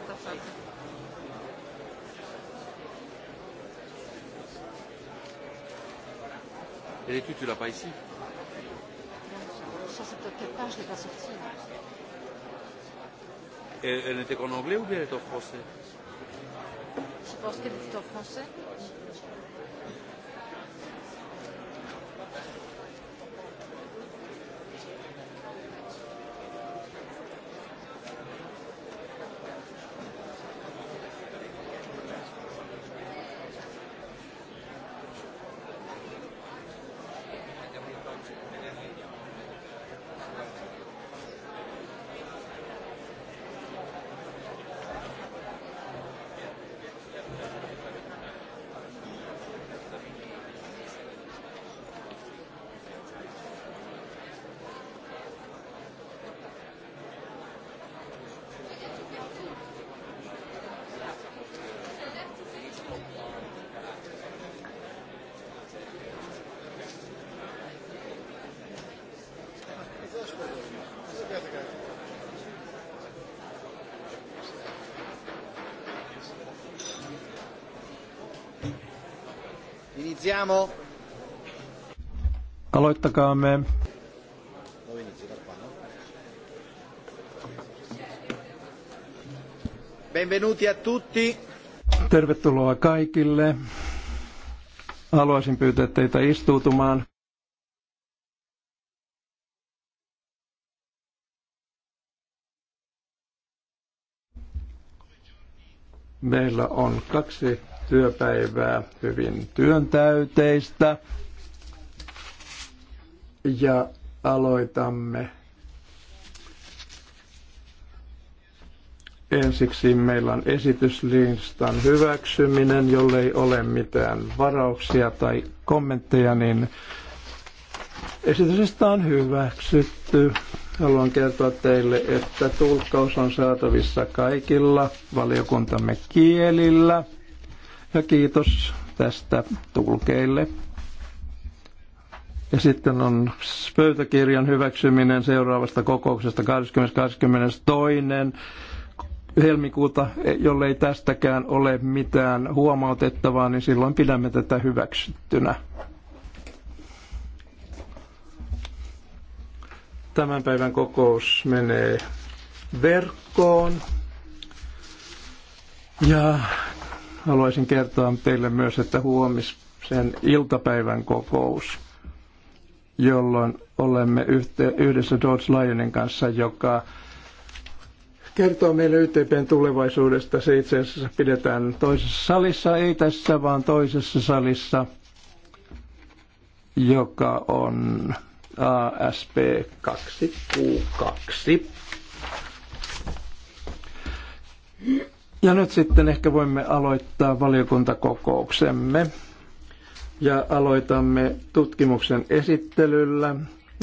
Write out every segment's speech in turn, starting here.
37. Et l'étude, tu l'as pas ici Ça, c'est peut-être quelle page, je l'ai pas sortie. Elle, elle n'était qu'en anglais ou bien elle était en français Je pense qu'elle était en français. Iniziamo. Aloittakaamme. Benvenuti a tutti. Tervetuloa kaikille. Haluaisin pyytää teitä istuutumaan. Meillä on kaksi työpäivää hyvin työntäyteistä. Ja aloitamme. Ensiksi meillä on esityslistan hyväksyminen, jollei ole mitään varauksia tai kommentteja, niin esityslista on hyväksytty. Haluan kertoa teille, että tulkkaus on saatavissa kaikilla valiokuntamme kielillä. Ja kiitos tästä tulkeille. Ja sitten on pöytäkirjan hyväksyminen seuraavasta kokouksesta 2022. 22. helmikuuta, jollei tästäkään ole mitään huomautettavaa, niin silloin pidämme tätä hyväksyttynä. Tämän päivän kokous menee verkkoon. Ja haluaisin kertoa teille myös, että sen iltapäivän kokous, jolloin olemme yhdessä George Lyonin kanssa, joka kertoo meille YTPn tulevaisuudesta. Se itse asiassa pidetään toisessa salissa, ei tässä, vaan toisessa salissa, joka on ASP 2Q2. Ja nyt sitten ehkä voimme aloittaa valiokuntakokouksemme. Ja aloitamme tutkimuksen esittelyllä.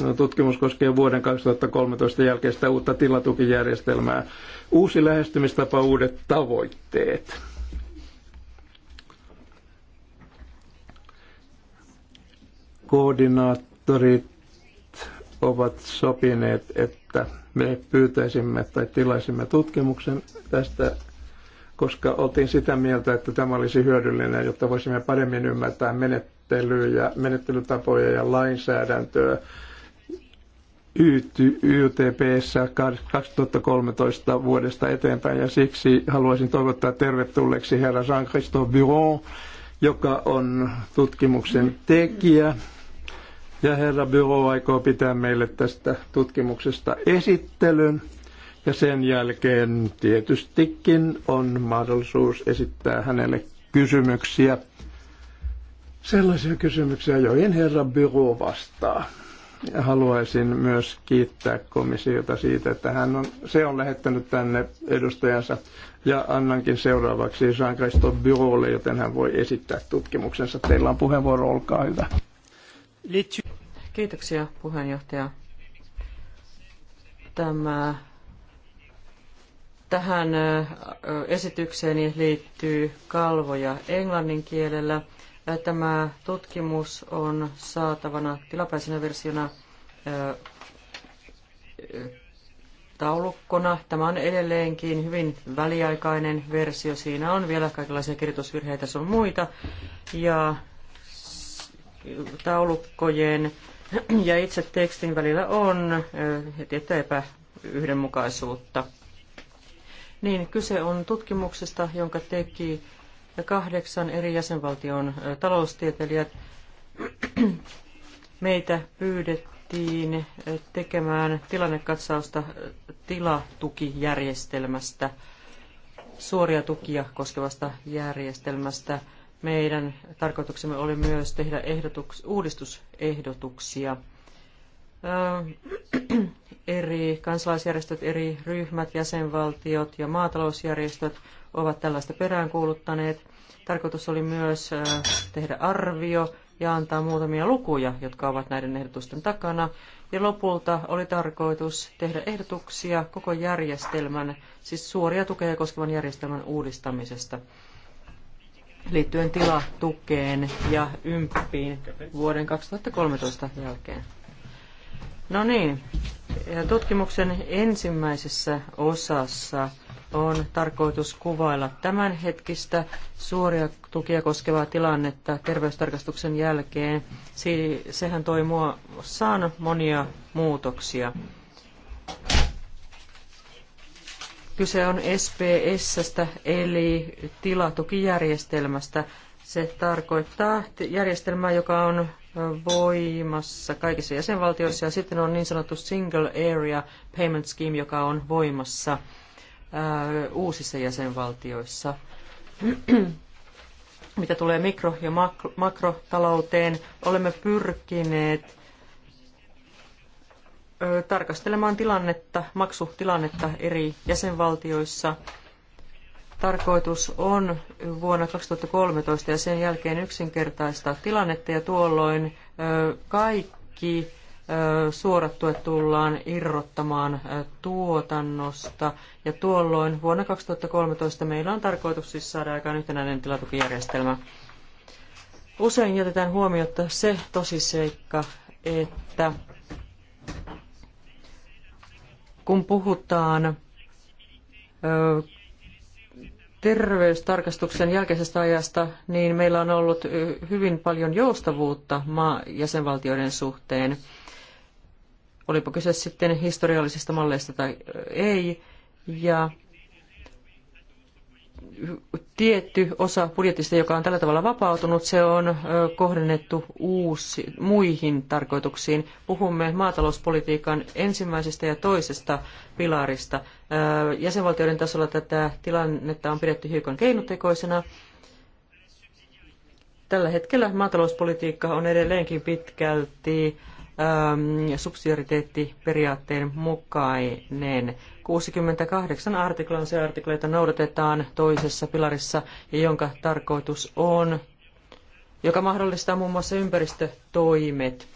No, tutkimus koskee vuoden 2013 jälkeistä uutta tilatukijärjestelmää. Uusi lähestymistapa, uudet tavoitteet. Koordinaattorit ovat sopineet, että me pyytäisimme tai tilaisimme tutkimuksen tästä, koska oltiin sitä mieltä, että tämä olisi hyödyllinen, jotta voisimme paremmin ymmärtää menettelyjä, menettelytapoja ja lainsäädäntöä. YTPS 2013 vuodesta eteenpäin ja siksi haluaisin toivottaa tervetulleeksi herra Jean-Christophe Buron, joka on tutkimuksen tekijä ja herra Byro aikoo pitää meille tästä tutkimuksesta esittelyn. Ja sen jälkeen tietystikin on mahdollisuus esittää hänelle kysymyksiä. Sellaisia kysymyksiä, joihin herra Byro vastaa. Ja haluaisin myös kiittää komissiota siitä, että hän on, se on lähettänyt tänne edustajansa ja annankin seuraavaksi Jean-Christophe Byrolle, joten hän voi esittää tutkimuksensa. Teillä on puheenvuoro, olkaa hyvä. Kiitoksia puheenjohtaja. Tämä, tähän esitykseen liittyy kalvoja englannin kielellä. Tämä tutkimus on saatavana tilapäisenä versiona taulukkona. Tämä on edelleenkin hyvin väliaikainen versio. Siinä on vielä kaikenlaisia kirjoitusvirheitä, se on muita. Ja taulukkojen ja itse tekstin välillä on eh, että epäyhdenmukaisuutta. Niin, kyse on tutkimuksesta, jonka teki kahdeksan eri jäsenvaltion eh, taloustieteilijät. Meitä pyydettiin eh, tekemään tilannekatsausta tilatukijärjestelmästä, suoria tukia koskevasta järjestelmästä – meidän tarkoituksemme oli myös tehdä ehdotuks, uudistusehdotuksia. eri kansalaisjärjestöt, eri ryhmät, jäsenvaltiot ja maatalousjärjestöt ovat tällaista peräänkuuluttaneet. Tarkoitus oli myös tehdä arvio ja antaa muutamia lukuja, jotka ovat näiden ehdotusten takana. Ja lopulta oli tarkoitus tehdä ehdotuksia koko järjestelmän, siis suoria tukea koskevan järjestelmän uudistamisesta liittyen tilatukeen ja ympiin vuoden 2013 jälkeen. No niin, tutkimuksen ensimmäisessä osassa on tarkoitus kuvailla tämänhetkistä suoria tukia koskevaa tilannetta terveystarkastuksen jälkeen. Sehän toi mua saan monia muutoksia. Kyse on SPSstä eli tilatukijärjestelmästä. Se tarkoittaa järjestelmää, joka on voimassa kaikissa jäsenvaltioissa ja sitten on niin sanottu Single Area Payment Scheme, joka on voimassa uusissa jäsenvaltioissa. Mitä tulee mikro- ja makrotalouteen, olemme pyrkineet tarkastelemaan tilannetta, maksutilannetta eri jäsenvaltioissa. Tarkoitus on vuonna 2013 ja sen jälkeen yksinkertaistaa tilannetta ja tuolloin kaikki suorat tuet tullaan irrottamaan tuotannosta. Ja tuolloin vuonna 2013 meillä on tarkoitus siis saada aikaan yhtenäinen tilatukijärjestelmä. Usein jätetään huomiota se tosiseikka, että kun puhutaan terveystarkastuksen jälkeisestä ajasta, niin meillä on ollut hyvin paljon joustavuutta maa- jäsenvaltioiden suhteen. Olipa kyse sitten historiallisista malleista tai ei. Ja tietty osa budjetista, joka on tällä tavalla vapautunut, se on kohdennettu uusi, muihin tarkoituksiin. Puhumme maatalouspolitiikan ensimmäisestä ja toisesta pilarista. Jäsenvaltioiden tasolla tätä tilannetta on pidetty hiukan keinotekoisena. Tällä hetkellä maatalouspolitiikka on edelleenkin pitkälti Ähm, subsidiariteettiperiaatteen mukainen. 68 artiklan se jota noudatetaan toisessa pilarissa ja jonka tarkoitus on, joka mahdollistaa muun muassa ympäristötoimet.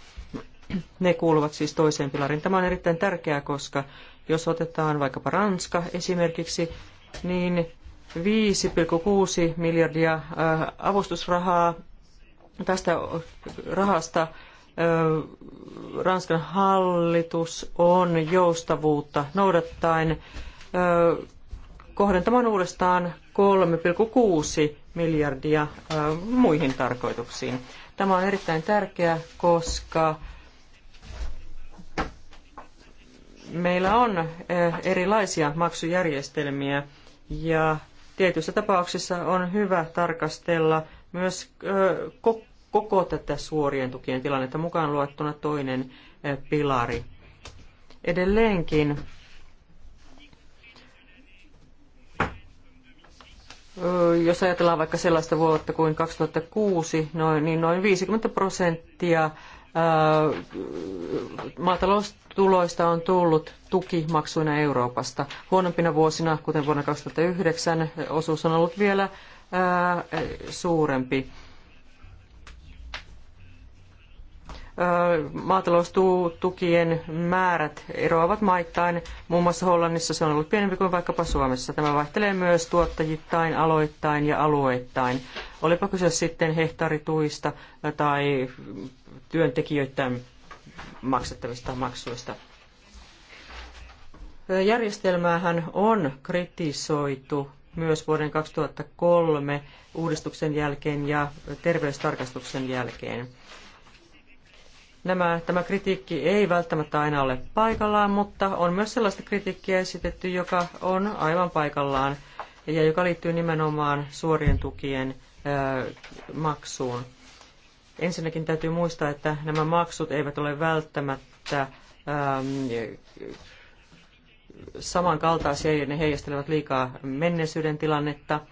Ne kuuluvat siis toiseen pilariin. Tämä on erittäin tärkeää, koska jos otetaan vaikkapa Ranska esimerkiksi, niin 5,6 miljardia äh, avustusrahaa tästä rahasta Ranskan hallitus on joustavuutta noudattaen kohdentamaan uudestaan 3,6 miljardia muihin tarkoituksiin. Tämä on erittäin tärkeää, koska meillä on erilaisia maksujärjestelmiä ja tietyissä tapauksissa on hyvä tarkastella myös koko koko tätä suorien tukien tilannetta mukaan luettuna toinen eh, pilari. Edelleenkin eh, jos ajatellaan vaikka sellaista vuotta kuin 2006, noin, niin noin 50 prosenttia eh, maataloustuloista on tullut tukimaksuina Euroopasta. Huonompina vuosina, kuten vuonna 2009, osuus on ollut vielä suurempi. maataloustukien määrät eroavat maittain. Muun muassa Hollannissa se on ollut pienempi kuin vaikkapa Suomessa. Tämä vaihtelee myös tuottajittain, aloittain ja alueittain. Olipa kyse sitten hehtaarituista tai työntekijöiden maksettavista maksuista. Järjestelmäähän on kritisoitu myös vuoden 2003 uudistuksen jälkeen ja terveystarkastuksen jälkeen. Nämä, tämä kritiikki ei välttämättä aina ole paikallaan, mutta on myös sellaista kritiikkiä esitetty, joka on aivan paikallaan ja joka liittyy nimenomaan suorien tukien ö, maksuun. Ensinnäkin täytyy muistaa, että nämä maksut eivät ole välttämättä ö, samankaltaisia ja ne heijastelevat liikaa menneisyyden tilannetta –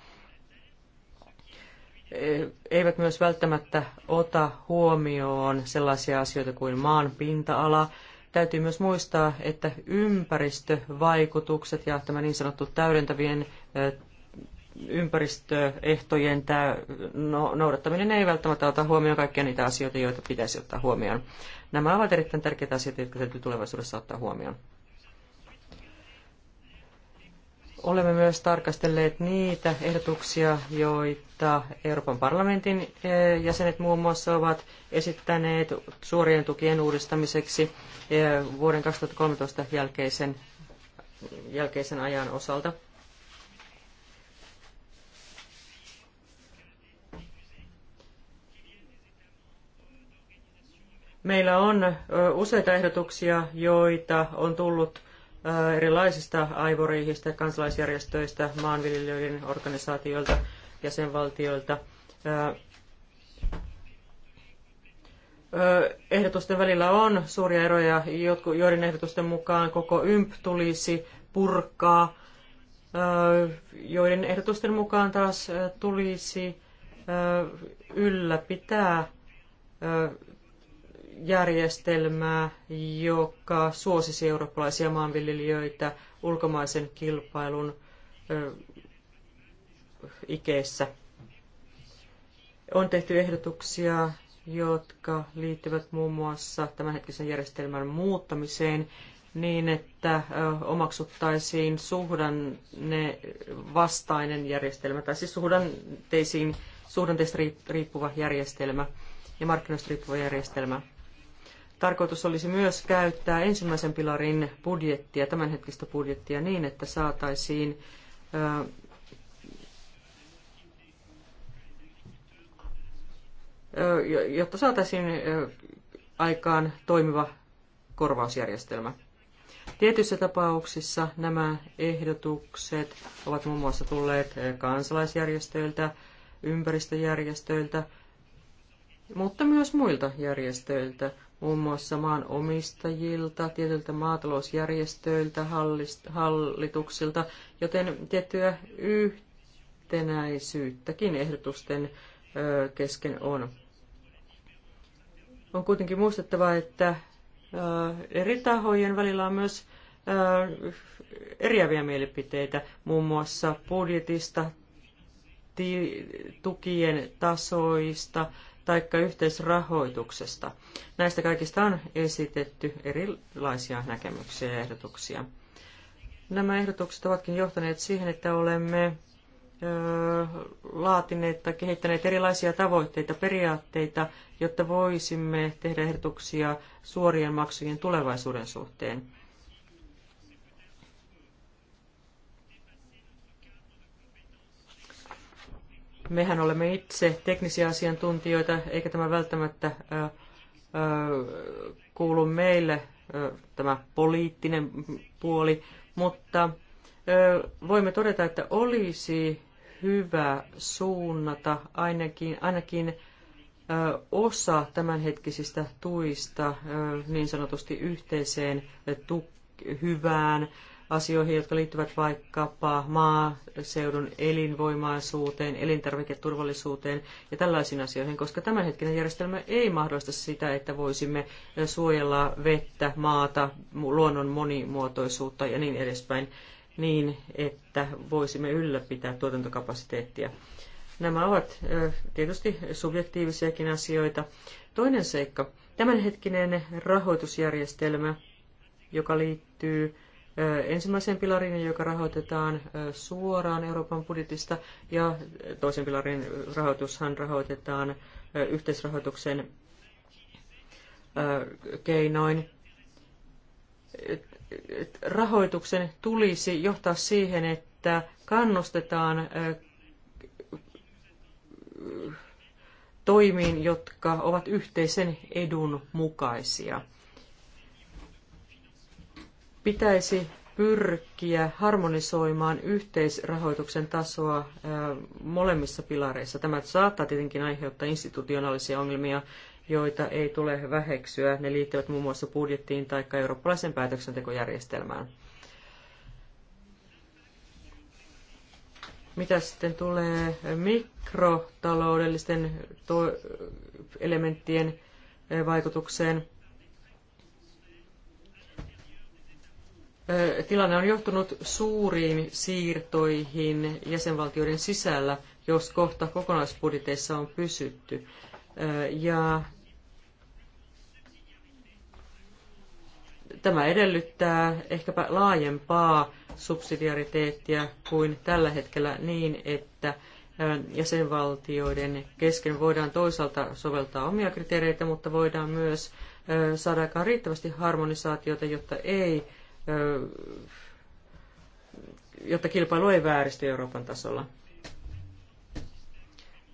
Eh, eivät myös välttämättä ota huomioon sellaisia asioita kuin maan pinta-ala. Täytyy myös muistaa, että ympäristövaikutukset ja tämä niin sanottu täydentävien eh, ympäristöehtojen tämä no, noudattaminen ei välttämättä ota huomioon kaikkia niitä asioita, joita pitäisi ottaa huomioon. Nämä ovat erittäin tärkeitä asioita, jotka täytyy tulevaisuudessa ottaa huomioon. Olemme myös tarkastelleet niitä ehdotuksia, joita mutta Euroopan parlamentin eh, jäsenet muun muassa ovat esittäneet suorien tukien uudistamiseksi eh, vuoden 2013 jälkeisen, jälkeisen ajan osalta. Meillä on eh, useita ehdotuksia, joita on tullut erilaisista aivoriihistä, kansalaisjärjestöistä, maanviljelijöiden organisaatioilta – jäsenvaltioilta ehdotusten välillä on suuria eroja, joiden ehdotusten mukaan koko YMP tulisi purkaa, joiden ehdotusten mukaan taas tulisi ylläpitää järjestelmää, joka suosisi eurooppalaisia maanviljelijöitä ulkomaisen kilpailun ikeessä. On tehty ehdotuksia, jotka liittyvät muun muassa tämänhetkisen järjestelmän muuttamiseen niin, että omaksuttaisiin suhdanne vastainen järjestelmä, tai siis suhdanteisiin, suhdanteista riippuva järjestelmä ja markkinoista riippuva järjestelmä. Tarkoitus olisi myös käyttää ensimmäisen pilarin budjettia, tämänhetkistä budjettia, niin, että saataisiin jotta saataisiin aikaan toimiva korvausjärjestelmä. Tietyissä tapauksissa nämä ehdotukset ovat muun muassa tulleet kansalaisjärjestöiltä, ympäristöjärjestöiltä, mutta myös muilta järjestöiltä, muun muassa maanomistajilta, tietyiltä maatalousjärjestöiltä, hallituksilta, joten tiettyä yhtenäisyyttäkin ehdotusten kesken on. On kuitenkin muistettava, että eri tahojen välillä on myös eriäviä mielipiteitä, muun muassa budjetista, tukien tasoista tai yhteisrahoituksesta. Näistä kaikista on esitetty erilaisia näkemyksiä ja ehdotuksia. Nämä ehdotukset ovatkin johtaneet siihen, että olemme laatineet tai kehittäneet erilaisia tavoitteita, periaatteita, jotta voisimme tehdä ehdotuksia suorien maksujen tulevaisuuden suhteen. Mehän olemme itse teknisiä asiantuntijoita, eikä tämä välttämättä kuulu meille tämä poliittinen puoli, mutta voimme todeta, että olisi hyvä suunnata ainakin, ainakin osa tämänhetkisistä tuista niin sanotusti yhteiseen hyvään asioihin, jotka liittyvät vaikkapa maaseudun elinvoimaisuuteen, elintarviketurvallisuuteen ja tällaisiin asioihin, koska tämänhetkinen järjestelmä ei mahdollista sitä, että voisimme suojella vettä, maata, luonnon monimuotoisuutta ja niin edespäin niin, että voisimme ylläpitää tuotantokapasiteettia. Nämä ovat tietysti subjektiivisiakin asioita. Toinen seikka, tämänhetkinen rahoitusjärjestelmä, joka liittyy ensimmäiseen pilariin, joka rahoitetaan suoraan Euroopan budjetista, ja toisen pilarin rahoitushan rahoitetaan yhteisrahoituksen keinoin rahoituksen tulisi johtaa siihen, että kannustetaan toimiin, jotka ovat yhteisen edun mukaisia. Pitäisi pyrkiä harmonisoimaan yhteisrahoituksen tasoa molemmissa pilareissa. Tämä saattaa tietenkin aiheuttaa institutionaalisia ongelmia joita ei tule väheksyä. Ne liittyvät muun muassa budjettiin tai eurooppalaisen päätöksentekojärjestelmään. Mitä sitten tulee mikrotaloudellisten elementtien eh, vaikutukseen? Eh, tilanne on johtunut suuriin siirtoihin jäsenvaltioiden sisällä, jos kohta kokonaisbudjeteissa on pysytty. Eh, ja Tämä edellyttää ehkäpä laajempaa subsidiariteettia kuin tällä hetkellä niin, että jäsenvaltioiden kesken voidaan toisaalta soveltaa omia kriteereitä, mutta voidaan myös saada aikaan riittävästi harmonisaatiota, jotta ei jotta kilpailu ei vääristy Euroopan tasolla.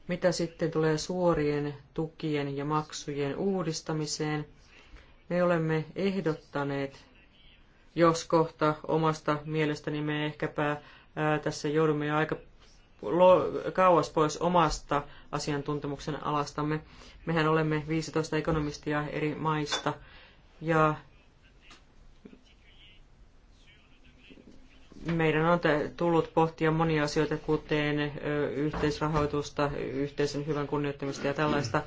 Mitä sitten tulee suorien tukien ja maksujen uudistamiseen – me olemme ehdottaneet, jos kohta omasta mielestäni me ehkäpä ää, tässä joudumme jo aika kauas pois omasta asiantuntemuksen alastamme. Mehän olemme 15 ekonomistia eri maista ja meidän on tullut pohtia monia asioita, kuten yhteisrahoitusta, yhteisen hyvän kunnioittamista ja tällaista.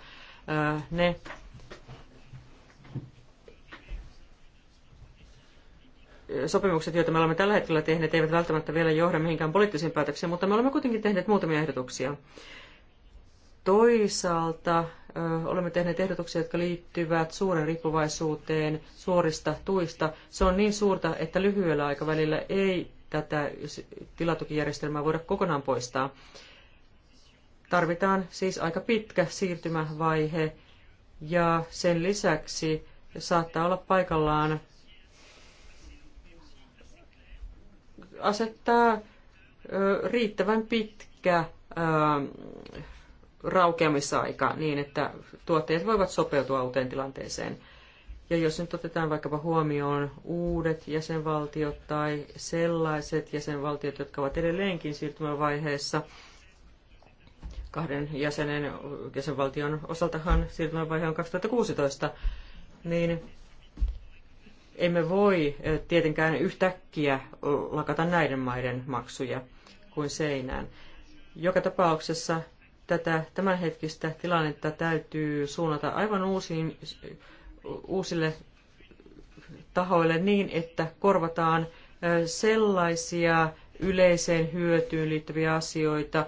Ne sopimukset, joita me olemme tällä hetkellä tehneet, eivät välttämättä vielä johda mihinkään poliittisiin päätöksiin, mutta me olemme kuitenkin tehneet muutamia ehdotuksia. Toisaalta olemme tehneet ehdotuksia, jotka liittyvät suuren riippuvaisuuteen suorista tuista. Se on niin suurta, että lyhyellä aikavälillä ei tätä tilatukijärjestelmää voida kokonaan poistaa. Tarvitaan siis aika pitkä siirtymävaihe ja sen lisäksi saattaa olla paikallaan asettaa riittävän pitkä raukeamisaika niin, että tuotteet voivat sopeutua uuteen tilanteeseen. Ja jos nyt otetaan vaikkapa huomioon uudet jäsenvaltiot tai sellaiset jäsenvaltiot, jotka ovat edelleenkin siirtymävaiheessa, kahden jäsenen, jäsenvaltion osaltahan siirtymävaihe on 2016, niin emme voi tietenkään yhtäkkiä lakata näiden maiden maksuja kuin seinään. Joka tapauksessa tätä tämänhetkistä tilannetta täytyy suunnata aivan uusiin, uusille tahoille niin, että korvataan sellaisia yleiseen hyötyyn liittyviä asioita,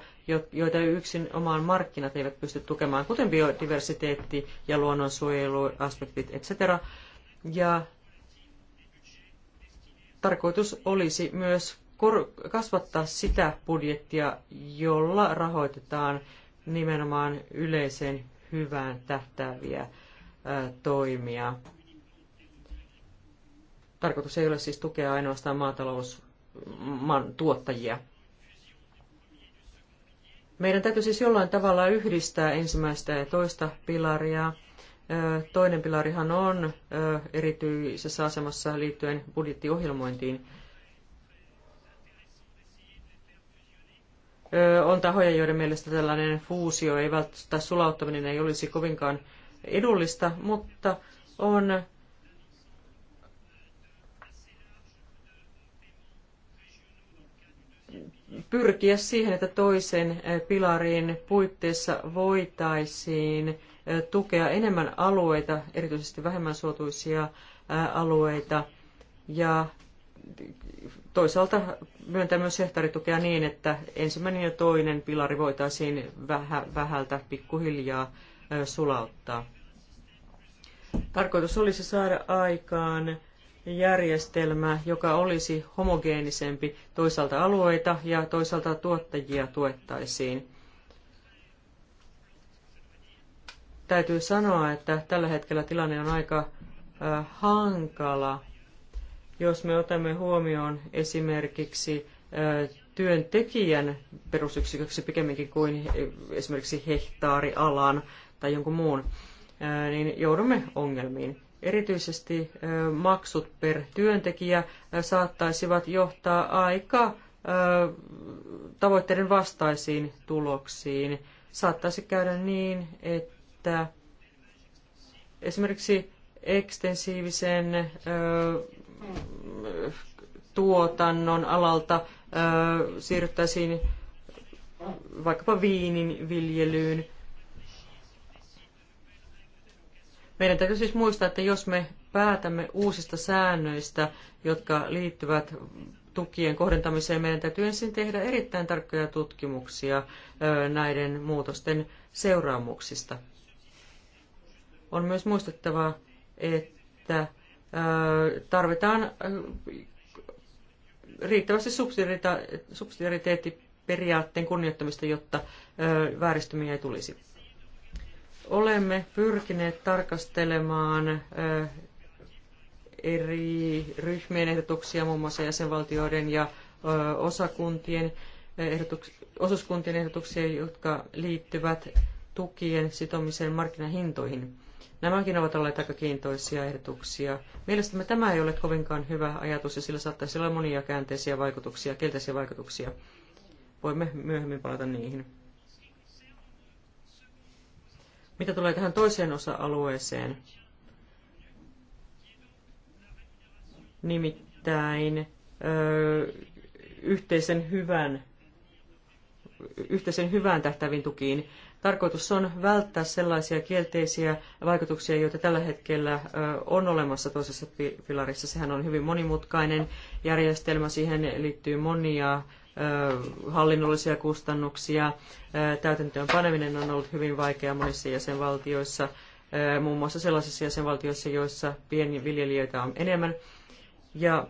joita yksin omaan markkinat eivät pysty tukemaan, kuten biodiversiteetti ja luonnonsuojeluaspektit, etc. Ja tarkoitus olisi myös kasvattaa sitä budjettia, jolla rahoitetaan nimenomaan yleiseen hyvään tähtääviä toimia. Tarkoitus ei ole siis tukea ainoastaan maatalousmaan tuottajia. Meidän täytyy siis jollain tavalla yhdistää ensimmäistä ja toista pilaria – Toinen pilarihan on erityisessä asemassa liittyen budjettiohjelmointiin. On tahoja, joiden mielestä tällainen fuusio ei välttämättä sulauttaminen ei olisi kovinkaan edullista, mutta on pyrkiä siihen, että toisen pilarin puitteissa voitaisiin tukea enemmän alueita, erityisesti vähemmän suotuisia alueita, ja toisaalta myöntää myös hehtaaritukea niin, että ensimmäinen ja toinen pilari voitaisiin vähä, vähältä pikkuhiljaa sulauttaa. Tarkoitus olisi saada aikaan järjestelmä, joka olisi homogeenisempi toisaalta alueita ja toisaalta tuottajia tuettaisiin. täytyy sanoa, että tällä hetkellä tilanne on aika hankala, jos me otamme huomioon esimerkiksi työntekijän perusyksiköksi pikemminkin kuin esimerkiksi hehtaarialan tai jonkun muun, niin joudumme ongelmiin. Erityisesti maksut per työntekijä saattaisivat johtaa aika tavoitteiden vastaisiin tuloksiin. Saattaisi käydä niin, että että esimerkiksi ekstensiivisen tuotannon alalta siirryttäisiin vaikkapa viinin viljelyyn. Meidän täytyy siis muistaa, että jos me päätämme uusista säännöistä, jotka liittyvät tukien kohdentamiseen, meidän täytyy ensin tehdä erittäin tarkkoja tutkimuksia näiden muutosten seuraamuksista. On myös muistettava, että tarvitaan riittävästi subsidiariteettiperiaatteen kunnioittamista, jotta vääristymiä ei tulisi. Olemme pyrkineet tarkastelemaan eri ryhmien ehdotuksia, muun muassa jäsenvaltioiden ja osakuntien ehdotuks, osuuskuntien ehdotuksia, jotka liittyvät tukien sitomiseen markkinahintoihin. Nämäkin ovat olleet aika kiintoisia ehdotuksia. Mielestämme tämä ei ole kovinkaan hyvä ajatus ja sillä saattaisi olla monia käänteisiä vaikutuksia, kielteisiä vaikutuksia. Voimme myöhemmin palata niihin. Mitä tulee tähän toiseen osa-alueeseen, nimittäin öö, yhteisen hyvän yhteisen hyvään tähtäviin tukiin. Tarkoitus on välttää sellaisia kielteisiä vaikutuksia, joita tällä hetkellä on olemassa toisessa pilarissa. Sehän on hyvin monimutkainen järjestelmä, siihen liittyy monia hallinnollisia kustannuksia. Täytäntöön paneminen on ollut hyvin vaikeaa monissa jäsenvaltioissa, muun muassa sellaisissa jäsenvaltioissa, joissa viljelijöitä on enemmän. Ja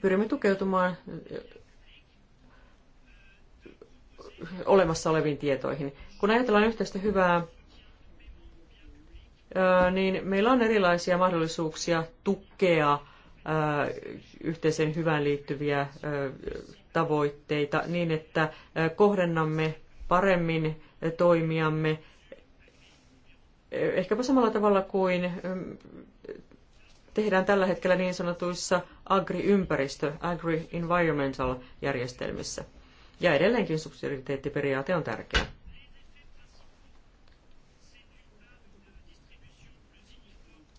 pyrimme tukeutumaan olemassa oleviin tietoihin. Kun ajatellaan yhteistä hyvää, niin meillä on erilaisia mahdollisuuksia tukea yhteiseen hyvään liittyviä tavoitteita niin, että kohdennamme paremmin toimiamme ehkäpä samalla tavalla kuin tehdään tällä hetkellä niin sanotuissa agri-ympäristö, agri-environmental järjestelmissä. Ja edelleenkin subsidiariteettiperiaate on tärkeä.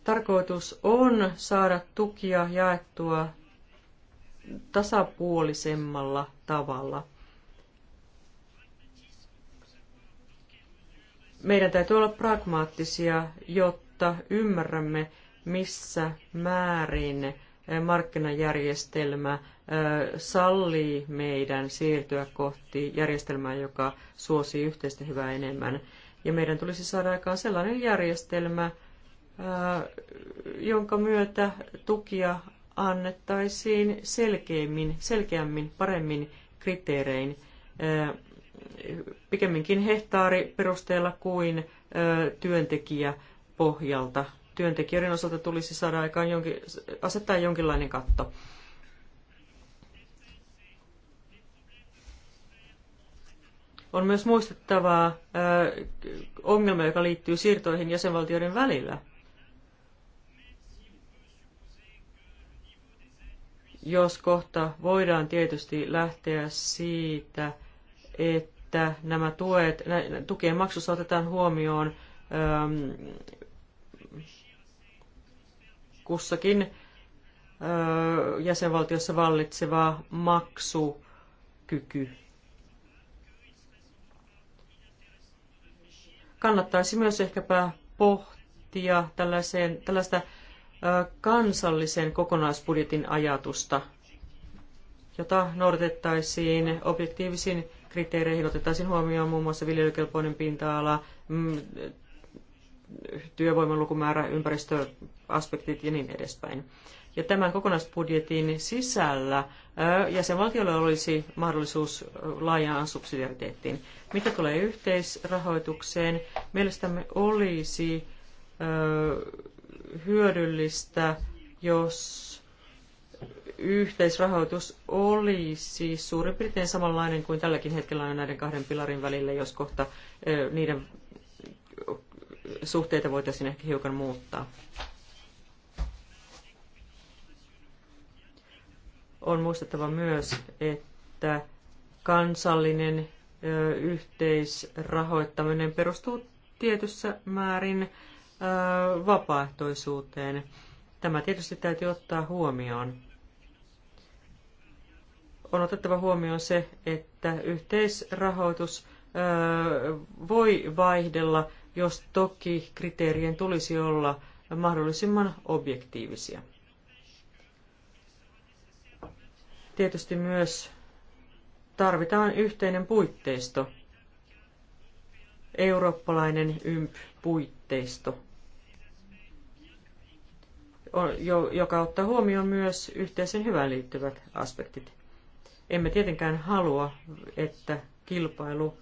Tarkoitus on saada tukia jaettua tasapuolisemmalla tavalla. Meidän täytyy olla pragmaattisia, jotta ymmärrämme, missä määrin markkinajärjestelmä sallii meidän siirtyä kohti järjestelmää, joka suosii yhteistä hyvää enemmän. Ja meidän tulisi saada aikaan sellainen järjestelmä, jonka myötä tukia annettaisiin selkeimmin, selkeämmin, paremmin kriteerein, pikemminkin hehtaariperusteella kuin työntekijäpohjalta työntekijöiden osalta tulisi saada aikaan jonkin, asettaa jonkinlainen katto. On myös muistettava ongelma, joka liittyy siirtoihin jäsenvaltioiden välillä. Jos kohta voidaan tietysti lähteä siitä, että nämä tuet, tukien maksussa otetaan huomioon kussakin jäsenvaltiossa vallitseva maksukyky. Kannattaisi myös ehkäpä pohtia tällaiseen, tällaista kansallisen kokonaisbudjetin ajatusta, jota noudatettaisiin objektiivisiin kriteereihin, otettaisiin huomioon muun muassa viljelykelpoinen pinta-ala, mm, työvoiman lukumäärä, ympäristöaspektit ja niin edespäin. Ja tämän kokonaisbudjetin sisällä jäsenvaltiolle olisi mahdollisuus laajaan subsidiariteettiin. Mitä tulee yhteisrahoitukseen, mielestämme olisi hyödyllistä, jos yhteisrahoitus olisi suurin piirtein samanlainen kuin tälläkin hetkellä on näiden kahden pilarin välillä, jos kohta niiden suhteita voitaisiin ehkä hiukan muuttaa. On muistettava myös, että kansallinen yhteisrahoittaminen perustuu tietyssä määrin vapaaehtoisuuteen. Tämä tietysti täytyy ottaa huomioon. On otettava huomioon se, että yhteisrahoitus voi vaihdella jos toki kriteerien tulisi olla mahdollisimman objektiivisia. Tietysti myös tarvitaan yhteinen puitteisto, eurooppalainen YMP-puitteisto, joka ottaa huomioon myös yhteisen hyvään liittyvät aspektit. Emme tietenkään halua, että kilpailu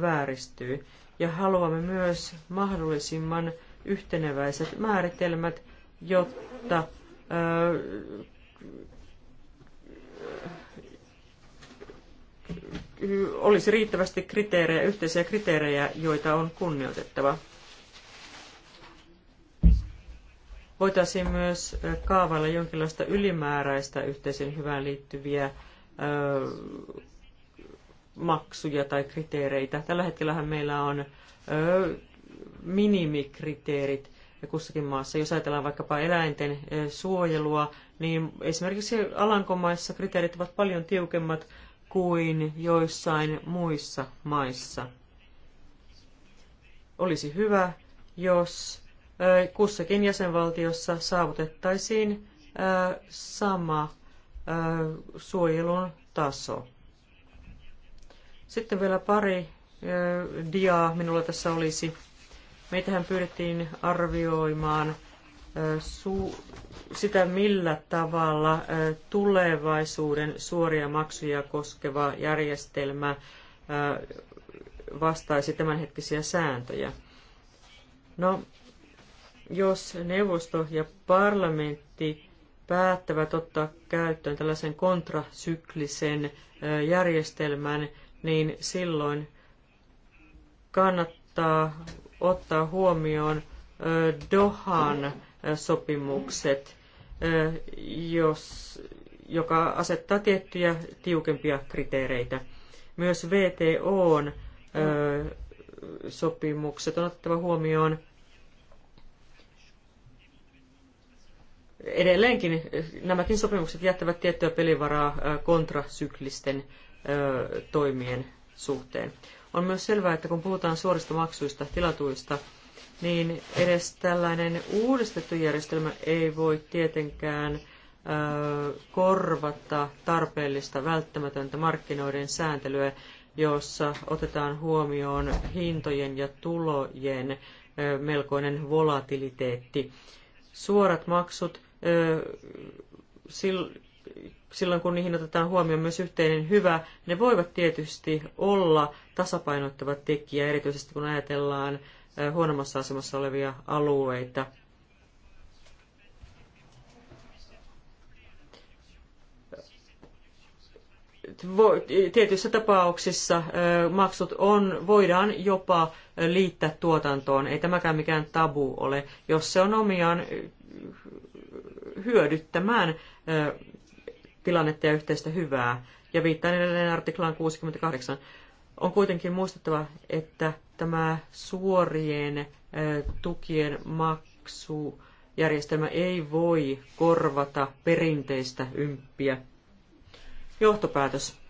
vääristyy ja haluamme myös mahdollisimman yhteneväiset määritelmät, jotta olisi riittävästi kriteerejä, yhteisiä kriteerejä, joita on kunnioitettava. Voitaisiin myös kaavailla jonkinlaista ylimääräistä yhteisen hyvään liittyviä maksuja tai kriteereitä. Tällä hetkellähän meillä on ö, minimikriteerit kussakin maassa. Jos ajatellaan vaikkapa eläinten suojelua, niin esimerkiksi Alankomaissa kriteerit ovat paljon tiukemmat kuin joissain muissa maissa. Olisi hyvä, jos kussakin jäsenvaltiossa saavutettaisiin sama suojelun taso. Sitten vielä pari diaa minulla tässä olisi. Meitähän pyydettiin arvioimaan sitä, millä tavalla tulevaisuuden suoria maksuja koskeva järjestelmä vastaisi tämänhetkisiä sääntöjä. No, jos neuvosto ja parlamentti päättävät ottaa käyttöön tällaisen kontrasyklisen järjestelmän, niin silloin kannattaa ottaa huomioon Dohan sopimukset, jos, joka asettaa tiettyjä tiukempia kriteereitä. Myös VTOn sopimukset on otettava huomioon edelleenkin nämäkin sopimukset jättävät tiettyä pelivaraa kontrasyklisten toimien suhteen. On myös selvää, että kun puhutaan suorista maksuista, tilatuista, niin edes tällainen uudistettu järjestelmä ei voi tietenkään korvata tarpeellista välttämätöntä markkinoiden sääntelyä, jossa otetaan huomioon hintojen ja tulojen melkoinen volatiliteetti. Suorat maksut silloin kun niihin otetaan huomioon myös yhteinen hyvä, ne voivat tietysti olla tasapainottava tekijä, erityisesti kun ajatellaan huonommassa asemassa olevia alueita. Tietyissä tapauksissa maksut on, voidaan jopa liittää tuotantoon. Ei tämäkään mikään tabu ole, jos se on omiaan hyödyttämään tilannetta ja yhteistä hyvää. Ja viittaan edelleen artiklaan 68. On kuitenkin muistettava, että tämä suorien tukien maksujärjestelmä ei voi korvata perinteistä ymppiä. Johtopäätös.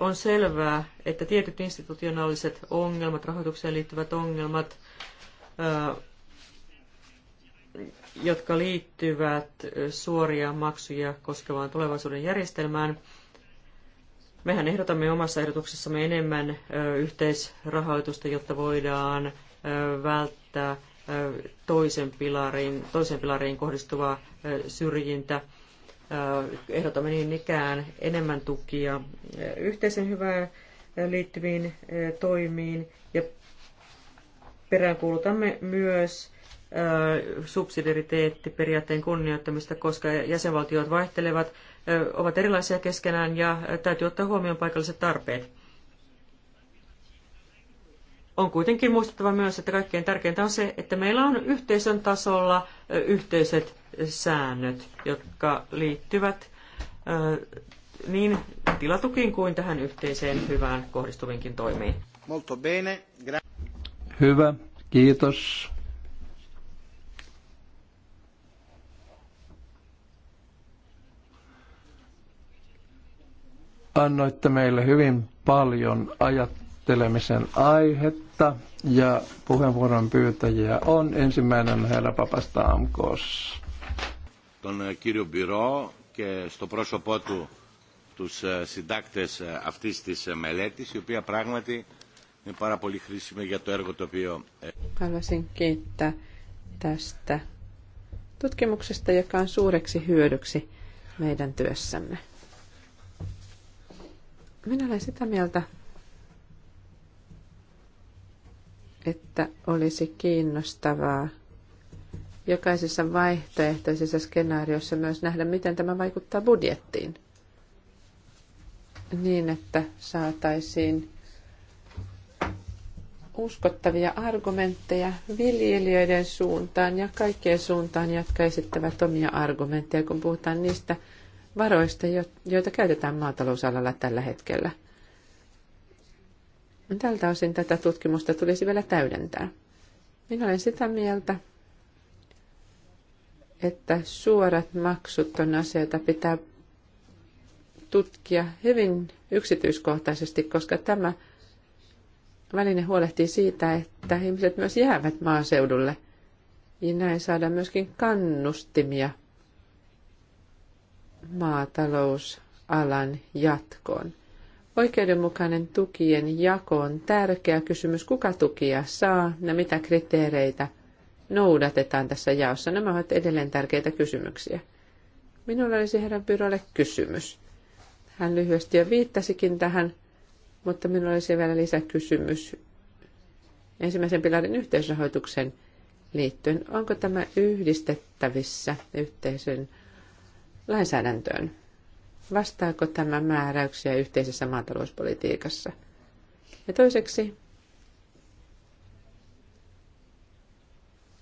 On selvää, että tietyt institutionaaliset ongelmat, rahoitukseen liittyvät ongelmat, jotka liittyvät suoria maksuja koskevaan tulevaisuuden järjestelmään. Mehän ehdotamme omassa ehdotuksessamme enemmän yhteisrahoitusta, jotta voidaan välttää toisen pilariin, toisen pilariin kohdistuvaa syrjintä. Ehdotamme niin ikään enemmän tukia yhteisen hyvään liittyviin toimiin ja peräänkuulutamme myös subsidiariteettiperiaatteen kunnioittamista, koska jäsenvaltiot vaihtelevat, ovat erilaisia keskenään ja täytyy ottaa huomioon paikalliset tarpeet. On kuitenkin muistettava myös, että kaikkein tärkeintä on se, että meillä on yhteisön tasolla yhteiset säännöt, jotka liittyvät niin tilatukiin kuin tähän yhteiseen hyvään kohdistuvinkin toimiin. Hyvä, kiitos. annoitte meille hyvin paljon ajattelemisen aihetta ja puheenvuoron pyytäjiä on ensimmäinen herra Papasta Amkos. Τον κύριο Μπυρό και στο πρόσωπό του τους συντάκτες αυτής της μελέτης, η οποία πράγματι είναι πάρα πολύ χρήσιμη για το έργο το οποίο... Haluaisin kiittää tästä tutkimuksesta, joka on suureksi hyödyksi meidän työssämme. Minä olen sitä mieltä, että olisi kiinnostavaa jokaisessa vaihtoehtoisessa skenaariossa myös nähdä, miten tämä vaikuttaa budjettiin. Niin, että saataisiin uskottavia argumentteja viljelijöiden suuntaan ja kaikkien suuntaan, jotka esittävät omia argumentteja, kun puhutaan niistä varoista, joita käytetään maatalousalalla tällä hetkellä. Tältä osin tätä tutkimusta tulisi vielä täydentää. Minä olen sitä mieltä, että suorat maksut on asia, jota pitää tutkia hyvin yksityiskohtaisesti, koska tämä väline huolehtii siitä, että ihmiset myös jäävät maaseudulle ja näin saadaan myöskin kannustimia – maatalousalan jatkoon. Oikeudenmukainen tukien jako on tärkeä kysymys, kuka tukia saa ja mitä kriteereitä noudatetaan tässä jaossa. Nämä ovat edelleen tärkeitä kysymyksiä. Minulla olisi herran Pyrolle kysymys. Hän lyhyesti jo viittasikin tähän, mutta minulla olisi vielä lisäkysymys ensimmäisen pilarin yhteisrahoituksen liittyen. Onko tämä yhdistettävissä yhteisön lainsäädäntöön. Vastaako tämä määräyksiä yhteisessä maatalouspolitiikassa? Ja toiseksi,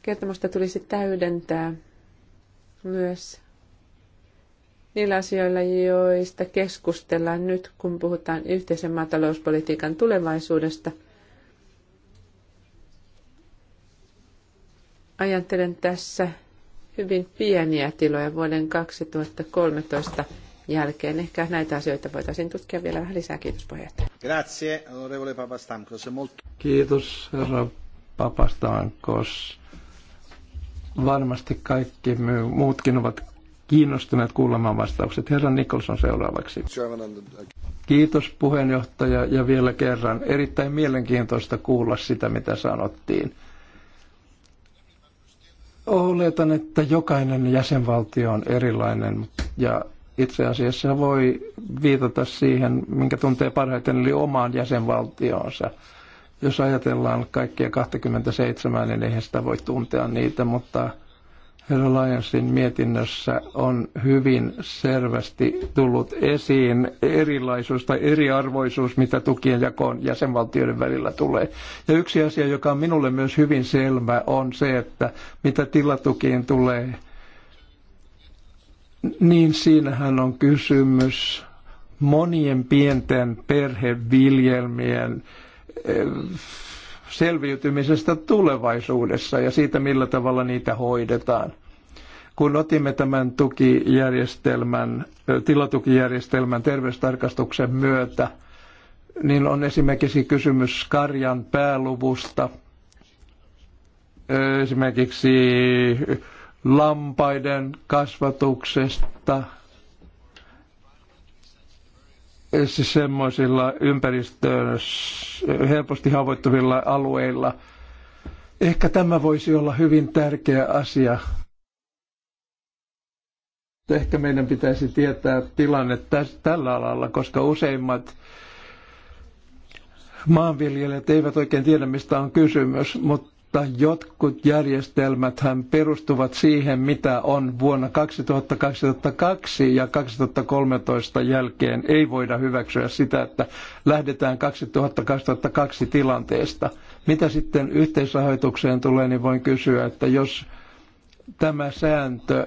kertomusta tulisi täydentää myös niillä asioilla, joista keskustellaan nyt, kun puhutaan yhteisen maatalouspolitiikan tulevaisuudesta. Ajattelen tässä hyvin pieniä tiloja vuoden 2013 jälkeen. Ehkä näitä asioita voitaisiin tutkia vielä vähän lisää. Kiitos puheenjohtaja. Grazie, onorevole Papastamkos. Kiitos, herra Papastankos. Varmasti kaikki muutkin ovat kiinnostuneet kuulemaan vastaukset. Herra Nicholson seuraavaksi. Kiitos puheenjohtaja ja vielä kerran. Erittäin mielenkiintoista kuulla sitä, mitä sanottiin. Oletan, että jokainen jäsenvaltio on erilainen ja itse asiassa voi viitata siihen, minkä tuntee parhaiten, eli omaan jäsenvaltioonsa. Jos ajatellaan kaikkia 27, niin eihän sitä voi tuntea niitä, mutta Herra Lajansin mietinnössä on hyvin selvästi tullut esiin erilaisuus tai eriarvoisuus, mitä tukien jakoon jäsenvaltioiden välillä tulee. Ja yksi asia, joka on minulle myös hyvin selvä, on se, että mitä tilatukiin tulee, niin siinähän on kysymys monien pienten perheviljelmien eh, selviytymisestä tulevaisuudessa ja siitä, millä tavalla niitä hoidetaan. Kun otimme tämän tukijärjestelmän, tilatukijärjestelmän terveystarkastuksen myötä, niin on esimerkiksi kysymys karjan pääluvusta, esimerkiksi lampaiden kasvatuksesta, siis semmoisilla ympäristöön helposti haavoittuvilla alueilla. Ehkä tämä voisi olla hyvin tärkeä asia. Ehkä meidän pitäisi tietää tilanne tällä alalla, koska useimmat maanviljelijät eivät oikein tiedä, mistä on kysymys, mutta mutta jotkut järjestelmäthän perustuvat siihen, mitä on vuonna 2002 ja 2013 jälkeen. Ei voida hyväksyä sitä, että lähdetään 2002 tilanteesta. Mitä sitten yhteisrahoitukseen tulee, niin voin kysyä, että jos tämä sääntö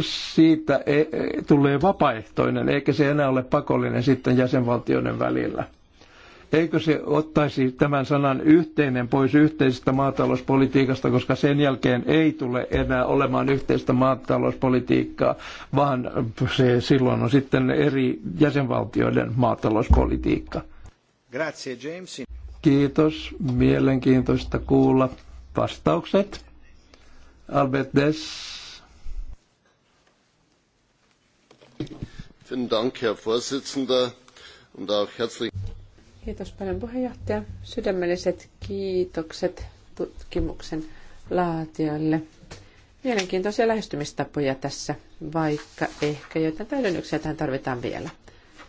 siitä e, e, tulee vapaaehtoinen, eikä se enää ole pakollinen sitten jäsenvaltioiden välillä – Eikö se ottaisi tämän sanan yhteinen pois yhteisestä maatalouspolitiikasta, koska sen jälkeen ei tule enää olemaan yhteistä maatalouspolitiikkaa, vaan se silloin on sitten eri jäsenvaltioiden maatalouspolitiikka. Grazie, James. Kiitos, mielenkiintoista kuulla vastaukset. Albert Dess. Vielen Dank, Herr Vorsitzender, und auch herzlichen Kiitos paljon puheenjohtaja. Sydämelliset kiitokset tutkimuksen laatijoille. Mielenkiintoisia lähestymistapoja tässä, vaikka ehkä joitain täydennyksiä tähän tarvitaan vielä.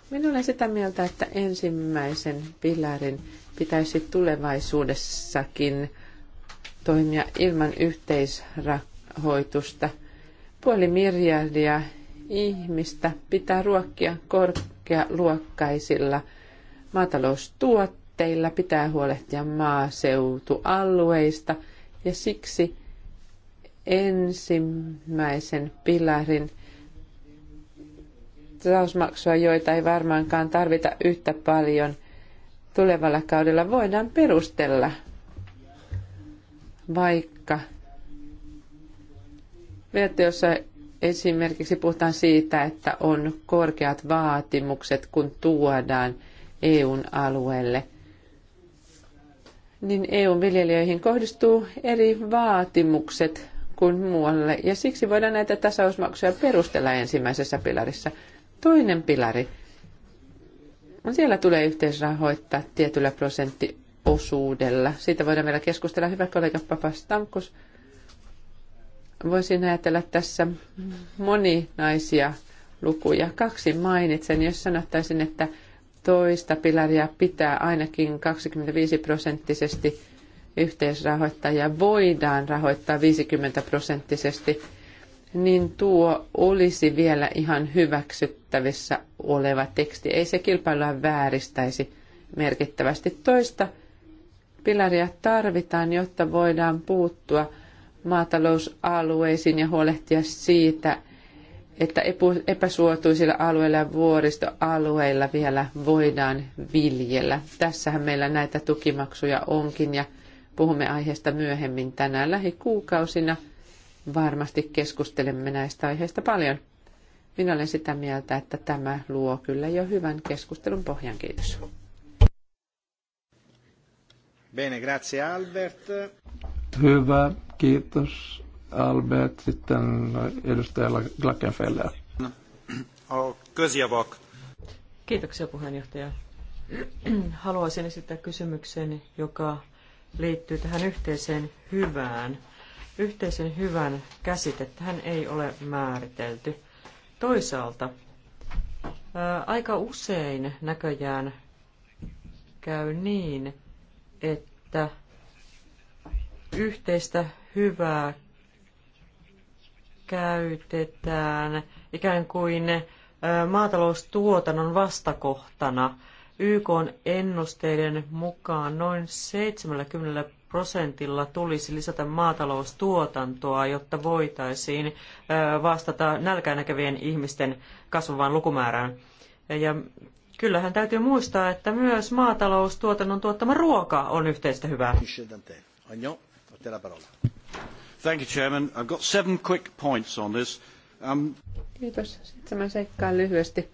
Minä olen sitä mieltä, että ensimmäisen pilarin pitäisi tulevaisuudessakin toimia ilman yhteisrahoitusta. Puoli miljardia ihmistä pitää ruokkia korkealuokkaisilla – maataloustuotteilla pitää huolehtia maaseutualueista ja siksi ensimmäisen pilarin tasausmaksua, joita ei varmaankaan tarvita yhtä paljon tulevalla kaudella, voidaan perustella, vaikka jossa esimerkiksi puhutaan siitä, että on korkeat vaatimukset, kun tuodaan – EUn alueelle, niin EUn viljelijöihin kohdistuu eri vaatimukset kuin muualle, ja siksi voidaan näitä tasausmaksuja perustella ensimmäisessä pilarissa. Toinen pilari, siellä tulee yhteisrahoittaa tietyllä prosenttiosuudella. Siitä voidaan vielä keskustella. Hyvä kollega Papastamkus, voisin ajatella tässä moninaisia lukuja. Kaksi mainitsen, jos sanottaisin, että toista pilaria pitää ainakin 25 prosenttisesti yhteisrahoittajia voidaan rahoittaa 50 prosenttisesti, niin tuo olisi vielä ihan hyväksyttävissä oleva teksti. Ei se kilpailua vääristäisi merkittävästi. Toista pilaria tarvitaan, jotta voidaan puuttua maatalousalueisiin ja huolehtia siitä, että epäsuotuisilla alueilla ja vuoristoalueilla vielä voidaan viljellä. Tässähän meillä näitä tukimaksuja onkin ja puhumme aiheesta myöhemmin tänään lähikuukausina. Varmasti keskustelemme näistä aiheista paljon. Minä olen sitä mieltä, että tämä luo kyllä jo hyvän keskustelun pohjan. Kiitos. Bene, grazie Albert. Hyvä, kiitos Albert, sitten edustaja Glackenfeller. Kösjavak. Kiitoksia puheenjohtaja. Haluaisin esittää kysymyksen, joka liittyy tähän yhteiseen hyvään. Yhteisen hyvän käsitettähän ei ole määritelty. Toisaalta ää, aika usein näköjään käy niin, että yhteistä hyvää käytetään ikään kuin maataloustuotannon vastakohtana. YK ennusteiden mukaan noin 70 prosentilla tulisi lisätä maataloustuotantoa, jotta voitaisiin vastata näkevien ihmisten kasvavaan lukumäärään. Ja kyllähän täytyy muistaa, että myös maataloustuotannon tuottama ruoka on yhteistä hyvää. Thank you, Chairman. I've got seven quick points on this. Um... Kiitos. Seitsemän seikkaa lyhyesti.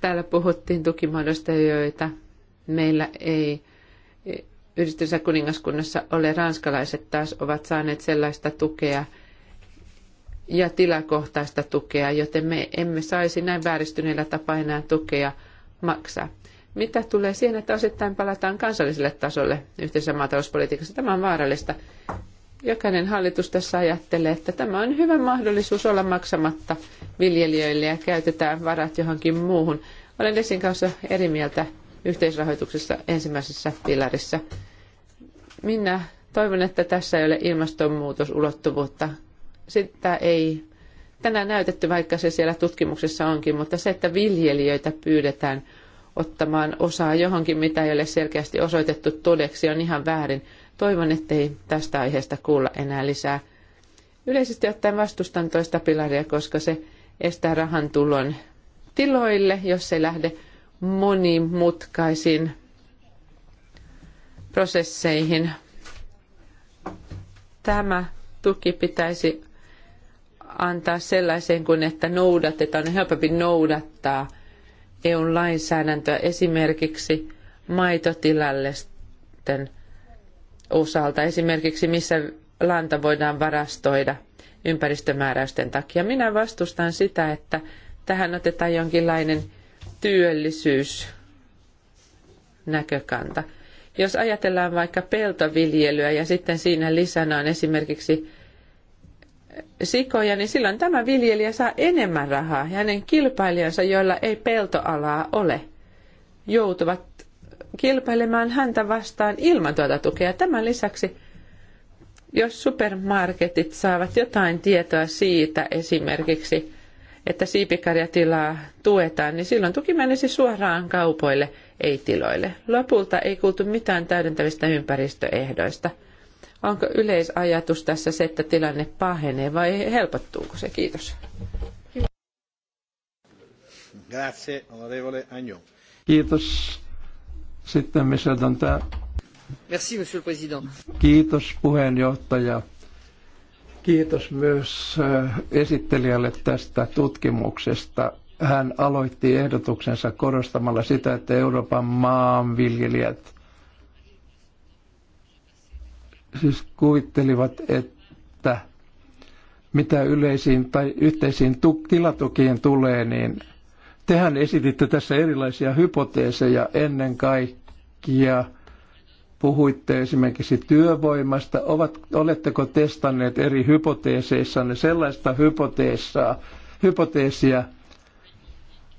Täällä puhuttiin tukimuodoista, joita meillä ei yhdistyssä kuningaskunnassa ole. Ranskalaiset taas ovat saaneet sellaista tukea ja tilakohtaista tukea, joten me emme saisi näin vääristyneellä tapaa enää tukea maksaa. Mitä tulee siihen, että osittain palataan kansalliselle tasolle yhteisessä maatalouspolitiikassa, tämä on vaarallista. Jokainen hallitus tässä ajattelee, että tämä on hyvä mahdollisuus olla maksamatta viljelijöille ja käytetään varat johonkin muuhun. Olen Lesin kanssa eri mieltä yhteisrahoituksessa ensimmäisessä pilarissa. Minä toivon, että tässä ei ole ilmastonmuutosulottuvuutta. Sitä ei tänään näytetty, vaikka se siellä tutkimuksessa onkin, mutta se, että viljelijöitä pyydetään – ottamaan osaa johonkin, mitä ei ole selkeästi osoitettu todeksi, on ihan väärin. Toivon, ettei tästä aiheesta kuulla enää lisää. Yleisesti ottaen vastustan toista pilaria, koska se estää rahan tulon tiloille, jos se lähde monimutkaisiin prosesseihin. Tämä tuki pitäisi antaa sellaiseen kuin, että noudatetaan, on helpompi noudattaa EUn lainsäädäntöä esimerkiksi maitotilallisten osalta, esimerkiksi missä lanta voidaan varastoida ympäristömääräysten takia. Minä vastustan sitä, että tähän otetaan jonkinlainen työllisyysnäkökanta. Jos ajatellaan vaikka peltoviljelyä ja sitten siinä lisänä on esimerkiksi sikoja, niin silloin tämä viljelijä saa enemmän rahaa ja hänen kilpailijansa, joilla ei peltoalaa ole, joutuvat kilpailemaan häntä vastaan ilman tuota tukea. Tämän lisäksi, jos supermarketit saavat jotain tietoa siitä esimerkiksi, että siipikarjatilaa tuetaan, niin silloin tuki menisi suoraan kaupoille, ei tiloille. Lopulta ei kuultu mitään täydentävistä ympäristöehdoista – Onko yleisajatus tässä se, että tilanne pahenee vai helpottuuko se? Kiitos. Grazie, onorevole Agnon. Kiitos. Sitten Michel Dantin. Merci, monsieur le président. Kiitos puheenjohtaja. Kiitos myös äh, esittelijälle tästä tutkimuksesta. Hän aloitti ehdotuksensa korostamalla sitä, että Euroopan maanviljelijät siis kuvittelivat, että mitä yleisiin tai yhteisiin tilatukiin tulee, niin tehän esititte tässä erilaisia hypoteeseja ennen kaikkea. Puhuitte esimerkiksi työvoimasta. Ovat, oletteko testanneet eri hypoteeseissanne sellaista hypoteesaa, hypoteesia,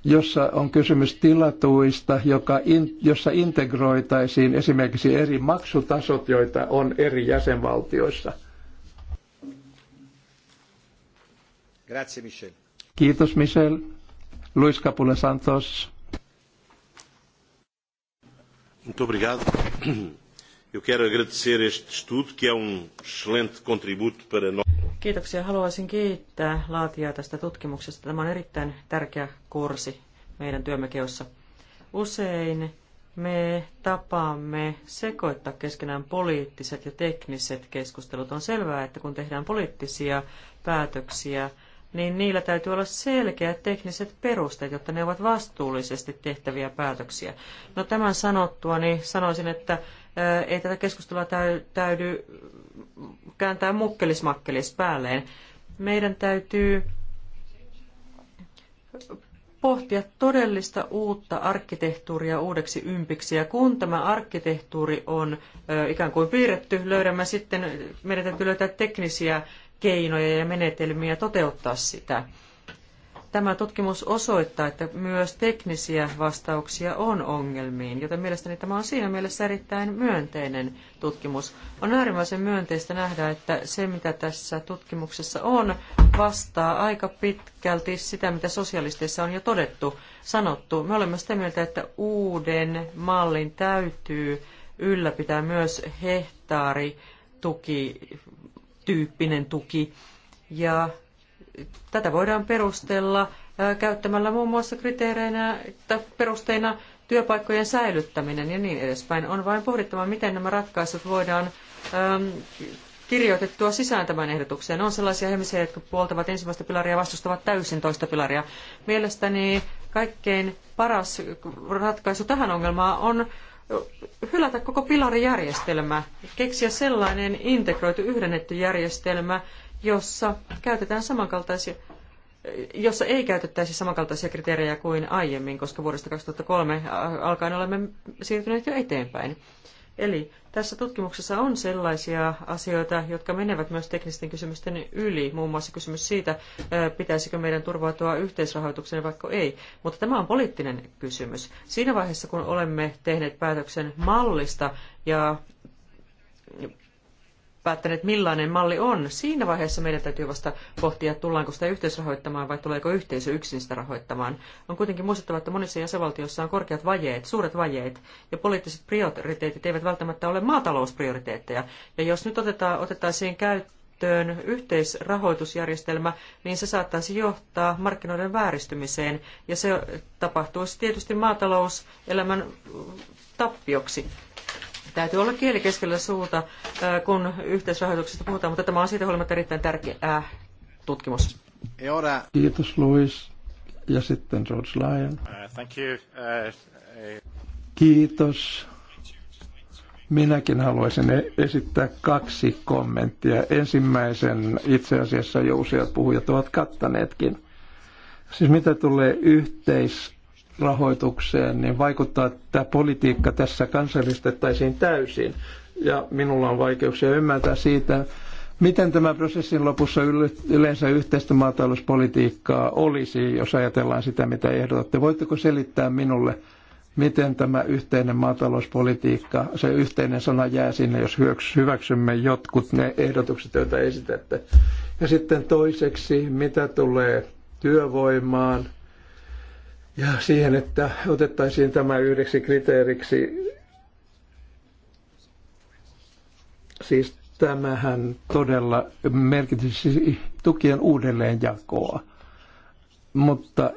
jossa on kysymys tilatuista, joka in, jossa integroitaisiin esimerkiksi eri maksutasot, joita on eri jäsenvaltioissa. Grazie, Michel. Kiitos Michel. Luis Capula Santos. Muito obrigado. Eu quero agradecer este estudo, que é um excelente contributo para nós. Kiitoksia. Haluaisin kiittää laatijaa tästä tutkimuksesta. Tämä on erittäin tärkeä kurssi meidän työmme keossa. Usein me tapaamme sekoittaa keskenään poliittiset ja tekniset keskustelut. On selvää, että kun tehdään poliittisia päätöksiä, niin niillä täytyy olla selkeät tekniset perusteet, jotta ne ovat vastuullisesti tehtäviä päätöksiä. No tämän sanottua, niin sanoisin, että ei tätä keskustelua täydy kääntää mukkelismakkelis päälleen. Meidän täytyy pohtia todellista uutta arkkitehtuuria uudeksi ympiksi. Ja kun tämä arkkitehtuuri on ikään kuin piirretty, löydämme sitten, meidän täytyy löytää teknisiä keinoja ja menetelmiä toteuttaa sitä. Tämä tutkimus osoittaa, että myös teknisiä vastauksia on ongelmiin, joten mielestäni tämä on siinä mielessä erittäin myönteinen tutkimus. On äärimmäisen myönteistä nähdä, että se mitä tässä tutkimuksessa on, vastaa aika pitkälti sitä, mitä sosialisteissa on jo todettu, sanottu. Me olemme sitä mieltä, että uuden mallin täytyy ylläpitää myös hehtaarituki tyyppinen tuki. Ja tätä voidaan perustella käyttämällä muun muassa kriteereinä tai perusteina työpaikkojen säilyttäminen ja niin edespäin. On vain pohdittava, miten nämä ratkaisut voidaan kirjoitettua sisään tämän ehdotukseen. On sellaisia ihmisiä, jotka puoltavat ensimmäistä pilaria ja vastustavat täysin toista pilaria. Mielestäni kaikkein paras ratkaisu tähän ongelmaan on hylätä koko pilarijärjestelmä, keksiä sellainen integroitu, yhdennetty järjestelmä, jossa käytetään samankaltaisia jossa ei käytettäisi samankaltaisia kriteerejä kuin aiemmin, koska vuodesta 2003 alkaen olemme siirtyneet jo eteenpäin. Eli tässä tutkimuksessa on sellaisia asioita, jotka menevät myös teknisten kysymysten yli, muun muassa kysymys siitä, pitäisikö meidän turvautua yhteisrahoitukseen vaikka ei. Mutta tämä on poliittinen kysymys. Siinä vaiheessa, kun olemme tehneet päätöksen mallista ja päättäneet, millainen malli on, siinä vaiheessa meidän täytyy vasta pohtia, tullaanko sitä yhteisrahoittamaan vai tuleeko yhteisö yksin sitä rahoittamaan. On kuitenkin muistettava, että monissa jäsenvaltioissa on korkeat vajeet, suuret vajeet, ja poliittiset prioriteetit eivät välttämättä ole maatalousprioriteetteja. Ja jos nyt otetaan, otettaisiin käyttöön yhteisrahoitusjärjestelmä, niin se saattaisi johtaa markkinoiden vääristymiseen, ja se tapahtuisi tietysti maatalouselämän tappioksi. Täytyy olla kieli keskellä suuta, kun yhteisrahoituksesta puhutaan, mutta tämä on siitä huolimatta erittäin tärkeä tutkimus. Kiitos Louis. Ja sitten George Lyon. Uh, thank you. Uh, uh, Kiitos. Minäkin haluaisin e- esittää kaksi kommenttia. Ensimmäisen itse asiassa jo useat puhujat ovat kattaneetkin. Siis mitä tulee yhteis rahoitukseen, niin vaikuttaa, että politiikka tässä kansallistettaisiin täysin. Ja minulla on vaikeuksia ymmärtää siitä, miten tämä prosessin lopussa yleensä yhteistä maatalouspolitiikkaa olisi, jos ajatellaan sitä, mitä ehdotatte. Voitteko selittää minulle, miten tämä yhteinen maatalouspolitiikka, se yhteinen sana jää sinne, jos hyväksymme jotkut ne ehdotukset, joita esitätte. Ja sitten toiseksi, mitä tulee työvoimaan – ja siihen, että otettaisiin tämä yhdeksi kriteeriksi. Siis tämähän todella merkitsisi tukien uudelleenjakoa. Mutta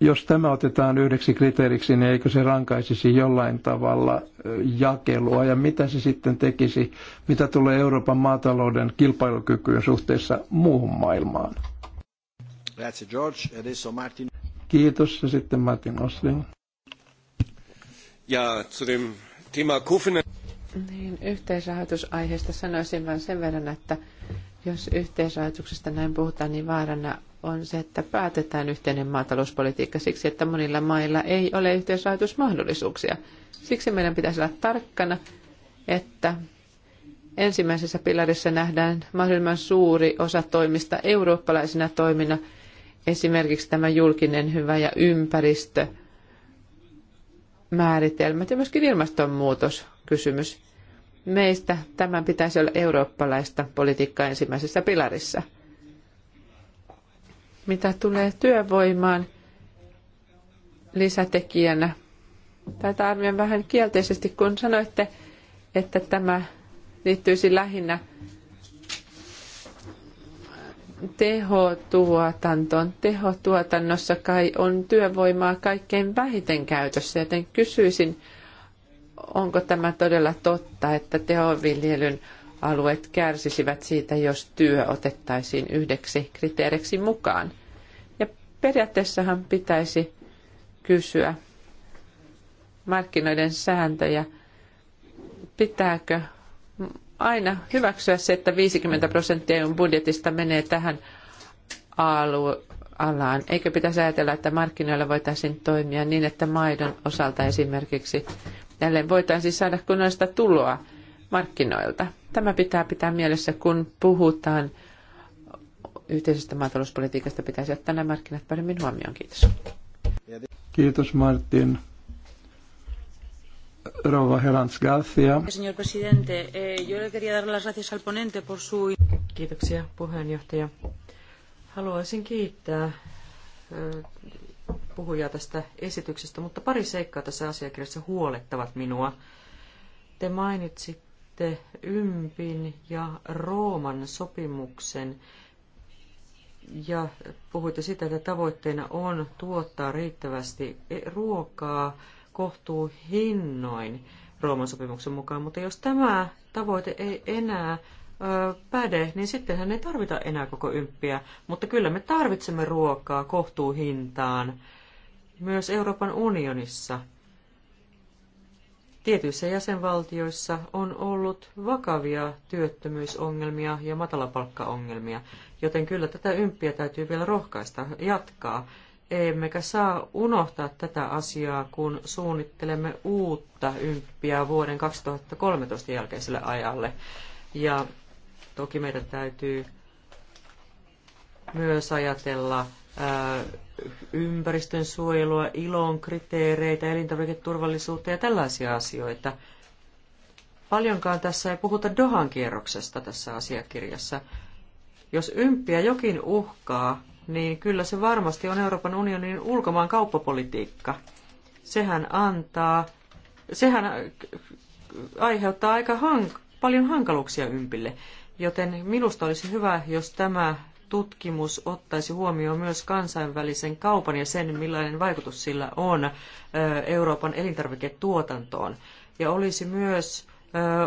jos tämä otetaan yhdeksi kriteeriksi, niin eikö se rankaisisi jollain tavalla jakelua ja mitä se sitten tekisi, mitä tulee Euroopan maatalouden kilpailukykyyn suhteessa muuhun maailmaan? Grazie George. Adesso Martin. Kiitos ja sitten Martin Oslin. Ja zu dem Thema Kufinen. Niin, yhteisrahoitusaiheesta sanoisin vain sen verran, että jos yhteisrahoituksesta näin puhutaan, niin vaarana on se, että päätetään yhteinen maatalouspolitiikka siksi, että monilla mailla ei ole yhteisrahoitusmahdollisuuksia. Siksi meidän pitäisi olla tarkkana, että ensimmäisessä pilarissa nähdään mahdollisimman suuri osa toimista eurooppalaisina toimina – esimerkiksi tämä julkinen hyvä ja ympäristö määritelmät ja myöskin ilmastonmuutoskysymys. Meistä tämän pitäisi olla eurooppalaista politiikkaa ensimmäisessä pilarissa. Mitä tulee työvoimaan lisätekijänä, tätä arvioin vähän kielteisesti, kun sanoitte, että tämä liittyisi lähinnä tehotuotantoon. Tehotuotannossa kai on työvoimaa kaikkein vähiten käytössä, joten kysyisin, onko tämä todella totta, että tehoviljelyn alueet kärsisivät siitä, jos työ otettaisiin yhdeksi kriteeriksi mukaan. Ja periaatteessahan pitäisi kysyä markkinoiden sääntöjä, pitääkö aina hyväksyä se, että 50 prosenttia EUn budjetista menee tähän alaan. Eikö pitäisi ajatella, että markkinoilla voitaisiin toimia niin, että maidon osalta esimerkiksi jälleen voitaisiin saada kunnollista tuloa markkinoilta. Tämä pitää pitää mielessä, kun puhutaan yhteisestä maatalouspolitiikasta. Pitäisi ottaa nämä markkinat paremmin huomioon. Kiitos. Kiitos Martin. Señor presidente, eh, yo le quería dar las gracias al ponente por su... Kiitoksia puheenjohtaja. Haluaisin kiittää eh, puhujaa tästä esityksestä, mutta pari seikkaa tässä asiakirjassa huolettavat minua. Te mainitsitte Ympin ja Rooman sopimuksen ja puhuitte sitä, että tavoitteena on tuottaa riittävästi ruokaa kohtuu hinnoin Rooman sopimuksen mukaan, mutta jos tämä tavoite ei enää päde, niin sittenhän ei tarvita enää koko ymppiä. Mutta kyllä me tarvitsemme ruokaa kohtuuhintaan myös Euroopan unionissa. Tietyissä jäsenvaltioissa on ollut vakavia työttömyysongelmia ja matalapalkkaongelmia, joten kyllä tätä ymppiä täytyy vielä rohkaista jatkaa. Emmekä saa unohtaa tätä asiaa, kun suunnittelemme uutta ymppiä vuoden 2013 jälkeiselle ajalle. Ja toki meidän täytyy myös ajatella äh, ympäristön suojelua, ilon kriteereitä, elintarviketurvallisuutta ja tällaisia asioita. Paljonkaan tässä ei puhuta Dohan kierroksesta tässä asiakirjassa. Jos ympiä jokin uhkaa, niin kyllä se varmasti on Euroopan unionin ulkomaan kauppapolitiikka. Sehän antaa, sehän aiheuttaa aika hank- paljon hankaluuksia ympille. Joten minusta olisi hyvä, jos tämä tutkimus ottaisi huomioon myös kansainvälisen kaupan ja sen, millainen vaikutus sillä on Euroopan elintarviketuotantoon. Ja olisi myös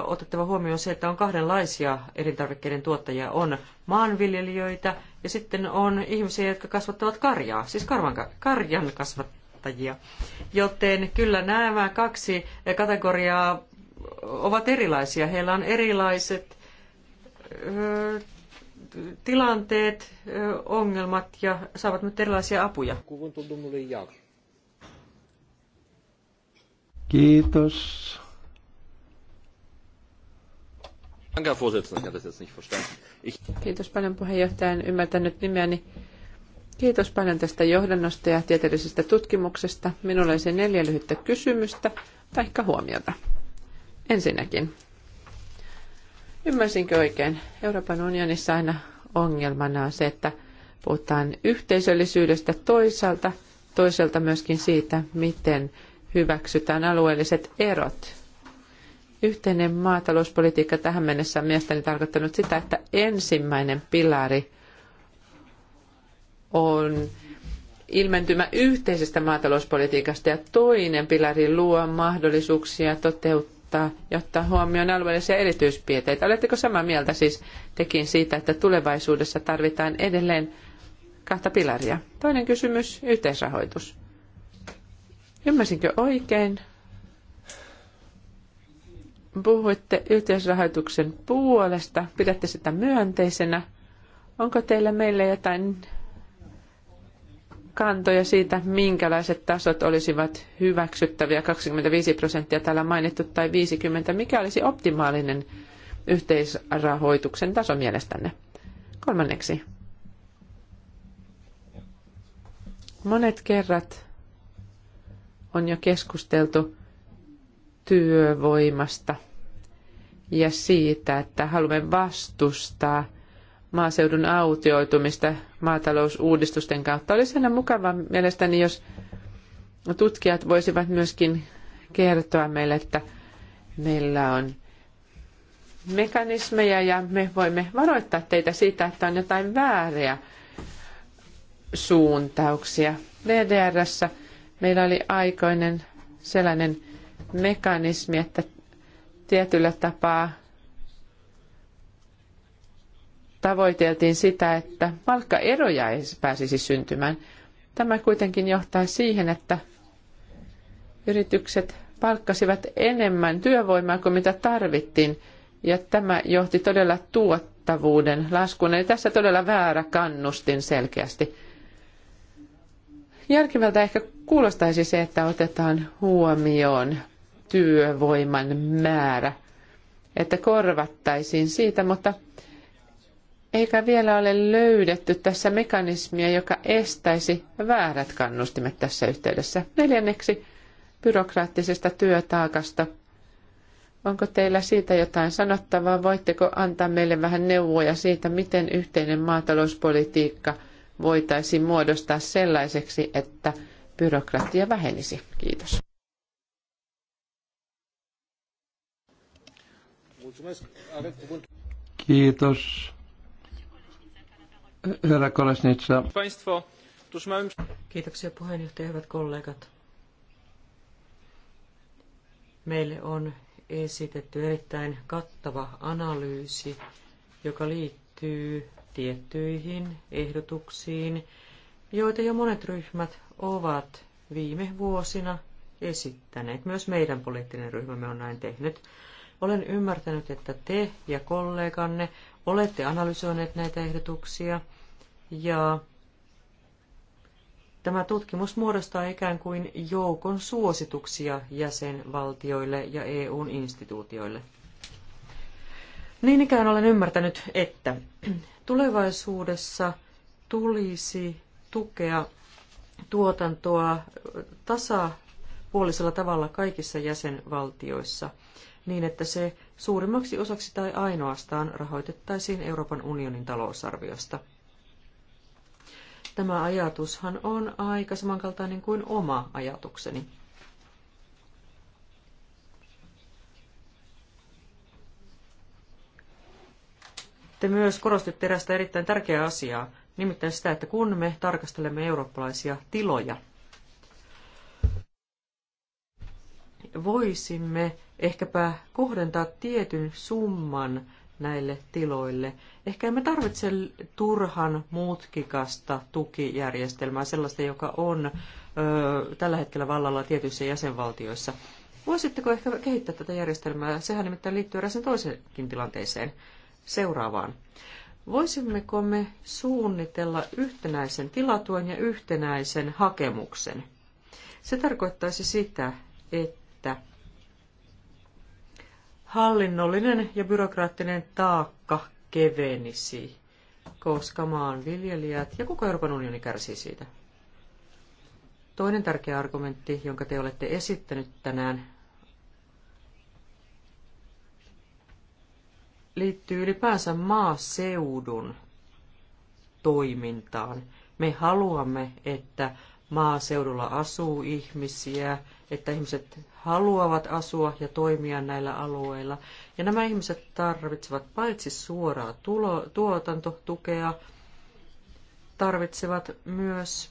otettava huomioon se, että on kahdenlaisia elintarvikkeiden tuottajia. On maanviljelijöitä ja sitten on ihmisiä, jotka kasvattavat karjaa, siis karvan, karjan kasvattajia. Joten kyllä nämä kaksi kategoriaa ovat erilaisia. Heillä on erilaiset ö, tilanteet, ö, ongelmat ja saavat nyt erilaisia apuja. Kiitos. Kiitos paljon puheenjohtajan ymmärtänyt nimeäni. Kiitos paljon tästä johdannosta ja tieteellisestä tutkimuksesta. Minulla olisi neljä lyhyttä kysymystä tai huomiota. Ensinnäkin, ymmärsinkö oikein, Euroopan unionissa aina ongelmana on se, että puhutaan yhteisöllisyydestä toisaalta, toisaalta myöskin siitä, miten hyväksytään alueelliset erot Yhteinen maatalouspolitiikka tähän mennessä on mielestäni tarkoittanut sitä, että ensimmäinen pilari on ilmentymä yhteisestä maatalouspolitiikasta ja toinen pilari luo mahdollisuuksia toteuttaa ja ottaa huomioon alueellisia erityispiirteitä. Oletteko samaa mieltä siis tekin siitä, että tulevaisuudessa tarvitaan edelleen kahta pilaria? Toinen kysymys, yhteisrahoitus. Ymmärsinkö oikein, puhuitte yhteisrahoituksen puolesta, pidätte sitä myönteisenä. Onko teillä meille jotain kantoja siitä, minkälaiset tasot olisivat hyväksyttäviä, 25 prosenttia täällä mainittu tai 50, mikä olisi optimaalinen yhteisrahoituksen taso mielestänne? Kolmanneksi. Monet kerrat on jo keskusteltu työvoimasta ja siitä, että haluamme vastustaa maaseudun autioitumista maatalousuudistusten kautta. Olisi aina mukava mielestäni, jos tutkijat voisivat myöskin kertoa meille, että meillä on mekanismeja ja me voimme varoittaa teitä siitä, että on jotain vääriä suuntauksia. DDRssä meillä oli aikoinen sellainen mekanismi, että tietyllä tapaa tavoiteltiin sitä, että palkkaeroja ei pääsisi syntymään. Tämä kuitenkin johtaa siihen, että yritykset palkkasivat enemmän työvoimaa kuin mitä tarvittiin, ja tämä johti todella tuottavuuden laskuun. Eli tässä todella väärä kannustin selkeästi. Järkevältä ehkä kuulostaisi se, että otetaan huomioon työvoiman määrä, että korvattaisiin siitä, mutta eikä vielä ole löydetty tässä mekanismia, joka estäisi väärät kannustimet tässä yhteydessä. Neljänneksi byrokraattisesta työtaakasta. Onko teillä siitä jotain sanottavaa? Voitteko antaa meille vähän neuvoja siitä, miten yhteinen maatalouspolitiikka voitaisiin muodostaa sellaiseksi, että byrokratia vähenisi? Kiitos. Mulțumesc. cuvântul. Kiitos. Herra Kolesnitsa. Państwo, tuż mam... Kiitoksia puheenjohtaja, hyvät kollegat. Meille on esitetty erittäin kattava analyysi, joka liittyy tiettyihin ehdotuksiin, joita jo monet ryhmät ovat viime vuosina esittäneet. Myös meidän poliittinen ryhmämme on näin tehnyt. Olen ymmärtänyt, että te ja kolleganne olette analysoineet näitä ehdotuksia ja tämä tutkimus muodostaa ikään kuin joukon suosituksia jäsenvaltioille ja EUn instituutioille. Niin ikään olen ymmärtänyt, että tulevaisuudessa tulisi tukea tuotantoa tasapuolisella tavalla kaikissa jäsenvaltioissa niin, että se suurimmaksi osaksi tai ainoastaan rahoitettaisiin Euroopan unionin talousarviosta. Tämä ajatushan on aika samankaltainen kuin oma ajatukseni. Te myös korostitte erästä erittäin tärkeää asiaa, nimittäin sitä, että kun me tarkastelemme eurooppalaisia tiloja – voisimme ehkäpä kohdentaa tietyn summan näille tiloille. Ehkä emme tarvitse turhan mutkikasta tukijärjestelmää, sellaista, joka on ö, tällä hetkellä vallalla tietyissä jäsenvaltioissa. Voisitteko ehkä kehittää tätä järjestelmää? Sehän nimittäin liittyy erääseen toisenkin tilanteeseen seuraavaan. Voisimmeko me suunnitella yhtenäisen tilatuen ja yhtenäisen hakemuksen? Se tarkoittaisi sitä, että että hallinnollinen ja byrokraattinen taakka kevenisi, koska maanviljelijät ja koko Euroopan unioni kärsii siitä. Toinen tärkeä argumentti, jonka te olette esittänyt tänään, liittyy ylipäänsä maaseudun toimintaan. Me haluamme, että maaseudulla asuu ihmisiä, että ihmiset haluavat asua ja toimia näillä alueilla. Ja nämä ihmiset tarvitsevat paitsi suoraa tulo, tuotantotukea, tarvitsevat myös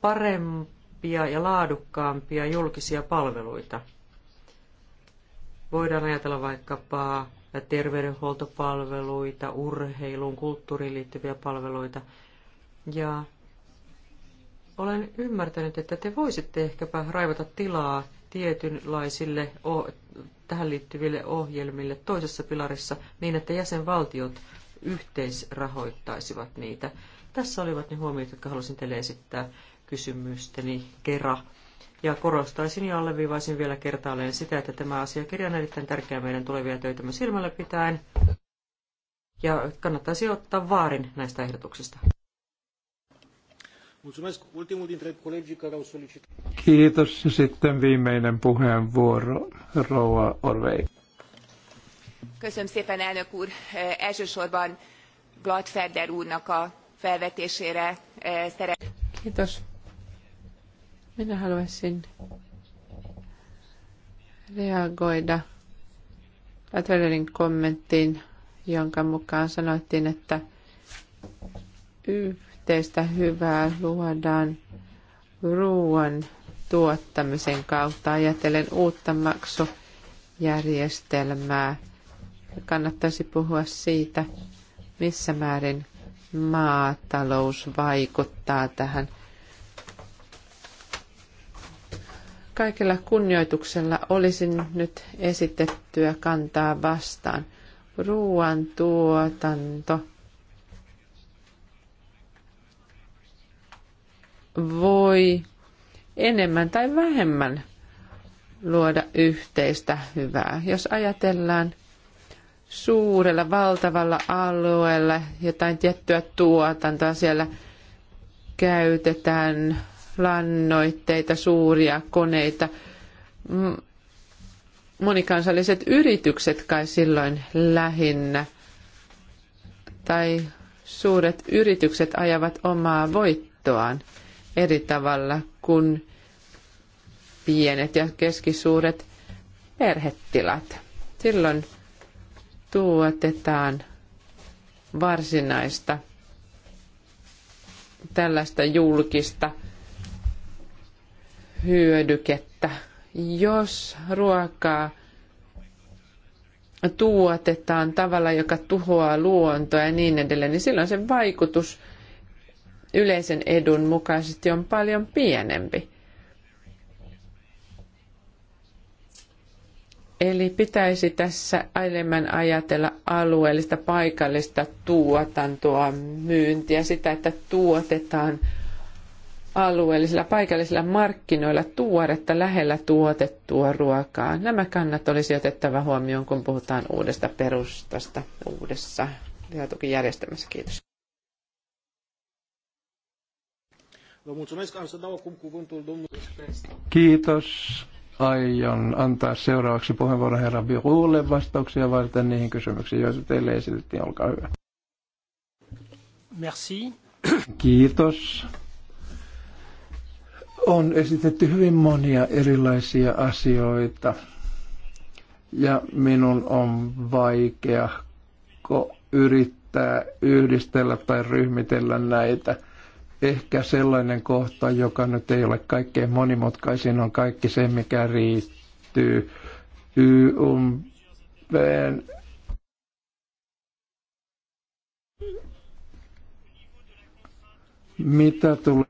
parempia ja laadukkaampia julkisia palveluita. Voidaan ajatella vaikkapa terveydenhuoltopalveluita, urheiluun, kulttuuriin liittyviä palveluita. Ja olen ymmärtänyt, että te voisitte ehkäpä raivata tilaa tietynlaisille tähän liittyville ohjelmille toisessa pilarissa niin, että jäsenvaltiot yhteisrahoittaisivat niitä. Tässä olivat ne huomiot, jotka halusin teille esittää kysymysteni kera. Ja korostaisin ja alleviivaisin vielä kertaalleen sitä, että tämä asiakirja on erittäin tärkeä meidän tulevia töitämme silmällä pitäen. Ja kannattaisi ottaa vaarin näistä ehdotuksista. Mulțumesc. Ultimul dintre colegii care au solicitat. Kiitos. Ja sitten viimeinen puheenvuoro, Rouva Orvei. Köszönöm szépen, elnök úr. Elsősorban Gladferder úrnak a felvetésére szeretném. Kiitos. Minä haluaisin reagoida Gladferderin kommenttiin, jonka mukaan sanottiin, että yhteistä hyvää luodaan ruoan tuottamisen kautta. Ajatellen uutta maksujärjestelmää. Kannattaisi puhua siitä, missä määrin maatalous vaikuttaa tähän. Kaikella kunnioituksella olisin nyt esitettyä kantaa vastaan. Ruoantuotanto tuotanto voi enemmän tai vähemmän luoda yhteistä hyvää. Jos ajatellaan suurella, valtavalla alueella jotain tiettyä tuotantoa, siellä käytetään lannoitteita, suuria koneita. Monikansalliset yritykset kai silloin lähinnä tai suuret yritykset ajavat omaa voittoaan eri tavalla kuin pienet ja keskisuuret perhetilat. Silloin tuotetaan varsinaista tällaista julkista hyödykettä. Jos ruokaa tuotetaan tavalla, joka tuhoaa luontoa ja niin edelleen, niin silloin sen vaikutus – yleisen edun mukaisesti on paljon pienempi. Eli pitäisi tässä enemmän ajatella alueellista, paikallista tuotantoa, myyntiä, sitä, että tuotetaan alueellisilla, paikallisilla markkinoilla tuoretta, lähellä tuotettua ruokaa. Nämä kannat olisi otettava huomioon, kun puhutaan uudesta perustasta uudessa tukijärjestelmässä. Kiitos. Vă mulțumesc. Am să dau acum cuvântul domnului Kiitos. Aion antaa seuraavaksi puheenvuoron herra Biruulle vastauksia varten niihin kysymyksiin, joita teille esitettiin. Olkaa hyvä. Merci. Kiitos. On esitetty hyvin monia erilaisia asioita ja minun on vaikea yrittää yhdistellä tai ryhmitellä näitä ehkä sellainen kohta, joka nyt ei ole kaikkein monimutkaisin, on kaikki se, mikä riittyy umpeen. Mitä tulee?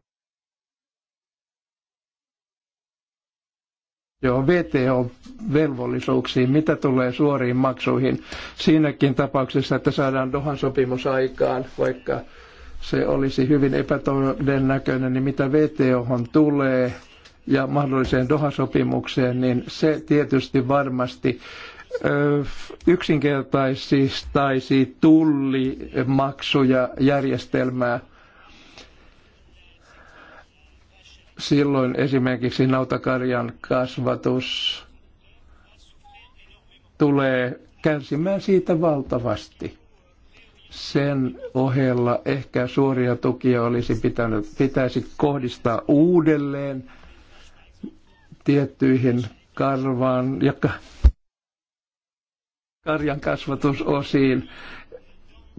Joo, VTO-velvollisuuksiin, mitä tulee suoriin maksuihin. Siinäkin tapauksessa, että saadaan Dohan sopimus aikaan, vaikka se olisi hyvin epätodennäköinen, niin mitä VTOhon tulee ja mahdolliseen Doha-sopimukseen, niin se tietysti varmasti yksinkertaisistaisi tullimaksuja järjestelmää. Silloin esimerkiksi nautakarjan kasvatus tulee kärsimään siitä valtavasti sen ohella ehkä suoria tukia olisi pitänyt, pitäisi kohdistaa uudelleen tiettyihin karvaan ja karjan kasvatusosiin.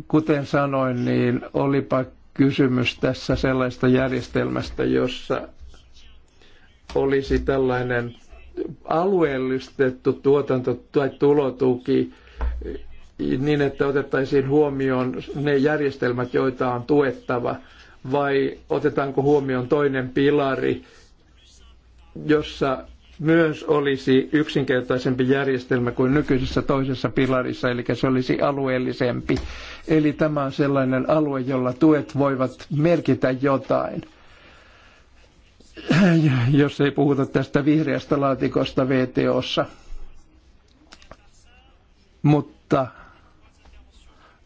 Kuten sanoin, niin olipa kysymys tässä sellaista järjestelmästä, jossa olisi tällainen alueellistettu tuotanto tai tulotuki, niin, että otettaisiin huomioon ne järjestelmät, joita on tuettava, vai otetaanko huomioon toinen pilari, jossa myös olisi yksinkertaisempi järjestelmä kuin nykyisessä toisessa pilarissa, eli se olisi alueellisempi. Eli tämä on sellainen alue, jolla tuet voivat merkitä jotain. Jos ei puhuta tästä vihreästä laatikosta VTOssa. Mutta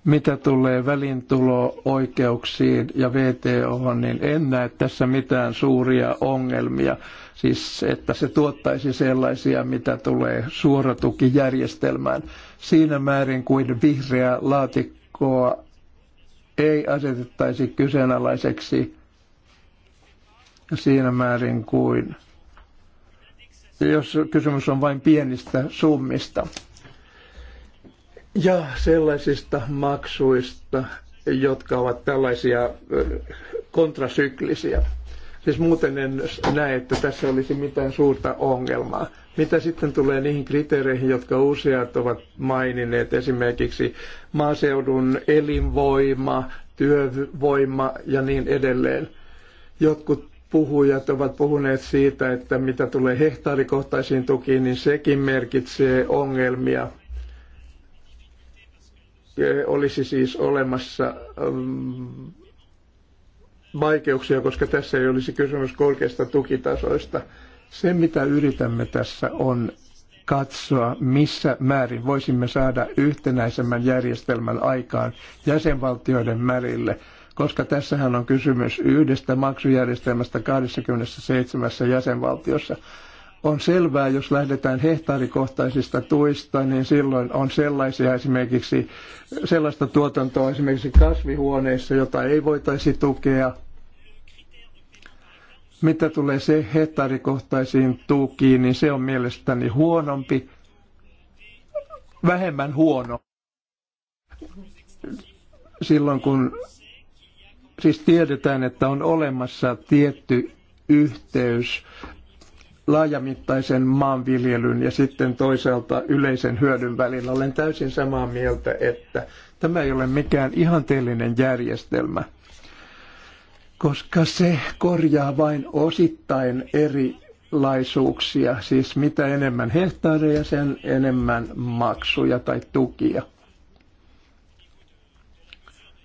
mitä tulee välintulo-oikeuksiin ja VTO, niin en näe tässä mitään suuria ongelmia. Siis, että se tuottaisi sellaisia, mitä tulee suoratukijärjestelmään. Siinä määrin kuin vihreää laatikkoa ei asetettaisi kyseenalaiseksi siinä määrin kuin jos kysymys on vain pienistä summista ja sellaisista maksuista, jotka ovat tällaisia kontrasyklisiä. Siis muuten en näe, että tässä olisi mitään suurta ongelmaa. Mitä sitten tulee niihin kriteereihin, jotka useat ovat maininneet, esimerkiksi maaseudun elinvoima, työvoima ja niin edelleen. Jotkut puhujat ovat puhuneet siitä, että mitä tulee hehtaarikohtaisiin tukiin, niin sekin merkitsee ongelmia Eh, olisi siis olemassa mm, vaikeuksia, koska tässä ei olisi kysymys korkeista tukitasoista. Se, mitä yritämme tässä, on katsoa, missä määrin voisimme saada yhtenäisemmän järjestelmän aikaan jäsenvaltioiden märille, koska tässähän on kysymys yhdestä maksujärjestelmästä 27 jäsenvaltiossa. On selvää, jos lähdetään hehtaarikohtaisista tuista, niin silloin on sellaisia esimerkiksi sellaista tuotantoa esimerkiksi kasvihuoneissa, jota ei voitaisi tukea. Mitä tulee se hehtaarikohtaisiin tukiin, niin se on mielestäni huonompi, vähemmän huono. Silloin kun siis tiedetään, että on olemassa tietty yhteys laajamittaisen maanviljelyn ja sitten toisaalta yleisen hyödyn välillä. Olen täysin samaa mieltä, että tämä ei ole mikään ihanteellinen järjestelmä, koska se korjaa vain osittain erilaisuuksia, siis mitä enemmän hehtaareja, sen enemmän maksuja tai tukia.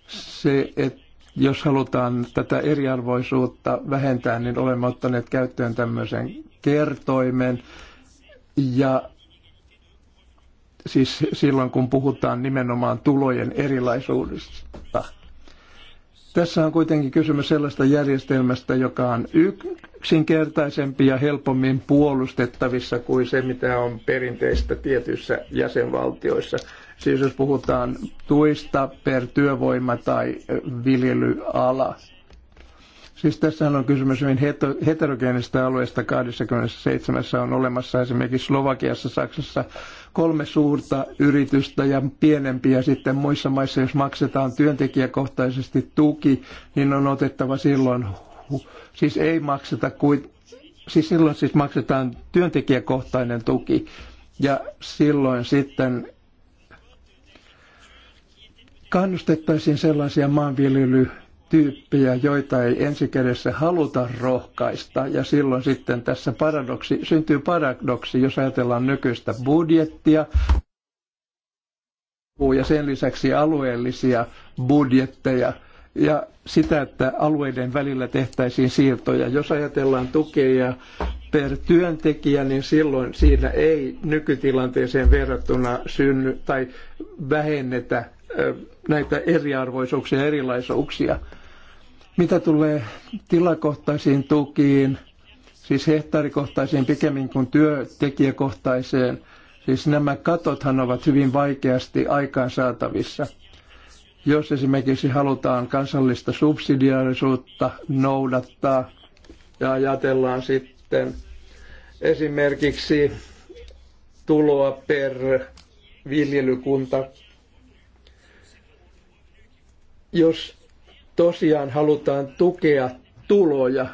Se, että jos halutaan tätä eriarvoisuutta vähentää, niin olemme ottaneet käyttöön tämmöisen kertoimen ja siis silloin kun puhutaan nimenomaan tulojen erilaisuudesta. Tässä on kuitenkin kysymys sellaista järjestelmästä, joka on yksinkertaisempi ja helpommin puolustettavissa kuin se, mitä on perinteistä tietyissä jäsenvaltioissa. Siis jos puhutaan tuista per työvoima tai viljelyala. Siis tässä on kysymys hyvin heterogeenistä alueesta. 27 on olemassa esimerkiksi Slovakiassa, Saksassa kolme suurta yritystä ja pienempiä sitten muissa maissa, jos maksetaan työntekijäkohtaisesti tuki, niin on otettava silloin, siis ei makseta kuin, siis silloin siis maksetaan työntekijäkohtainen tuki ja silloin sitten kannustettaisiin sellaisia maanviljely tyyppejä, joita ei ensikädessä haluta rohkaista. Ja silloin sitten tässä paradoksi, syntyy paradoksi, jos ajatellaan nykyistä budjettia ja sen lisäksi alueellisia budjetteja ja sitä, että alueiden välillä tehtäisiin siirtoja. Jos ajatellaan tukea per työntekijä, niin silloin siinä ei nykytilanteeseen verrattuna synny tai vähennetä näitä eriarvoisuuksia ja erilaisuuksia. Mitä tulee tilakohtaisiin tukiin, siis hehtaarikohtaisiin pikemmin kuin työntekijäkohtaiseen, siis nämä katothan ovat hyvin vaikeasti aikaansaatavissa. Jos esimerkiksi halutaan kansallista subsidiaarisuutta noudattaa ja ajatellaan sitten esimerkiksi tuloa per viljelykunta jos tosiaan halutaan tukea tuloja,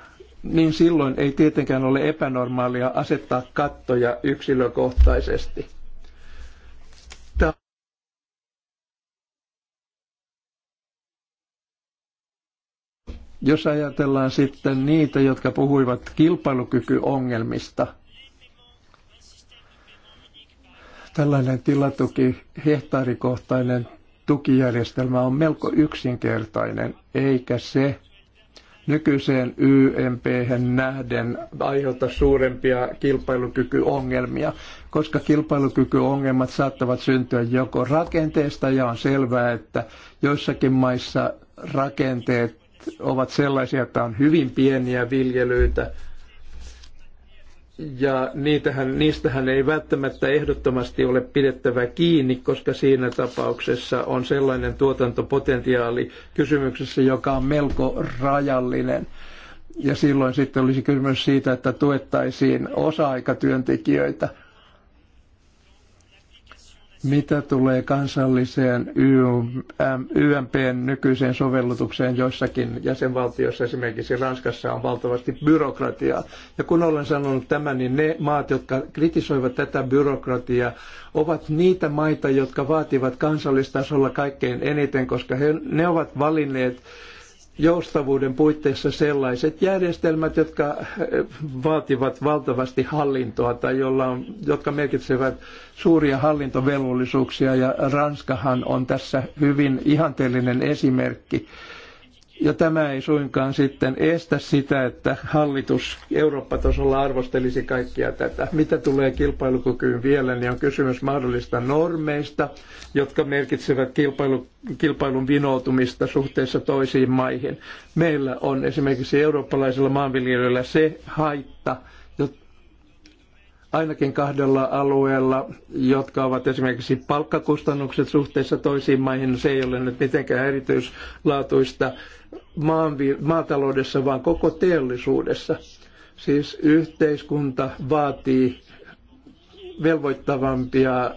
niin silloin ei tietenkään ole epänormaalia asettaa kattoja yksilökohtaisesti. Jos ajatellaan sitten niitä, jotka puhuivat kilpailukykyongelmista, tällainen tilatuki hehtaarikohtainen tukijärjestelmä on melko yksinkertainen, eikä se nykyiseen YMP nähden aiheuta suurempia kilpailukykyongelmia, koska kilpailukykyongelmat saattavat syntyä joko rakenteesta ja on selvää, että joissakin maissa rakenteet ovat sellaisia, että on hyvin pieniä viljelyitä, ja niitähän, niistähän ei välttämättä ehdottomasti ole pidettävä kiinni, koska siinä tapauksessa on sellainen tuotantopotentiaali kysymyksessä, joka on melko rajallinen. Ja silloin sitten olisi kysymys siitä, että tuettaisiin osa-aikatyöntekijöitä – mitä tulee kansalliseen YMPn nykyiseen sovellutukseen joissakin jäsenvaltioissa, esimerkiksi Ranskassa on valtavasti byrokratiaa. Ja kun olen sanonut tämän, niin ne maat, jotka kritisoivat tätä byrokratiaa, ovat niitä maita, jotka vaativat kansallistasolla kaikkein eniten, koska he, ne ovat valinneet joustavuuden puitteissa sellaiset järjestelmät, jotka äh, vaativat valtavasti hallintoa tai jolla on, jotka merkitsevät suuria hallintovelvollisuuksia ja Ranskahan on tässä hyvin ihanteellinen esimerkki ja tämä ei suinkaan sitten estä sitä, että hallitus Eurooppa-tasolla arvostelisi kaikkia tätä. Mitä tulee kilpailukykyyn vielä, niin on kysymys mahdollista normeista, jotka merkitsevät kilpailu, kilpailun vinoutumista suhteessa toisiin maihin. Meillä on esimerkiksi eurooppalaisilla maanviljelijöillä se haitta, ainakin kahdella alueella, jotka ovat esimerkiksi palkkakustannukset suhteessa toisiin maihin. Se ei ole nyt mitenkään erityislaatuista maataloudessa, vaan koko teollisuudessa. Siis yhteiskunta vaatii velvoittavampia.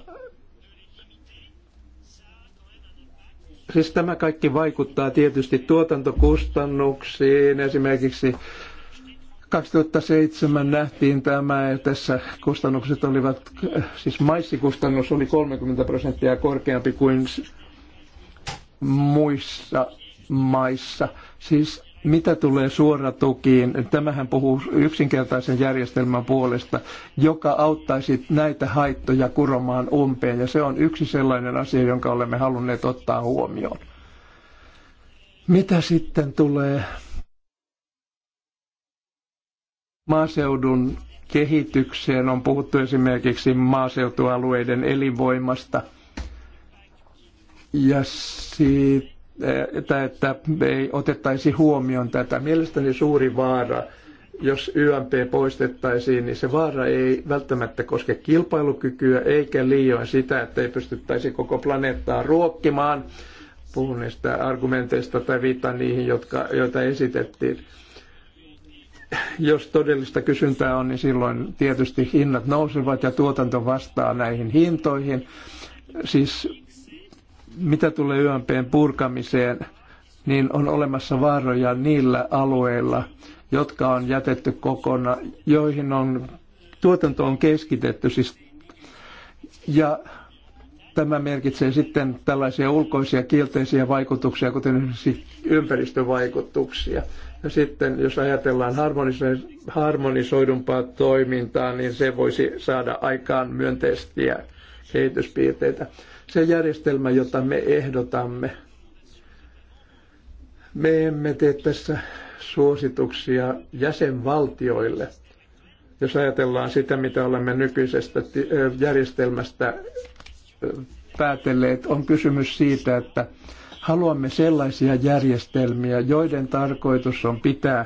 Siis tämä kaikki vaikuttaa tietysti tuotantokustannuksiin, esimerkiksi 2007 nähtiin tämä, ja tässä kustannukset olivat, siis maissikustannus oli 30 prosenttia korkeampi kuin muissa maissa. Siis mitä tulee suoratukiin, tämähän puhuu yksinkertaisen järjestelmän puolesta, joka auttaisi näitä haittoja kuromaan umpeen. Ja se on yksi sellainen asia, jonka olemme halunneet ottaa huomioon. Mitä sitten tulee maaseudun kehitykseen? On puhuttu esimerkiksi maaseutualueiden elinvoimasta ja siitä, että, että ei otettaisi huomioon tätä. Mielestäni suuri vaara, jos YMP poistettaisiin, niin se vaara ei välttämättä koske kilpailukykyä eikä liioin sitä, että ei pystyttäisi koko planeettaa ruokkimaan. Puhun niistä argumenteista tai viittaan niihin, jotka, joita esitettiin. Jos todellista kysyntää on, niin silloin tietysti hinnat nousevat ja tuotanto vastaa näihin hintoihin. Siis mitä tulee YMPn purkamiseen, niin on olemassa vaaroja niillä alueilla, jotka on jätetty kokonaan, joihin on, tuotanto on keskitetty. Siis, ja tämä merkitsee sitten tällaisia ulkoisia kielteisiä vaikutuksia, kuten esimerkiksi ympäristövaikutuksia. Ja sitten jos ajatellaan harmonisoidumpaa toimintaa, niin se voisi saada aikaan myönteisiä kehityspiirteitä. Se järjestelmä, jota me ehdotamme, me emme tee tässä suosituksia jäsenvaltioille. Jos ajatellaan sitä, mitä olemme nykyisestä järjestelmästä päätelleet, on kysymys siitä, että haluamme sellaisia järjestelmiä, joiden tarkoitus on pitää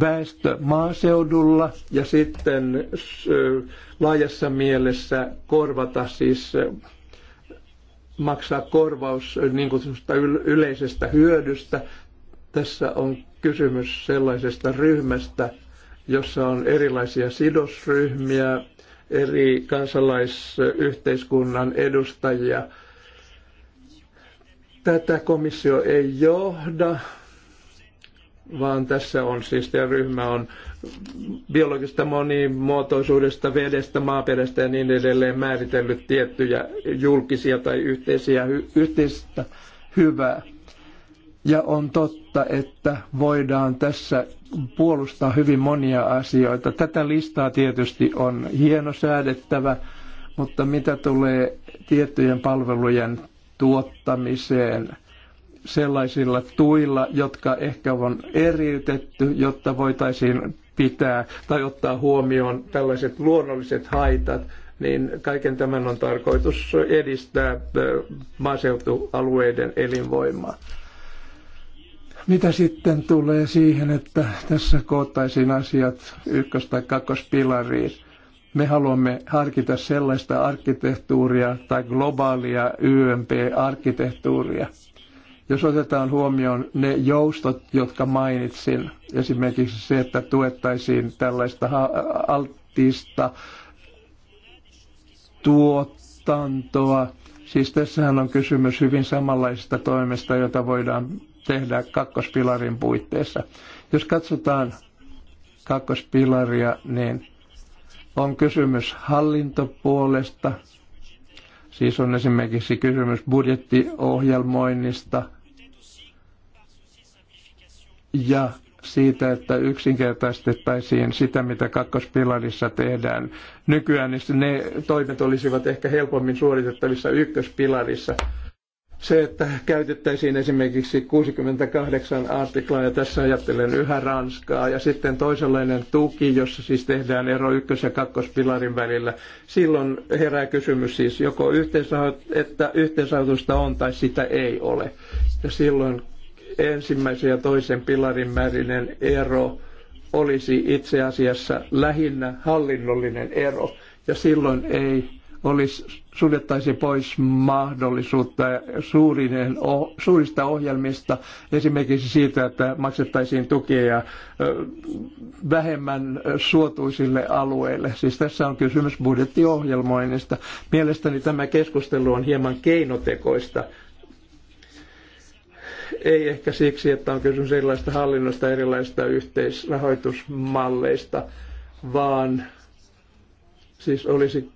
väestö maaseudulla ja sitten laajassa mielessä korvata siis maksaa korvaus niin kutsusta yleisestä hyödystä. Tässä on kysymys sellaisesta ryhmästä, jossa on erilaisia sidosryhmiä, eri kansalaisyhteiskunnan edustajia. Tätä komissio ei johda, vaan tässä on siis, tämä ryhmä on biologista monimuotoisuudesta, vedestä, maaperästä ja niin edelleen määritellyt tiettyjä julkisia tai yhteisiä, yhteistä hyvää. Ja on totta, että voidaan tässä puolustaa hyvin monia asioita. Tätä listaa tietysti on hieno säädettävä, mutta mitä tulee tiettyjen palvelujen tuottamiseen – sellaisilla tuilla, jotka ehkä on eriytetty, jotta voitaisiin pitää tai ottaa huomioon tällaiset luonnolliset haitat, niin kaiken tämän on tarkoitus edistää äh, maaseutualueiden elinvoimaa. Mitä sitten tulee siihen, että tässä koottaisiin asiat ykkös- tai kakkospilariin? Me haluamme harkita sellaista arkkitehtuuria tai globaalia YMP-arkkitehtuuria, jos otetaan huomioon ne joustot, jotka mainitsin, esimerkiksi se, että tuettaisiin tällaista altista tuotantoa, Siis tässähän on kysymys hyvin samanlaisista toimista, joita voidaan tehdä kakkospilarin puitteissa. Jos katsotaan kakkospilaria, niin on kysymys hallintopuolesta, siis on esimerkiksi kysymys budjettiohjelmoinnista, ja siitä, että yksinkertaistettaisiin sitä, mitä kakkospilarissa tehdään. Nykyään niin ne toimet olisivat ehkä helpommin suoritettavissa ykköspilarissa. Se, että käytettäisiin esimerkiksi 68 artiklaa, ja tässä ajattelen yhä Ranskaa, ja sitten toisenlainen tuki, jossa siis tehdään ero ykkös- ja kakkospilarin välillä. Silloin herää kysymys siis joko yhteisrahoitusta on tai sitä ei ole. Ja silloin ensimmäisen ja toisen pilarin määrinen ero olisi itse asiassa lähinnä hallinnollinen ero, ja silloin ei olisi, suljettaisi pois mahdollisuutta suurinen, suurista ohjelmista, esimerkiksi siitä, että maksettaisiin tukea vähemmän suotuisille alueille. Siis tässä on kysymys budjettiohjelmoinnista. Mielestäni tämä keskustelu on hieman keinotekoista ei ehkä siksi, että on kysymys erilaista hallinnosta, erilaista yhteisrahoitusmalleista, vaan siis olisi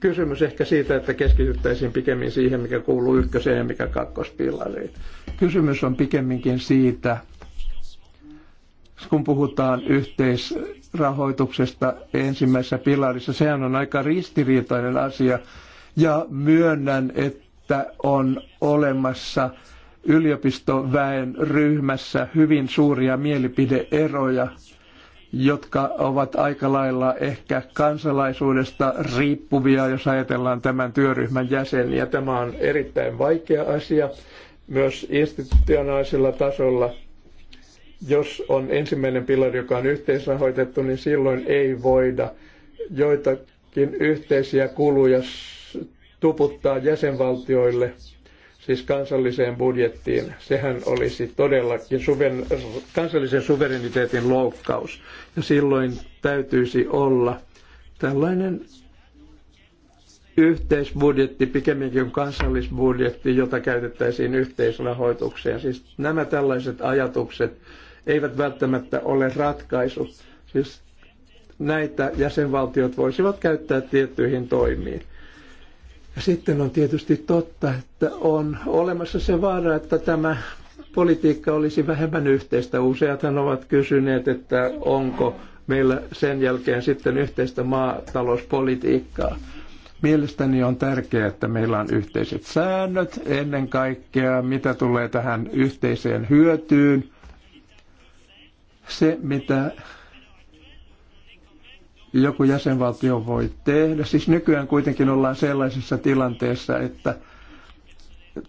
kysymys ehkä siitä, että keskityttäisiin pikemmin siihen, mikä kuuluu ykköseen ja mikä kakkospilariin. Kysymys on pikemminkin siitä, kun puhutaan yhteisrahoituksesta ensimmäisessä pilarissa, sehän on aika ristiriitainen asia. Ja myönnän, että on olemassa yliopistoväen ryhmässä hyvin suuria mielipideeroja, jotka ovat aika lailla ehkä kansalaisuudesta riippuvia, jos ajatellaan tämän työryhmän jäseniä. Tämä on erittäin vaikea asia myös institutionaalisella tasolla. Jos on ensimmäinen pilari, joka on yhteisrahoitettu, niin silloin ei voida joitakin yhteisiä kuluja tuputtaa jäsenvaltioille – siis kansalliseen budjettiin, sehän olisi todellakin suven, kansallisen suvereniteetin loukkaus. Ja silloin täytyisi olla tällainen yhteisbudjetti pikemminkin kuin kansallisbudjetti, jota käytettäisiin yhteisrahoitukseen. Siis nämä tällaiset ajatukset eivät välttämättä ole ratkaisu. Siis näitä jäsenvaltiot voisivat käyttää tiettyihin toimiin. Sitten on tietysti totta, että on olemassa se vaara, että tämä politiikka olisi vähemmän yhteistä. Useathan ovat kysyneet, että onko meillä sen jälkeen sitten yhteistä maatalouspolitiikkaa. Mielestäni on tärkeää, että meillä on yhteiset säännöt ennen kaikkea, mitä tulee tähän yhteiseen hyötyyn. Se, mitä joku jäsenvaltio voi tehdä. Siis nykyään kuitenkin ollaan sellaisessa tilanteessa, että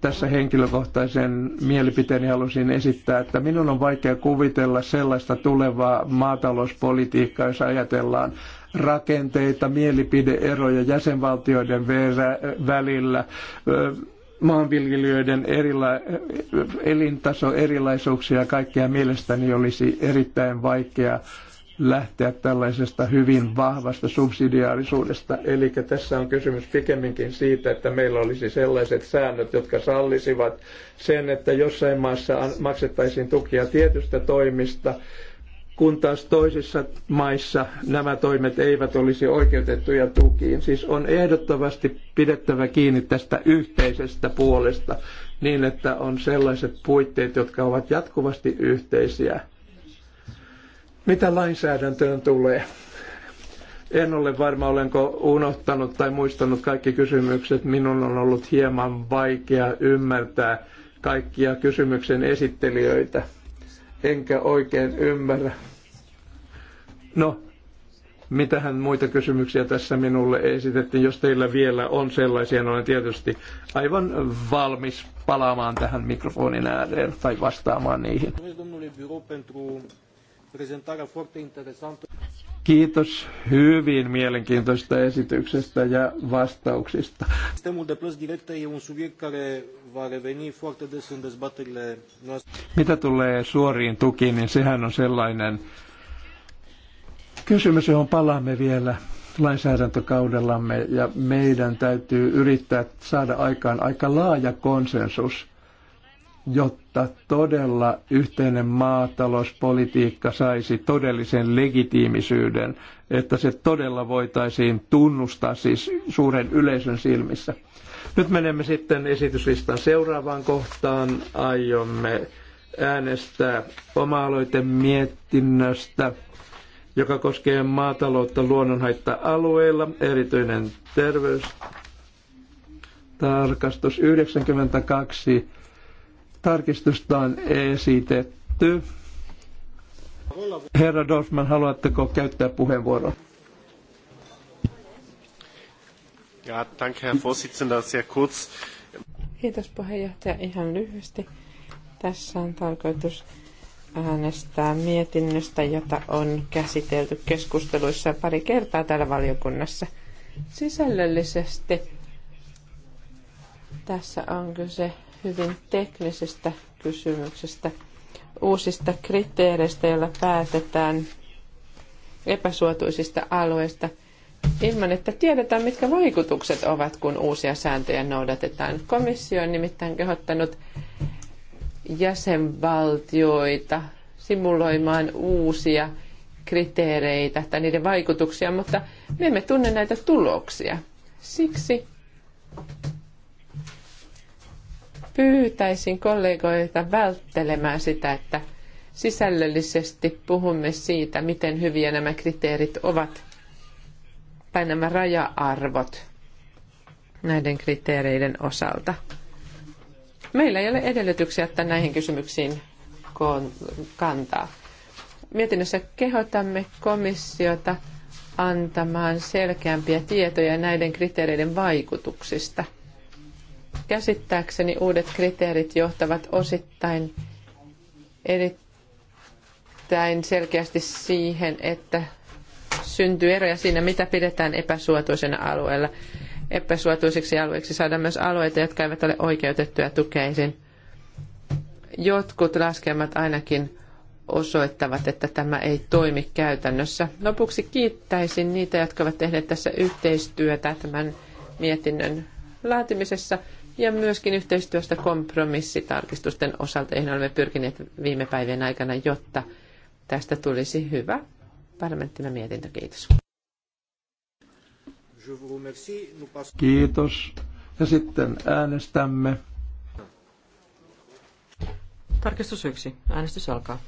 tässä henkilökohtaisen mielipiteeni halusin esittää, että minun on vaikea kuvitella sellaista tulevaa maatalouspolitiikkaa, jos ajatellaan rakenteita, mielipideeroja jäsenvaltioiden välillä, maanviljelijöiden erila- elintaso, erilaisuuksia ja kaikkea mielestäni olisi erittäin vaikea lähteä tällaisesta hyvin vahvasta subsidiaarisuudesta. Eli tässä on kysymys pikemminkin siitä, että meillä olisi sellaiset säännöt, jotka sallisivat sen, että jossain maassa maksettaisiin tukia tietystä toimista, kun taas toisissa maissa nämä toimet eivät olisi oikeutettuja tukiin. Siis on ehdottomasti pidettävä kiinni tästä yhteisestä puolesta niin, että on sellaiset puitteet, jotka ovat jatkuvasti yhteisiä mitä lainsäädäntöön tulee? En ole varma, olenko unohtanut tai muistanut kaikki kysymykset. Minun on ollut hieman vaikea ymmärtää kaikkia kysymyksen esittelijöitä. Enkä oikein ymmärrä. No, mitähän muita kysymyksiä tässä minulle esitettiin. Jos teillä vielä on sellaisia, niin olen tietysti aivan valmis palaamaan tähän mikrofonin ääreen tai vastaamaan niihin. Kiitos hyvin mielenkiintoista esityksestä ja vastauksista. Sistemul de plăți directe e un subiect care va reveni foarte des în dezbaterile noastre. Mitä tulee suoriin tukiin, niin sehän on sellainen kysymys, johon palaamme vielä lainsäädäntökaudellamme ja meidän täytyy yrittää saada aikaan aika laaja konsensus jotta todella yhteinen maatalouspolitiikka saisi todellisen legitiimisyyden, että se todella voitaisiin tunnustaa siis suuren yleisön silmissä. Nyt menemme sitten esityslistan seuraavaan kohtaan. Aiomme äänestää oma-aloite mietinnöstä, joka koskee maataloutta luonnonhaitta-alueilla, erityinen terveys. Tarkastus 92 Tarkistusta on esitetty. Herra Dorfman, haluatteko käyttää puheenvuoron? Ja, danke, Herr Vorsitzender, sehr kurz. Kiitos puheenjohtaja. Ihan lyhyesti. Tässä on tarkoitus äänestää mietinnöstä, jota on käsitelty keskusteluissa pari kertaa täällä valiokunnassa. Sisällöllisesti tässä on kyse hyvin teknisestä kysymyksestä, uusista kriteereistä, joilla päätetään epäsuotuisista alueista ilman, että tiedetään, mitkä vaikutukset ovat, kun uusia sääntöjä noudatetaan. Komissio on nimittäin kehottanut jäsenvaltioita simuloimaan uusia kriteereitä tai niiden vaikutuksia, mutta me emme tunne näitä tuloksia. Siksi pyytäisin kollegoita välttelemään sitä, että sisällöllisesti puhumme siitä, miten hyviä nämä kriteerit ovat tai nämä raja-arvot näiden kriteereiden osalta. Meillä ei ole edellytyksiä ottaa näihin kysymyksiin kantaa. Mietinnössä kehotamme komissiota antamaan selkeämpiä tietoja näiden kriteereiden vaikutuksista – Käsittääkseni uudet kriteerit johtavat osittain erittäin selkeästi siihen, että syntyy eroja siinä, mitä pidetään epäsuotuisena alueella. Epäsuotuisiksi alueiksi saadaan myös alueita, jotka eivät ole oikeutettuja tukeisiin. Jotkut laskelmat ainakin osoittavat, että tämä ei toimi käytännössä. Lopuksi kiittäisin niitä, jotka ovat tehneet tässä yhteistyötä tämän mietinnön laatimisessa ja myöskin yhteistyöstä kompromissitarkistusten osalta, joihin olemme pyrkineet viime päivien aikana, jotta tästä tulisi hyvä parlamenttina mietintö. Kiitos. Kiitos. Ja sitten äänestämme. Tarkistus yksi. Äänestys alkaa.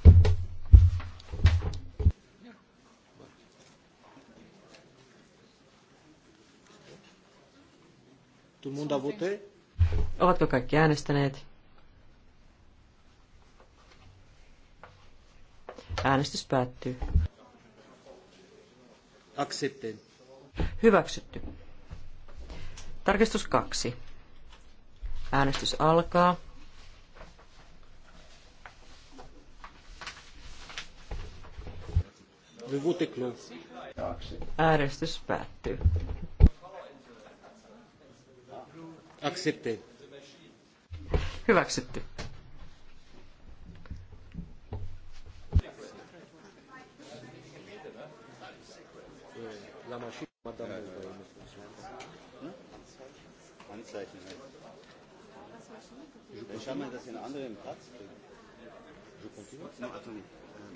Tout le monde a voté Ovatko kaikki äänestäneet? Äänestys päättyy. Accepted. Hyväksytty. Tarkistus kaksi. Äänestys alkaa. Äänestys päättyy. Accepted. Hyväksytty. Ich mal, dass einen anderen Platz Je continue? Non, attendez.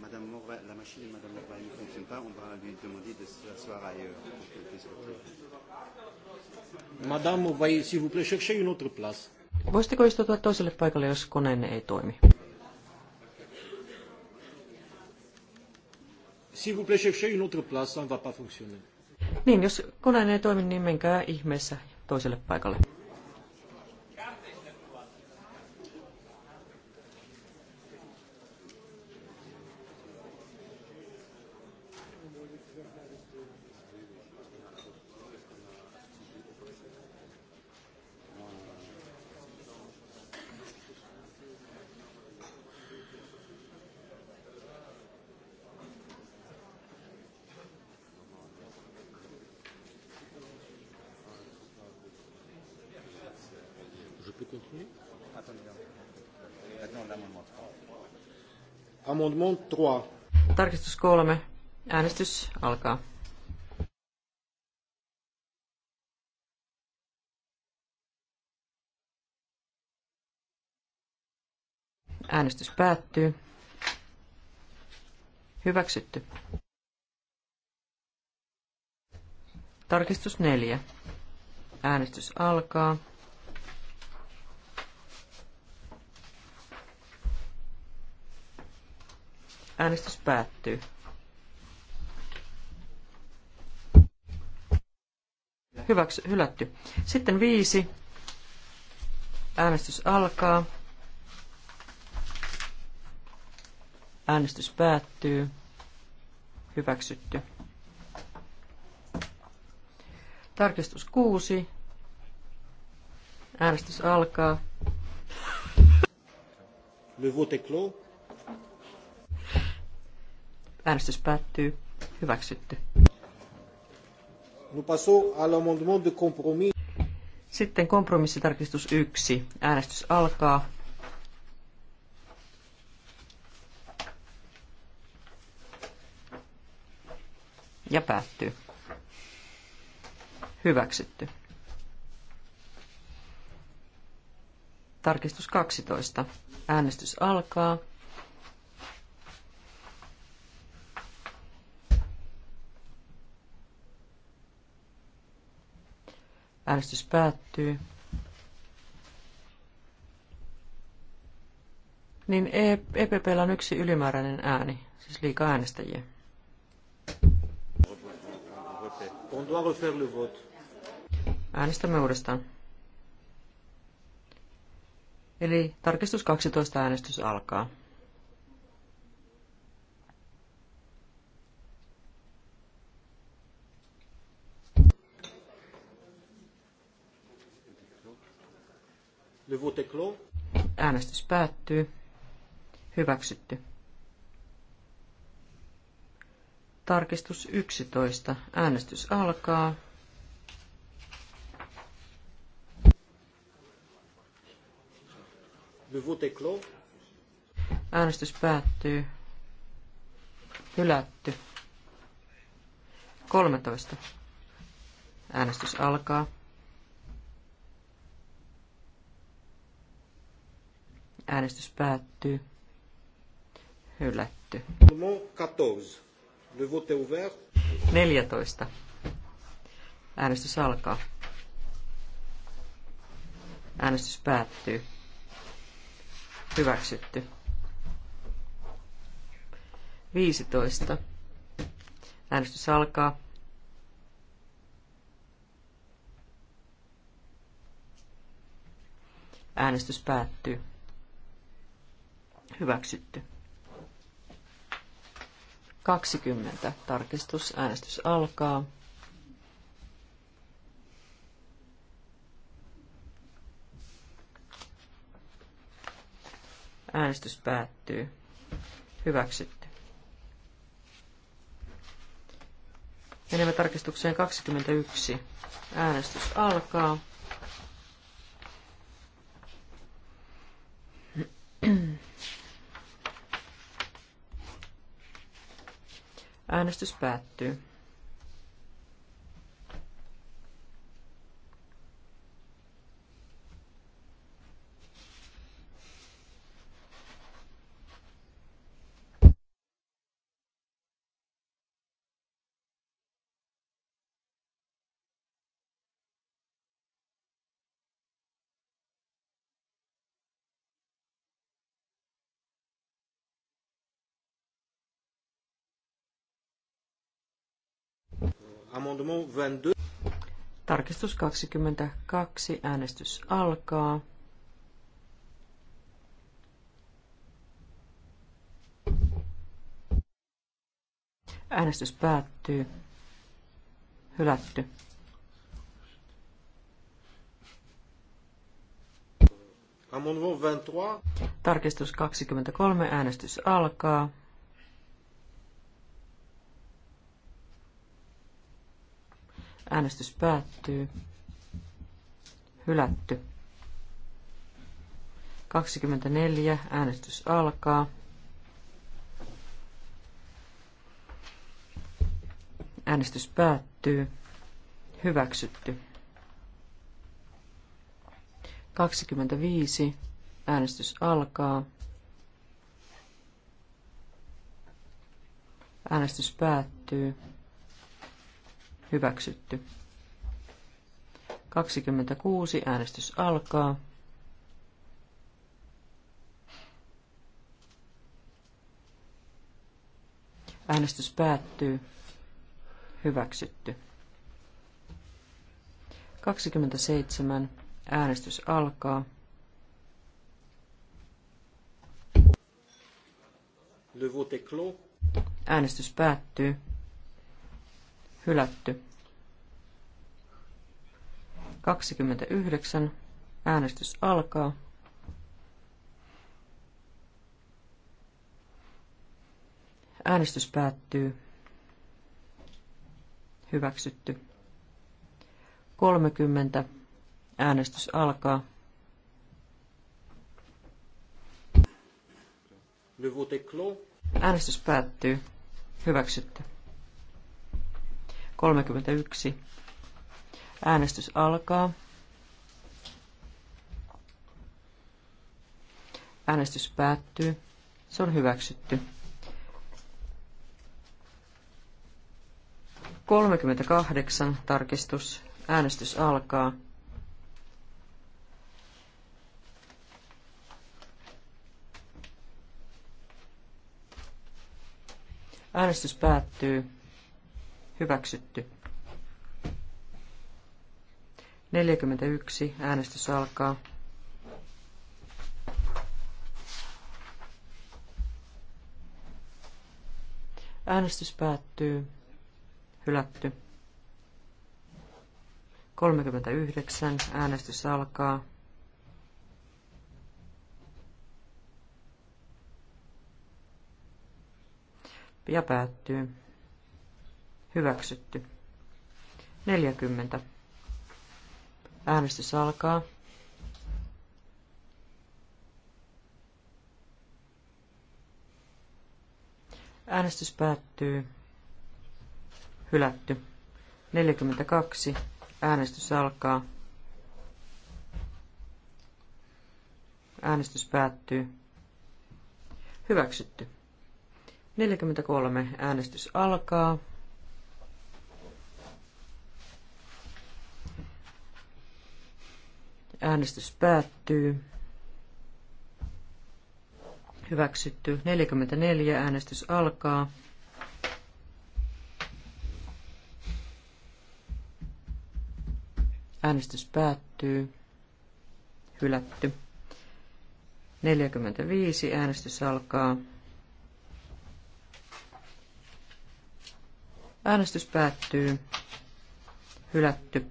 Madame Morva, la machine de Madame Morva ne fonctionne pas, on va lui demander de s'asseoir ailleurs Madame Morva, s'il vous plaît, cherchez une autre place. Voisitteko istutua toiselle paikalle, jos koneenne ei toimi? S'il vous plaît, cherchez une autre place, ça ne va pas fonctionner. Niin, jos koneen ei toimi, niin menkää ihmeessä toiselle paikalle. continuer Amendement 3. Tarkistus kolme Äänestys alkaa. Äänestys päättyy. Hyväksytty. Tarkistus neljä. Äänestys alkaa. Äänestys päättyy. hyväksy, hylätty. Sitten viisi. Äänestys alkaa. Äänestys päättyy. Hyväksytty. Tarkistus kuusi. Äänestys alkaa. Le vote clos. Äänestys päättyy. Hyväksytty. Sitten kompromissitarkistus 1. Äänestys alkaa. Ja päättyy. Hyväksytty. Tarkistus 12. Äänestys alkaa. Äänestys päättyy. Niin EPPllä e on yksi ylimääräinen ääni, siis liikaa äänestäjiä. Äänestämme uudestaan. Eli tarkistus 12 äänestys alkaa. Äänestys päättyy. Hyväksytty. Tarkistus 11. Äänestys alkaa. Äänestys päättyy. Hylätty. 13. Äänestys alkaa. Äänestys päättyy. Hylätty. 14. Le vote ouvert. 14. Äänestys alkaa. Äänestys päättyy. Hyväksytty. 15. Äänestys alkaa. Äänestys päättyy. Hyväksytty. 20. Tarkistus. Äänestys alkaa. Äänestys päättyy. Hyväksytty. Menemme tarkistukseen 21. Äänestys alkaa. Äänestys päättyy. Tarkistus 22. Äänestys alkaa. Äänestys päättyy. Hylätty. Tarkistus 23. Äänestys alkaa. Äänestys päättyy. Hylätty. 24. Äänestys alkaa. Äänestys päättyy. Hyväksytty. 25. Äänestys alkaa. Äänestys päättyy. Hyväksytty. 26. Äänestys alkaa. Äänestys päättyy. Hyväksytty. 27. Äänestys alkaa. Äänestys päättyy. Hylätty. 29. Äänestys alkaa. Äänestys päättyy. Hyväksytty. 30. Äänestys alkaa. Äänestys päättyy. Hyväksytty. 31. Äänestys alkaa. Äänestys päättyy. Se on hyväksytty. 38 tarkistus. Äänestys alkaa. Äänestys päättyy. Hyväksytty. 41. Äänestys alkaa. Äänestys päättyy. Hylätty. 39. Äänestys alkaa. Ja päättyy. Hyväksytty. 40. Äänestys alkaa. Äänestys päättyy. Hylätty. 42. Äänestys alkaa. Äänestys päättyy. Hyväksytty. 43. Äänestys alkaa. Äänestys päättyy. Hyväksytty. 44. Äänestys alkaa. Äänestys päättyy. Hylätty. 45. Äänestys alkaa. Äänestys päättyy. Hylätty.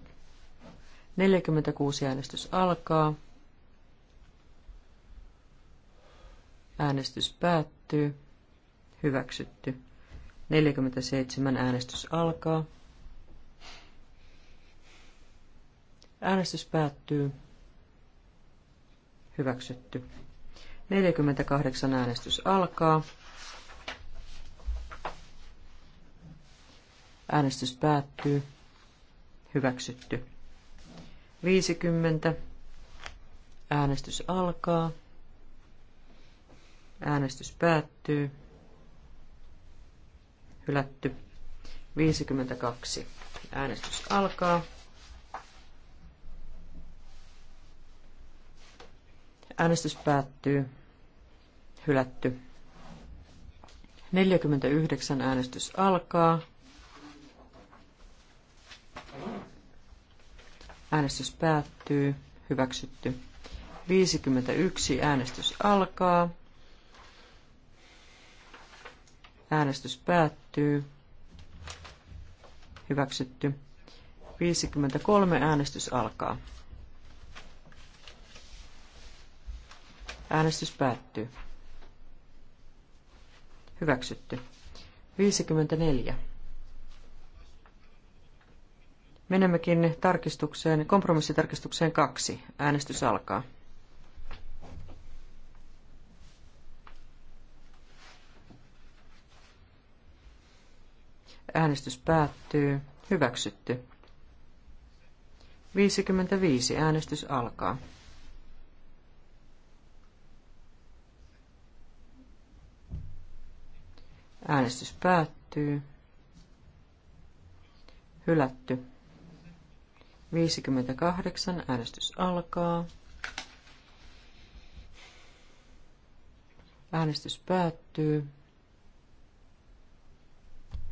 46 äänestys alkaa. Äänestys päättyy. Hyväksytty. 47 äänestys alkaa. Äänestys päättyy. Hyväksytty. 48 äänestys alkaa. Äänestys päättyy. Hyväksytty. 50. Äänestys alkaa. Äänestys päättyy. Hylätty. 52. Äänestys alkaa. Äänestys päättyy. Hylätty. 49 äänestys alkaa. Äänestys päättyy. Hyväksytty. 51. Äänestys alkaa. Äänestys päättyy. Hyväksytty. 53. Äänestys alkaa. Äänestys päättyy. Hyväksytty. 54. Menemmekin tarkistukseen, kompromissitarkistukseen kaksi. Äänestys alkaa. Äänestys päättyy. Hyväksytty. 55. Äänestys alkaa. Äänestys päättyy. Hylätty. 58. Äänestys alkaa. Äänestys päättyy.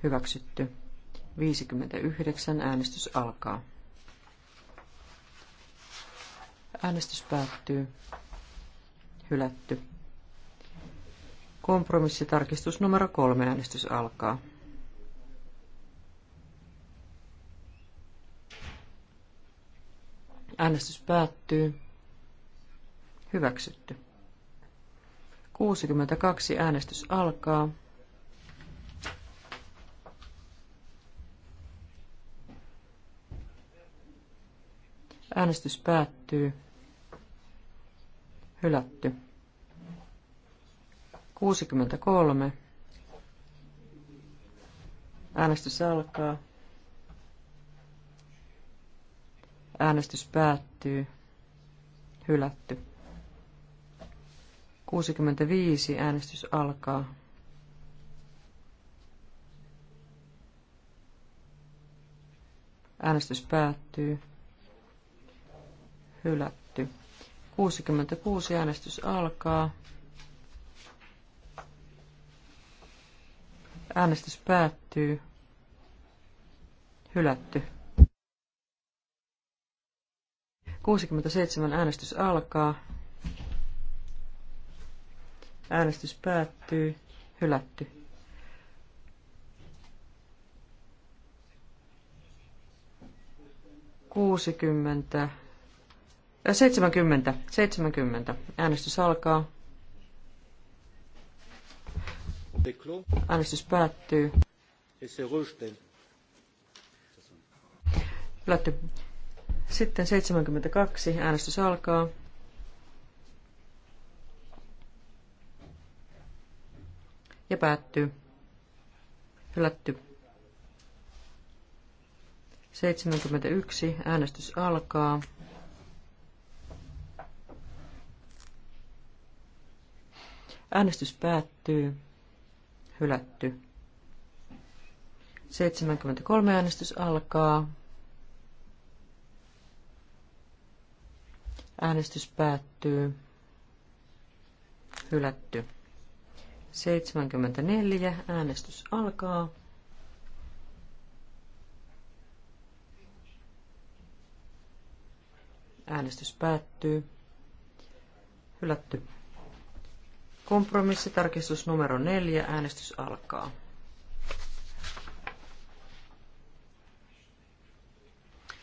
Hyväksytty. 59. Äänestys alkaa. Äänestys päättyy. Hylätty. Kompromissitarkistus numero kolme. Äänestys alkaa. Äänestys päättyy. Hyväksytty. 62 äänestys alkaa. Äänestys päättyy. Hylätty. 63. Äänestys alkaa. Äänestys päättyy. Hylätty. 65. Äänestys alkaa. Äänestys päättyy. Hylätty. 66. Äänestys alkaa. Äänestys päättyy. Hylätty. 67 äänestys alkaa. Äänestys päättyy. Hylätty. Kuusikymmentä. 70. Äh, 70. Äänestys alkaa. Äänestys päättyy. Hylätty. Sitten 72. Äänestys alkaa. Ja päättyy. Hylätty. 71. Äänestys alkaa. Äänestys päättyy. Hylätty. 73 äänestys alkaa. Äänestys päättyy. Hylätty. 74. Äänestys alkaa. Äänestys päättyy. Hylätty. Kompromissitarkistus numero 4. Äänestys alkaa.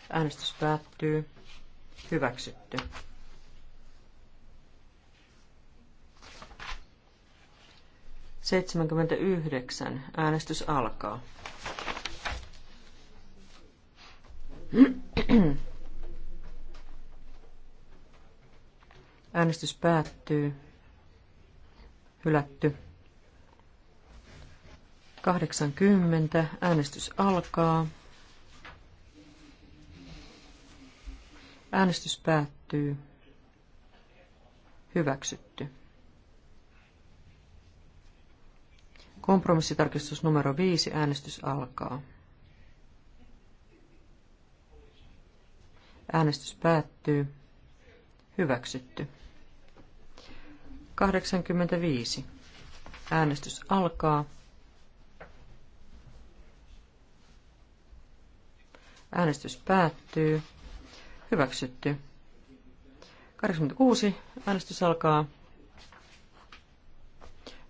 Äänestys päättyy. Hyväksytty. 79. Äänestys alkaa. Äänestys päättyy. Hylätty. 80. Äänestys alkaa. Äänestys päättyy. Hyväksytty. Kompromissitarkistus numero 5. Äänestys alkaa. Äänestys päättyy. Hyväksytty. 85. Äänestys alkaa. Äänestys päättyy. Hyväksytty. 86. Äänestys alkaa.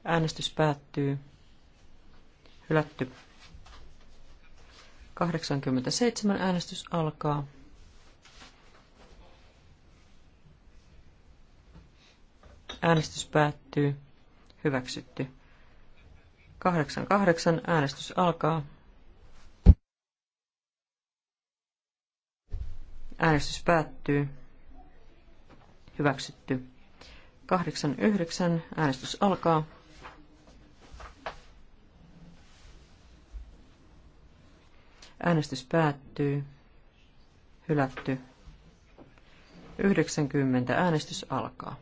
Äänestys päättyy. Hylätty. 87 äänestys alkaa. Äänestys päättyy. Hyväksytty. 88 äänestys alkaa. Äänestys päättyy. Hyväksytty. 89 äänestys alkaa. Äänestys päättyy. Hylätty. 90. Äänestys alkaa.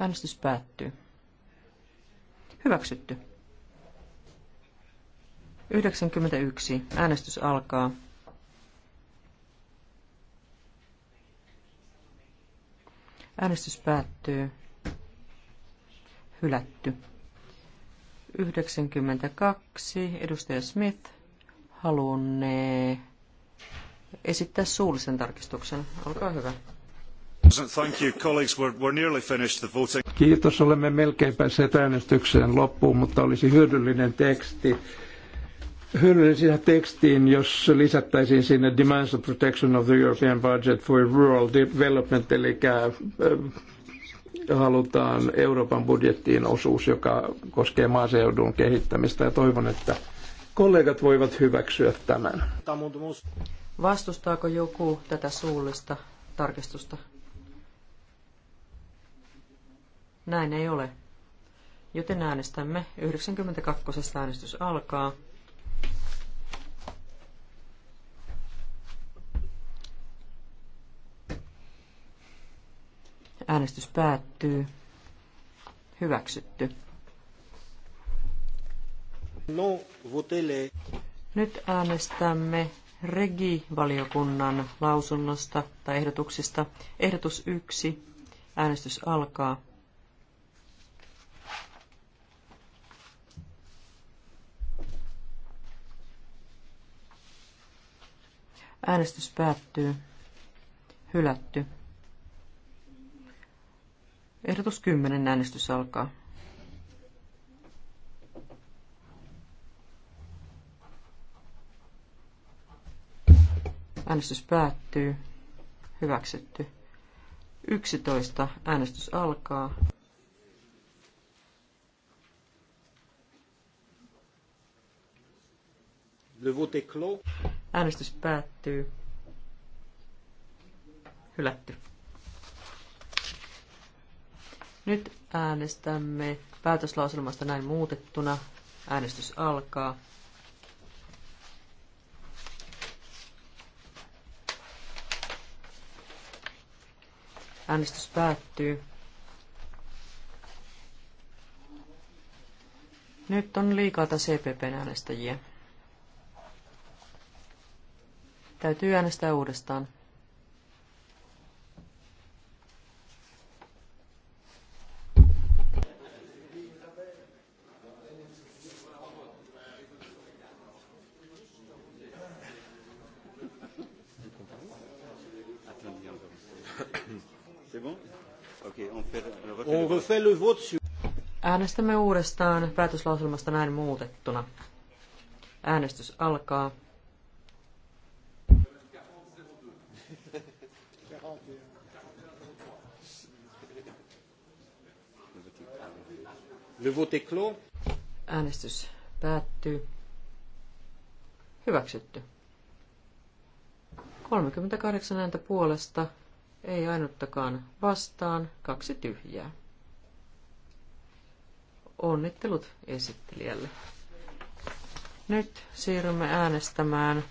Äänestys päättyy. Hyväksytty. 91. Äänestys alkaa. Äänestys päättyy. Hylätty. 92. Edustaja Smith halunnee esittää suullisen tarkistuksen. Olkaa hyvä. Kiitos, olemme melkein päässeet äänestykseen loppuun, mutta olisi hyödyllinen teksti. Hyödyllisiä tekstiin, jos lisättäisiin sinne Demands of Protection of the European Budget for Rural Development, eli äh, halutaan Euroopan budjettiin osuus, joka koskee maaseudun kehittämistä ja toivon, että kollegat voivat hyväksyä tämän. Vastustaako joku tätä suullista tarkistusta? Näin ei ole. Joten äänestämme 92. äänestys alkaa. Äänestys päättyy. Hyväksytty. No, Nyt äänestämme Regi-valiokunnan lausunnosta tai ehdotuksista. Ehdotus 1. Äänestys alkaa. Äänestys päättyy. Hylätty. Ehdotus 10. Äänestys alkaa. Äänestys päättyy. Hyväksytty. 11. Äänestys alkaa. Le vote clos. Äänestys päättyy. Hylätty. Nyt äänestämme päätöslauselmasta näin muutettuna. Äänestys alkaa. Äänestys päättyy. Nyt on liikaa tässä CPPn e äänestäjiä. Täytyy äänestää uudestaan. Äänestämme uudestaan päätöslauselmasta näin muutettuna. Äänestys alkaa. Äänestys päättyy. Hyväksytty. 38 ääntä puolesta, ei ainuttakaan vastaan, kaksi tyhjää. Onnittelut esittelijälle. Nyt siirrymme äänestämään.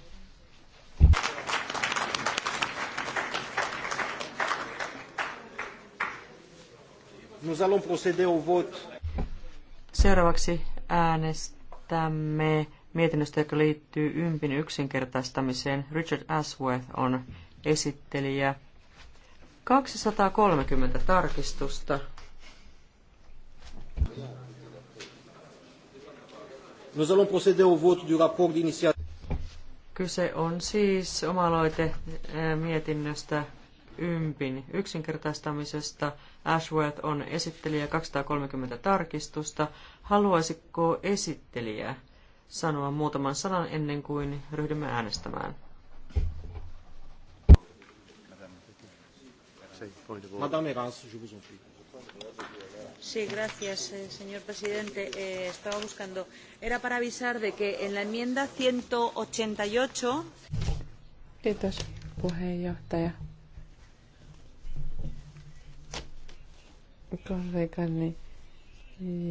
Nous allons procéder au vote. Seuraavaksi äänestämme mietinnöstä, joka liittyy ympin yksinkertaistamiseen. Richard Asworth on esittelijä. 230 tarkistusta. Nous allons procéder au vote du rapport d'initiative. Kyse on siis omaloite eh, mietinnöstä ympin yksinkertaistamisesta. Ashworth on esittelijä 230 tarkistusta. Haluaisiko esittelijä sanoa muutaman sanan ennen kuin ryhdymme äänestämään? Madame Erans, je vous en prie. Sí, gracias, eh, señor presidente. Eh, estaba buscando. Era para avisar de que en la enmienda 188. Kiitos, puheenjohtaja. Kollegani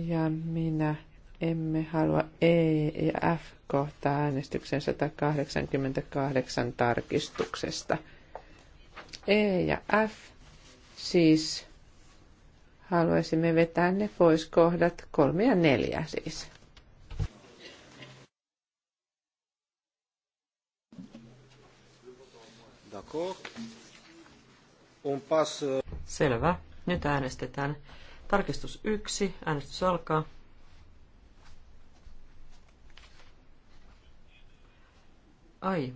ja minä emme halua E- ja F-kohtaa äänestyksen 188 tarkistuksesta. E ja F siis haluaisimme vetää ne pois kohdat kolme ja neljä siis. Euh, Selvä. Nyt äänestetään. Tarkistus yksi. Äänestys alkaa. Ai.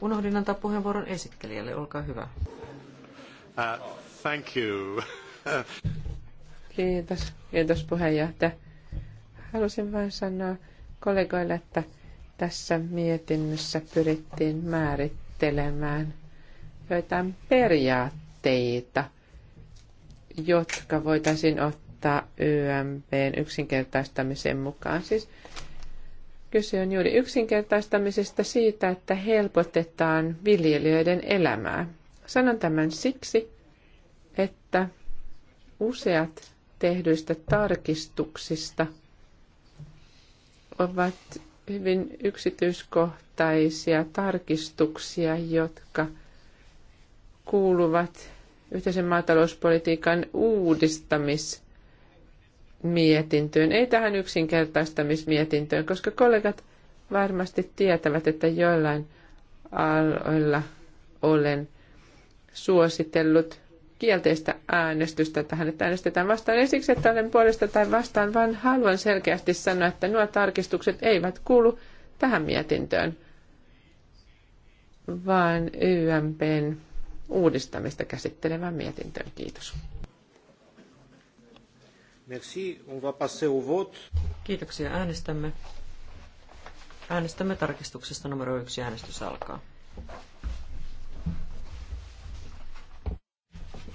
Unohdin antaa puheenvuoron esittelijälle. Olkaa hyvä. Uh, thank you. Kiitos, kiitos puheenjohtaja. Halusin vain sanoa kollegoille, että tässä mietinnössä pyrittiin määrittelemään joitain periaatteita, jotka voitaisiin ottaa YMPn yksinkertaistamisen mukaan. Siis kyse on juuri yksinkertaistamisesta siitä, että helpotetaan viljelijöiden elämää. Sanon tämän siksi, että useat tehdyistä tarkistuksista ovat hyvin yksityiskohtaisia tarkistuksia, jotka kuuluvat yhteisen maatalouspolitiikan uudistamismietintöön, ei tähän yksinkertaistamismietintöön, koska kollegat varmasti tietävät, että jollain aloilla olen suositellut kielteistä äänestystä tähän, että äänestetään vastaan. Ei siksi, että olen puolesta tai vastaan, vaan haluan selkeästi sanoa, että nuo tarkistukset eivät kuulu tähän mietintöön, vaan YMPn uudistamista käsittelevään mietintöön. Kiitos. Merci. On va passer au vote. Kiitoksia. Äänestämme. Äänestämme tarkistuksesta numero yksi. Äänestys alkaa.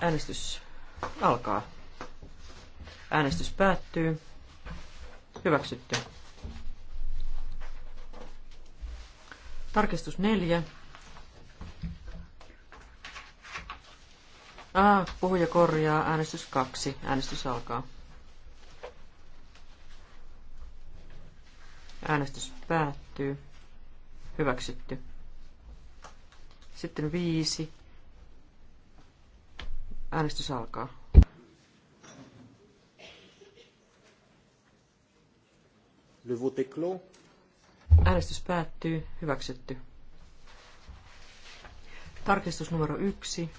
Äänestys alkaa. Äänestys päättyy. Hyväksytty. Tarkistus neljä. Ah, puhuja korjaa. Äänestys kaksi. Äänestys alkaa. Äänestys päättyy. Hyväksytty. Sitten viisi. Äänestys alkaa. Le vote est clos. Äänestys päättyy. Hyväksytty. Tarkistus numero yksi.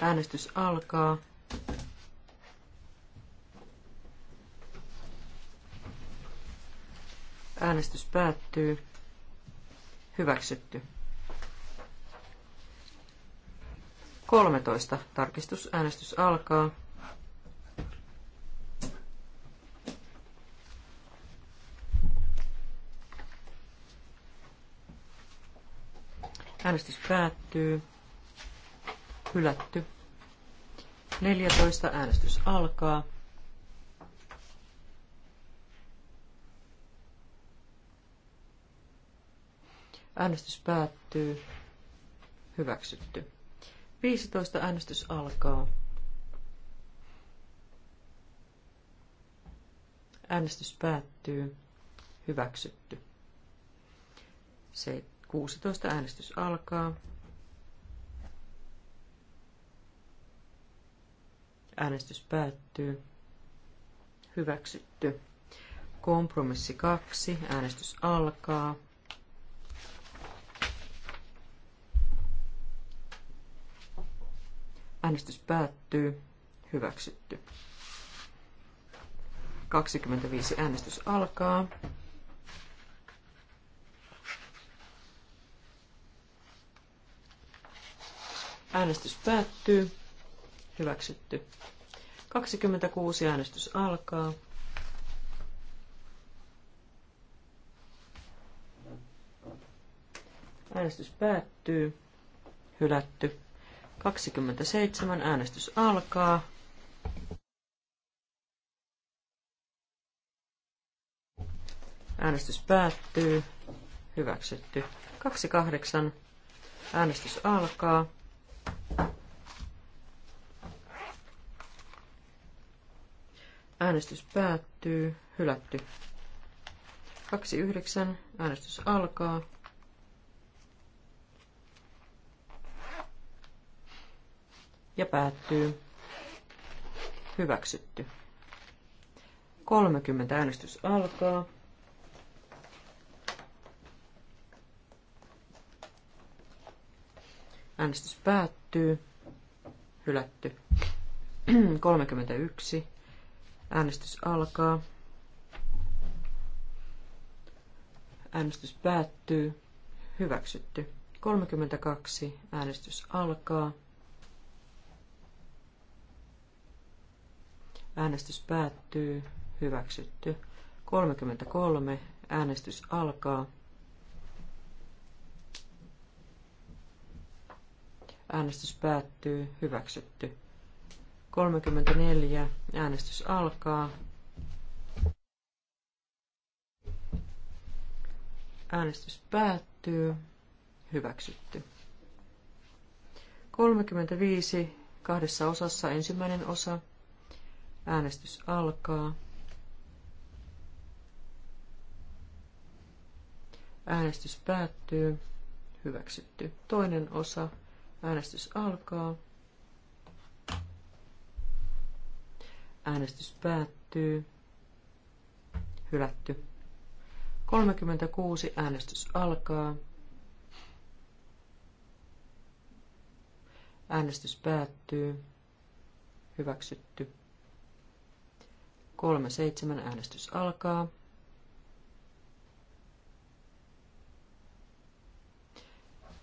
Äänestys alkaa. Äänestys päättyy. Hyväksytty. 13. Tarkistusäänestys alkaa. Äänestys päättyy. Hylätty. 14. Äänestys alkaa. Äänestys päättyy. Hyväksytty. 15 äänestys alkaa. Äänestys päättyy. Hyväksytty. Se 16 äänestys alkaa. Äänestys päättyy. Hyväksytty. Kompromissi 2. Äänestys alkaa. Äänestys päättyy. Hyväksytty. 25 äänestys alkaa. Äänestys päättyy. Hyväksytty. 26 äänestys alkaa. Äänestys päättyy. Hylätty. 27. Äänestys alkaa. Äänestys päättyy. Hyväksytty. 28. Äänestys alkaa. Äänestys päättyy. Hylätty. 29. Äänestys alkaa. ja päättyy. Hyväksytty. 30 äänestys alkaa. Äänestys päättyy. Hylätty. 31. Äänestys alkaa. Äänestys päättyy. Hyväksytty. 32. Äänestys alkaa. Äänestys päättyy. Hyväksytty. 33. Äänestys alkaa. Äänestys päättyy. Hyväksytty. 34. Äänestys alkaa. Äänestys päättyy. Hyväksytty. 35. Kahdessa osassa ensimmäinen osa. Äänestys alkaa. Äänestys päättyy. Hyväksytty. Toinen osa. Äänestys alkaa. Äänestys päättyy. Hylätty. 36. Äänestys alkaa. Äänestys päättyy. Hyväksytty. Kolme seitsemän äänestys alkaa.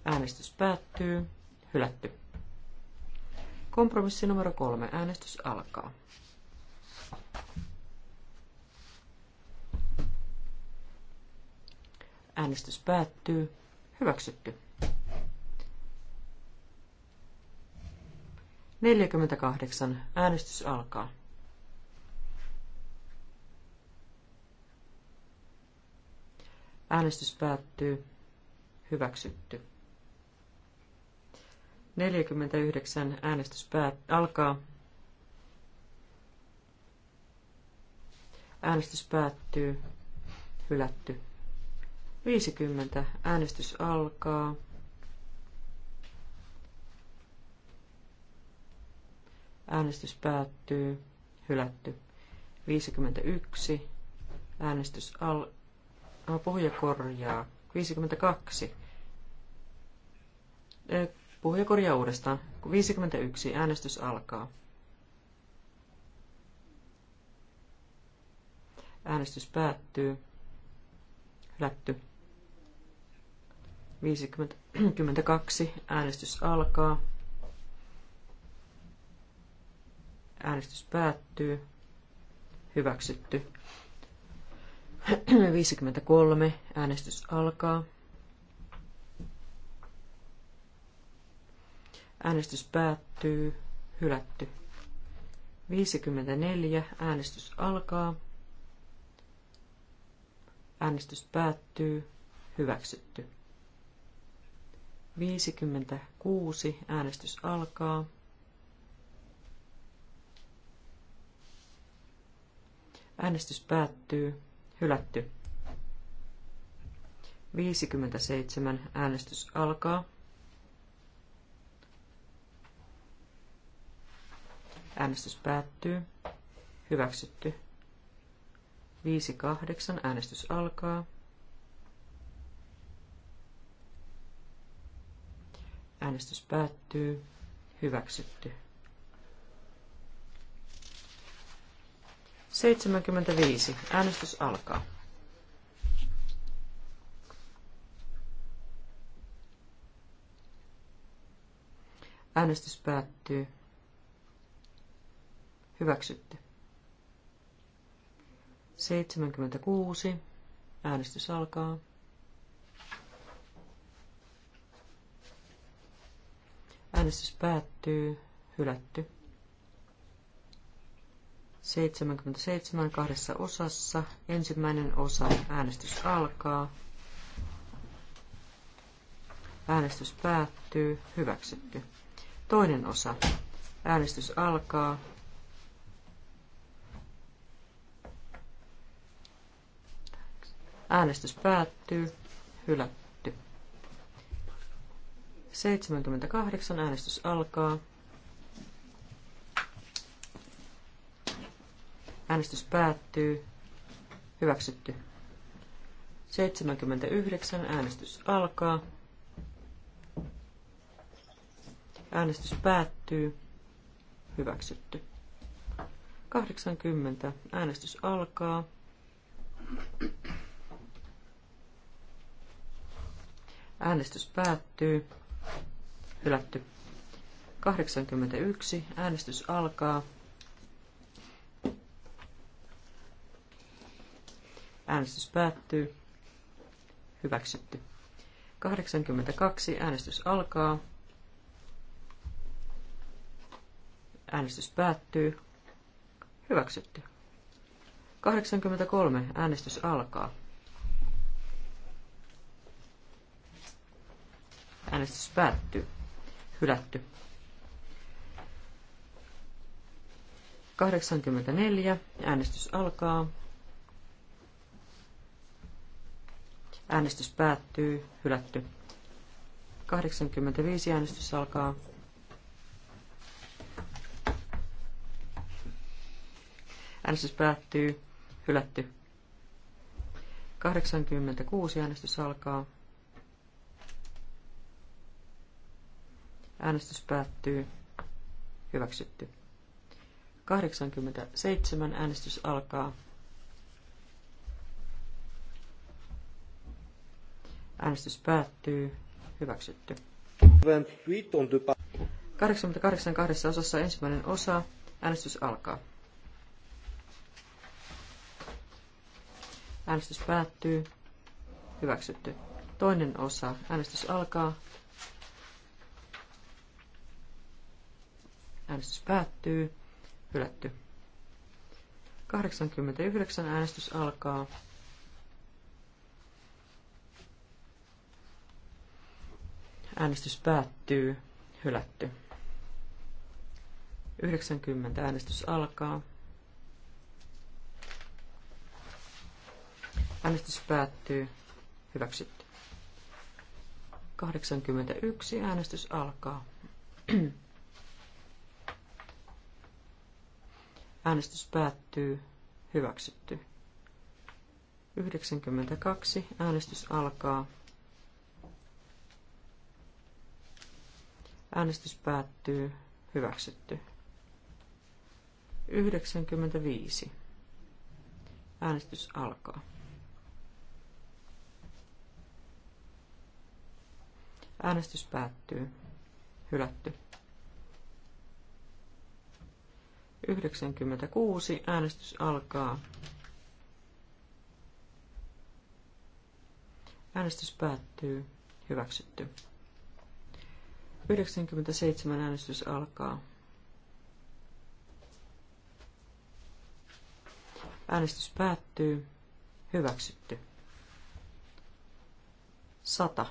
Äänestys päättyy. Hylätty. Kompromissi numero kolme. Äänestys alkaa. Äänestys päättyy. Hyväksytty. 48. Äänestys alkaa. Äänestys päättyy. Hyväksytty. 49 äänestys päät- alkaa. Äänestys päättyy. Hylätty. 50 äänestys alkaa. Äänestys päättyy. Hylätty. 51 äänestys alkaa. No, puhuja korjaa. 52. Puhuja korjaa uudestaan. 51. Äänestys alkaa. Äänestys päättyy. Hylätty. 52. Äänestys alkaa. Äänestys päättyy. Hyväksytty. 53. Äänestys alkaa. Äänestys päättyy. Hylätty. 54. Äänestys alkaa. Äänestys päättyy. Hyväksytty. 56. Äänestys alkaa. Äänestys päättyy. Hylätty. 57. Äänestys alkaa. Äänestys päättyy. Hyväksytty. 58. Äänestys alkaa. Äänestys päättyy. Hyväksytty. 75. Äänestys alkaa. Äänestys päättyy. Hyväksytty. 76. Äänestys alkaa. Äänestys päättyy. Hylätty. 77 kahdessa osassa. Ensimmäinen osa äänestys alkaa. Äänestys päättyy. Hyväksytty. Toinen osa. Äänestys alkaa. Äänestys päättyy. Hylätty. 78 äänestys alkaa. Äänestys päättyy. Hyväksytty. 79. Äänestys alkaa. Äänestys päättyy. Hyväksytty. 80. Äänestys alkaa. Äänestys päättyy. Hylätty. 81. Äänestys alkaa. Äänestys päättyy. Hyväksytty. 82. Äänestys alkaa. Äänestys päättyy. Hyväksytty. 83. Äänestys alkaa. Äänestys päättyy. Hylätty. 84. Äänestys alkaa. Äänestys päättyy. Hylätty. 85 äänestys alkaa. Äänestys päättyy. Hylätty. 86 äänestys alkaa. Äänestys päättyy. Hyväksytty. 87 äänestys alkaa. Äänestys päättyy. Hyväksytty. 88 kahdessa osassa ensimmäinen osa. Äänestys alkaa. Äänestys päättyy. Hyväksytty. Toinen osa. Äänestys alkaa. Äänestys päättyy. Hylätty. 89 äänestys alkaa. Äänestys päättyy. Hylätty. 90. Äänestys alkaa. Äänestys päättyy. Hyväksytty. 81. Äänestys alkaa. Äänestys päättyy. Hyväksytty. 92. Äänestys alkaa. Äänestys päättyy. Hyväksytty. 95. Äänestys alkaa. Äänestys päättyy. Hylätty. 96. Äänestys alkaa. Äänestys päättyy. Hyväksytty. 97 äänestys alkaa. Äänestys päättyy. Hyväksytty. 100.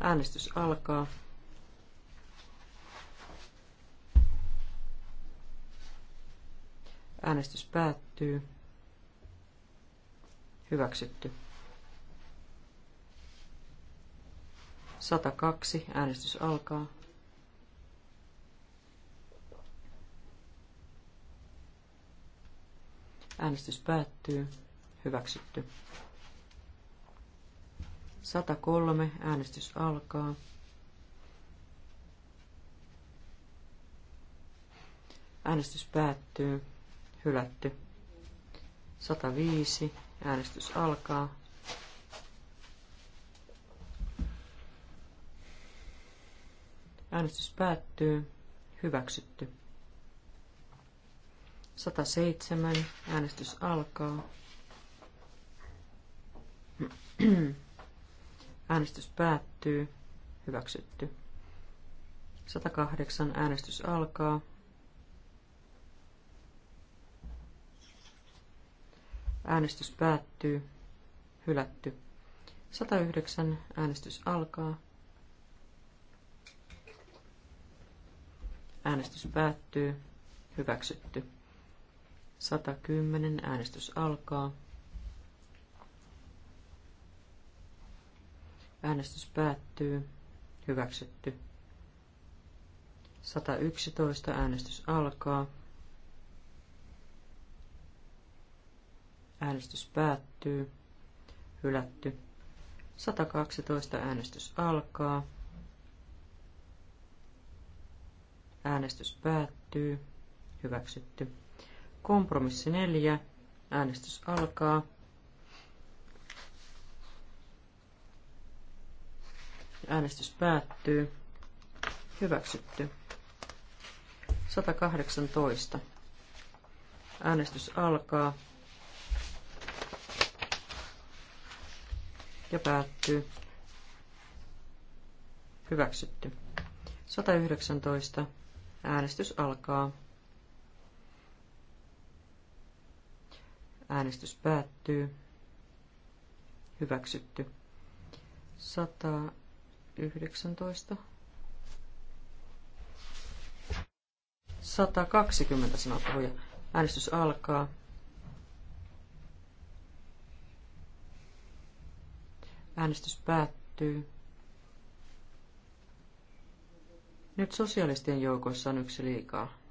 Äänestys alkaa. Äänestys päättyy. Hyväksytty. 102. Äänestys alkaa. Äänestys päättyy. Hyväksytty. 103. Äänestys alkaa. Äänestys päättyy. Hylätty. 105. Äänestys alkaa. Äänestys päättyy. Hyväksytty. 107. Äänestys alkaa. Äänestys päättyy. Hyväksytty. 108. Äänestys alkaa. Äänestys päättyy. Hylätty. 109. Äänestys alkaa. Äänestys päättyy. Hyväksytty. 110. Äänestys alkaa. Äänestys päättyy. Hyväksytty. 111. Äänestys alkaa. Äänestys päättyy. Hylätty. 112. Äänestys alkaa. Äänestys päättyy. Hyväksytty. Kompromissi neljä. Äänestys alkaa. Äänestys päättyy. Hyväksytty. 118. Äänestys alkaa. Ja päättyy. Hyväksytty. 119. Äänestys alkaa. Äänestys päättyy. Hyväksytty. 119. 120 sanoo Äänestys alkaa. Äänestys päättyy. Nyt sosialistien joukossa on yksi liikaa.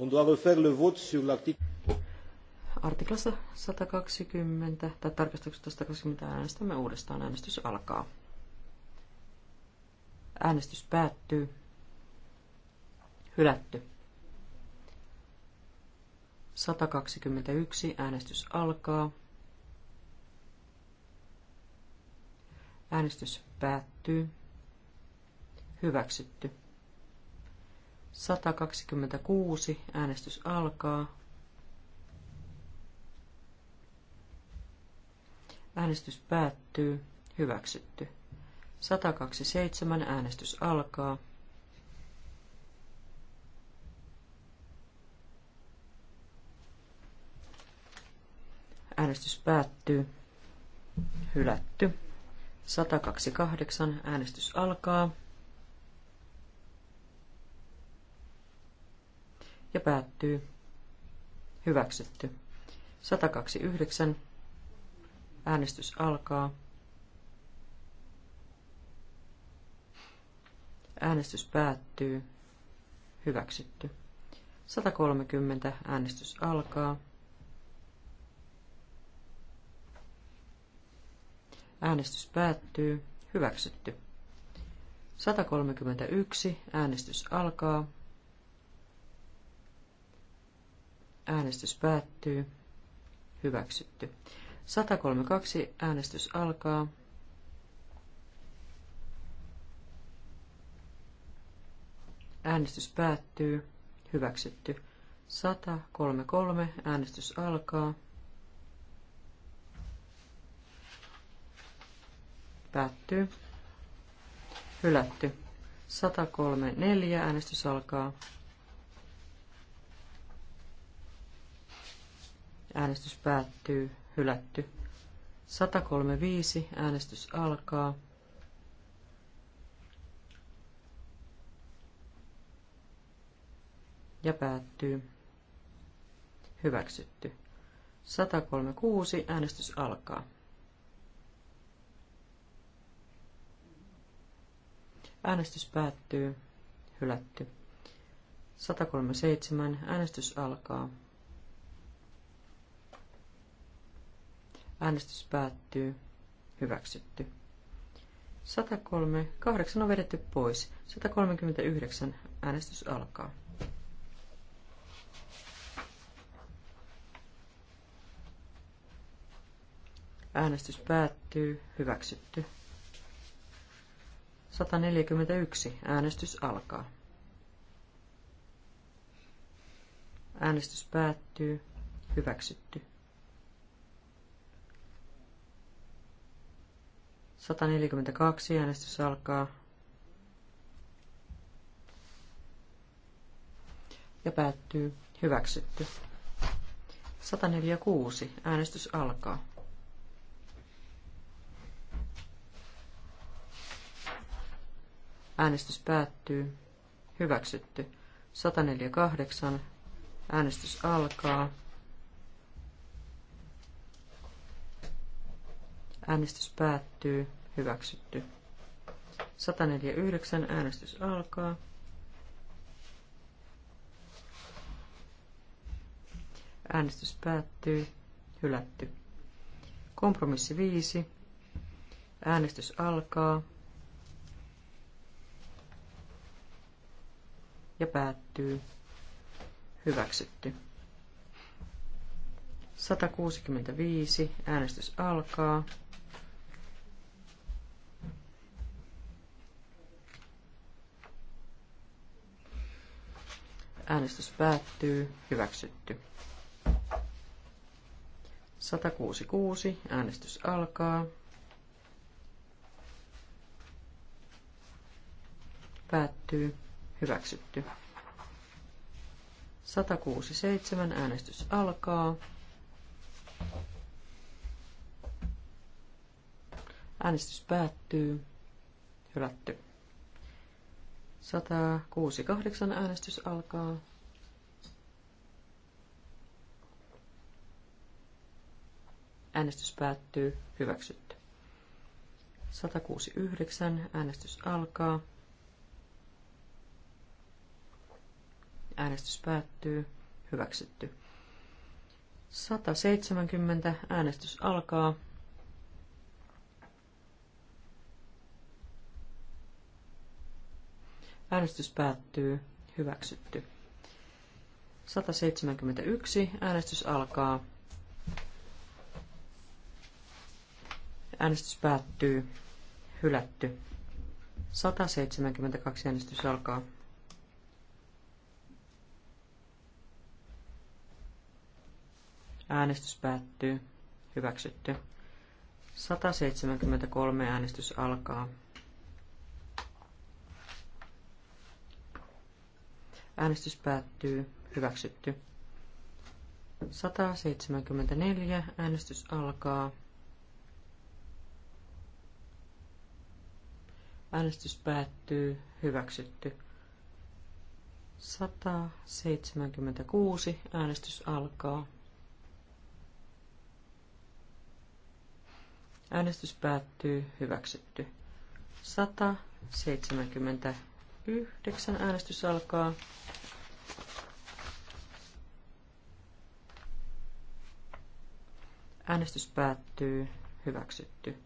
On doit refaire le vote sur l'article. Artiklassa 120 tai tarkistuksesta 120 äänestämme uudestaan. Äänestys alkaa. Äänestys päättyy. Hylätty. 121 äänestys alkaa. Äänestys päättyy. Hyväksytty. 126. Äänestys alkaa. Äänestys päättyy. Hyväksytty. 127. Äänestys alkaa. Äänestys päättyy. Hylätty. 128. Äänestys alkaa. ja päättyy. Hyväksytty. 129. Äänestys alkaa. Äänestys päättyy. Hyväksytty. 130. Äänestys alkaa. Äänestys päättyy. Hyväksytty. 131. Äänestys alkaa. Äänestys päättyy. Hyväksytty. 132. Äänestys alkaa. Äänestys päättyy. Hyväksytty. 133. Äänestys alkaa. Päättyy. Hylätty. 134. Äänestys alkaa. Äänestys päättyy. Hylätty. 135. Äänestys alkaa. Ja päättyy. Hyväksytty. 136. Äänestys alkaa. Äänestys päättyy. Hylätty. 137. Äänestys alkaa. Äänestys päättyy. Hyväksytty. 103. 8 on vedetty pois. 139. Äänestys alkaa. Äänestys päättyy. Hyväksytty. 141. Äänestys alkaa. Äänestys päättyy. Hyväksytty. 142 äänestys alkaa. Ja päättyy. Hyväksytty. 146 äänestys alkaa. Äänestys päättyy. Hyväksytty. 148. Äänestys alkaa. Äänestys päättyy hyväksytty. 149 äänestys alkaa. Äänestys päättyy. Hylätty. Kompromissi 5. Äänestys alkaa. Ja päättyy. Hyväksytty. 165. Äänestys alkaa. Äänestys päättyy. Hyväksytty. 166. Äänestys alkaa. Päättyy. Hyväksytty. 167. Äänestys alkaa. Äänestys päättyy. Hylätty. 168 äänestys alkaa. Äänestys päättyy. Hyväksytty. 169. Äänestys alkaa. Äänestys päättyy. Hyväksytty. 170. Äänestys alkaa. Äänestys päättyy. Hyväksytty. 171. Äänestys alkaa. Äänestys päättyy. Hylätty. 172. Äänestys alkaa. Äänestys päättyy. Hyväksytty. 173. Äänestys alkaa. Äänestys päättyy. Hyväksytty. 174. Äänestys alkaa. Äänestys päättyy. Hyväksytty. 176. Äänestys alkaa. Äänestys päättyy. Hyväksytty. 170 Yhdeksän äänestys alkaa. Äänestys päättyy. Hyväksytty.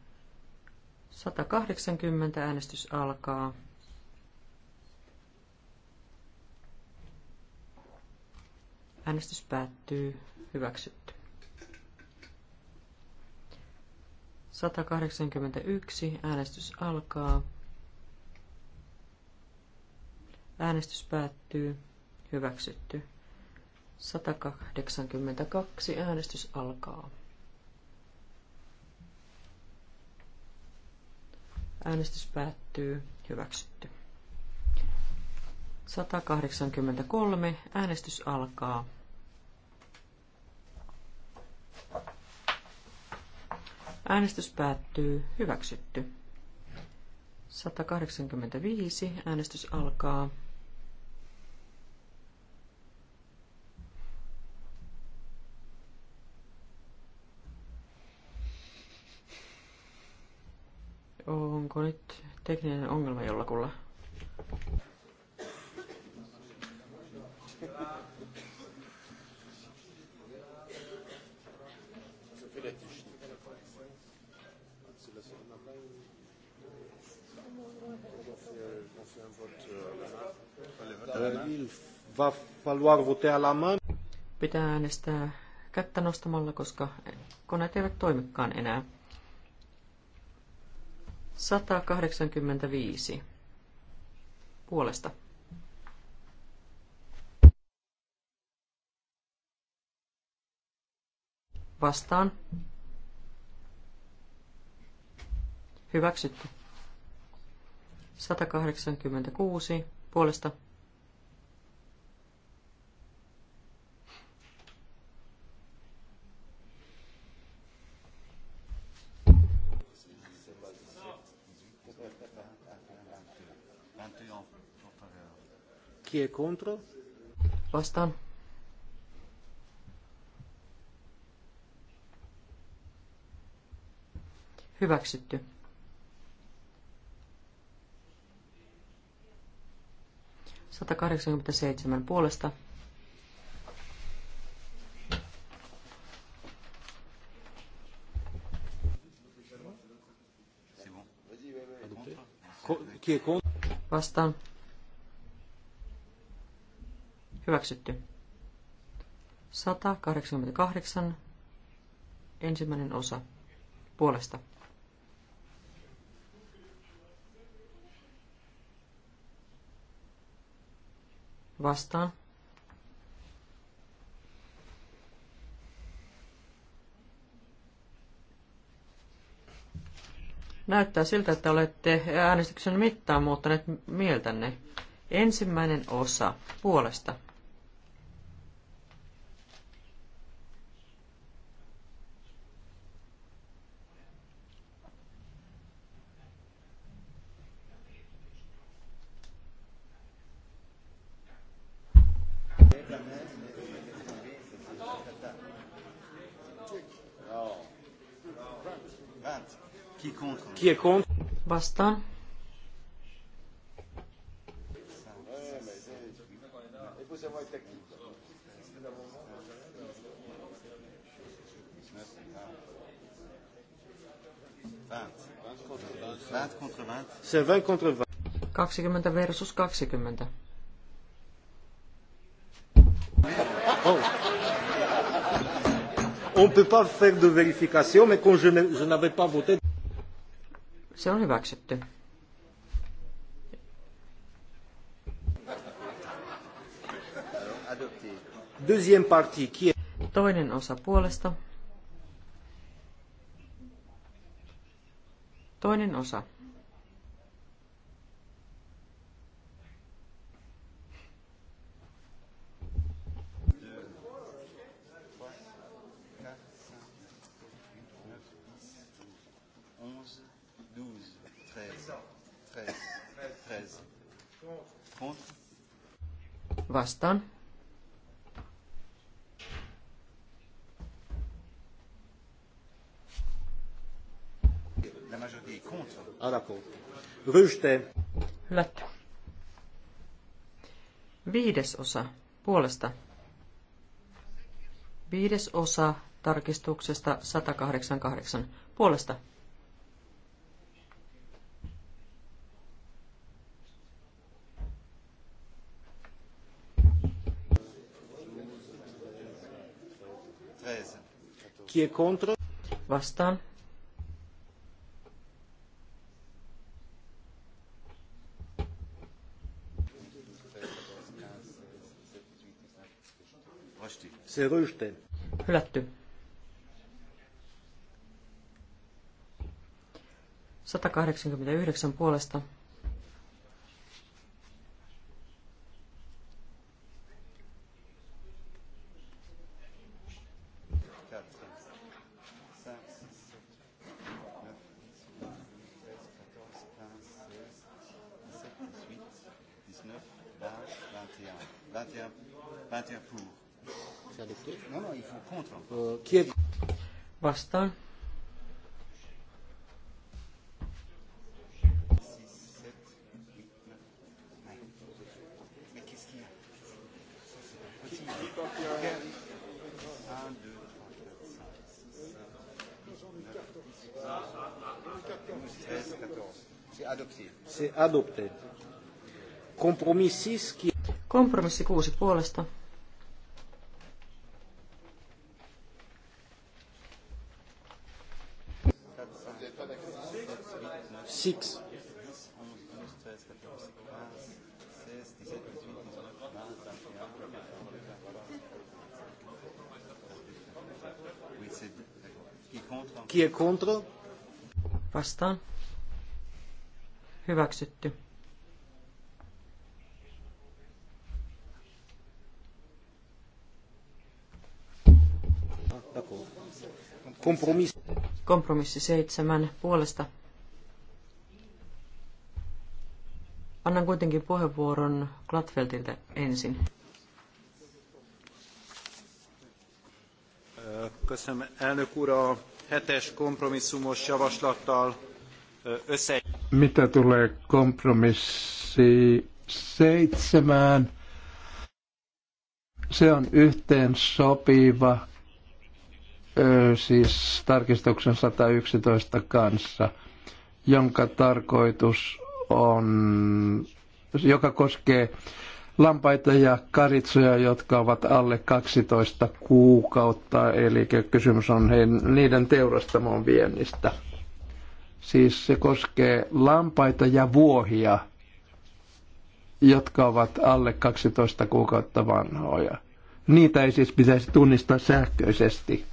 180 äänestys alkaa. Äänestys päättyy. Hyväksytty. 181. Äänestys alkaa. Äänestys päättyy. Hyväksytty. 182. Äänestys alkaa. Äänestys päättyy. Hyväksytty. 183. Äänestys alkaa. Äänestys päättyy. Hyväksytty. 185. Äänestys alkaa. Onko nyt tekninen ongelma jollakulla? Pitää äänestää kättä nostamalla, koska koneet eivät toimikaan enää. 185 puolesta. Vastaan. Hyväksytty. 186 puolesta. Qui est contre? Vastaan. Hyväksytty. Satakahdeksankymmentäseitsemän puolesta. Vastaan. Hyväksytty. 188. Ensimmäinen osa. Puolesta. Vastaan. Näyttää siltä, että olette äänestyksen mittaan muuttaneet mieltänne. Ensimmäinen osa puolesta. Qui est contre? Vastaan. Se 20 contre 20. 20 versus 20. Oh. On ne peut pas faire de vérification, mais quand je n'avais pas voté... Se on hyväksytty. Toinen osa puolesta. Toinen osa vastaan. Ryste. Hylätty. Viides osa puolesta. Viides osa tarkistuksesta 188 puolesta. Chi è contro? Vastaan. Se rysten. Hylätty. 189 puolesta adopté. Kompromissi 6. Qui... Kompromissi 6 puolesta. Six. Qui est contre Vastaan. Hyväksytty. Kompromissi. seitsemän puolesta. Annan kuitenkin puheenvuoron Glatfeltiltä ensin. Köszönöm, elnök úr, a hetes kompromisszumos javaslattal össze... Mitä tulee kompromissi seitsemään, se on yhteen sopiva, siis tarkistuksen 111 kanssa, jonka tarkoitus on, joka koskee lampaita ja karitsoja, jotka ovat alle 12 kuukautta, eli kysymys on heidän, niiden teurastamon viennistä. Siis se koskee lampaita ja vuohia, jotka ovat alle 12 kuukautta vanhoja. Niitä ei siis pitäisi tunnistaa sähköisesti.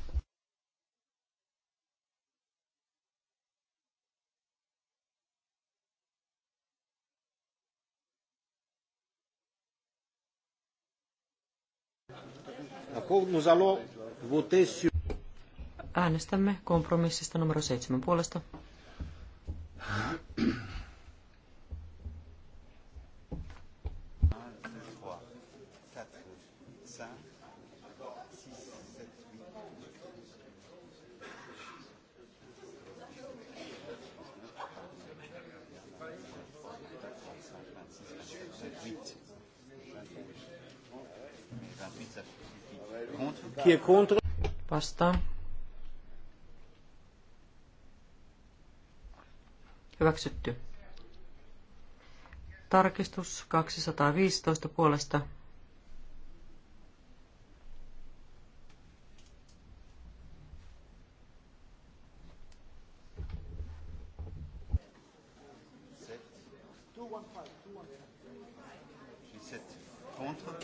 Äänestämme kompromissista numero seitsemän puolesta Qui est contre Vastaan. Hyväksytty. Tarkistus 215 puolesta.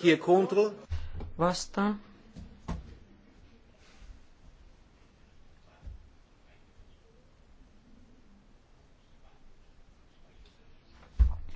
Qui Vastaan.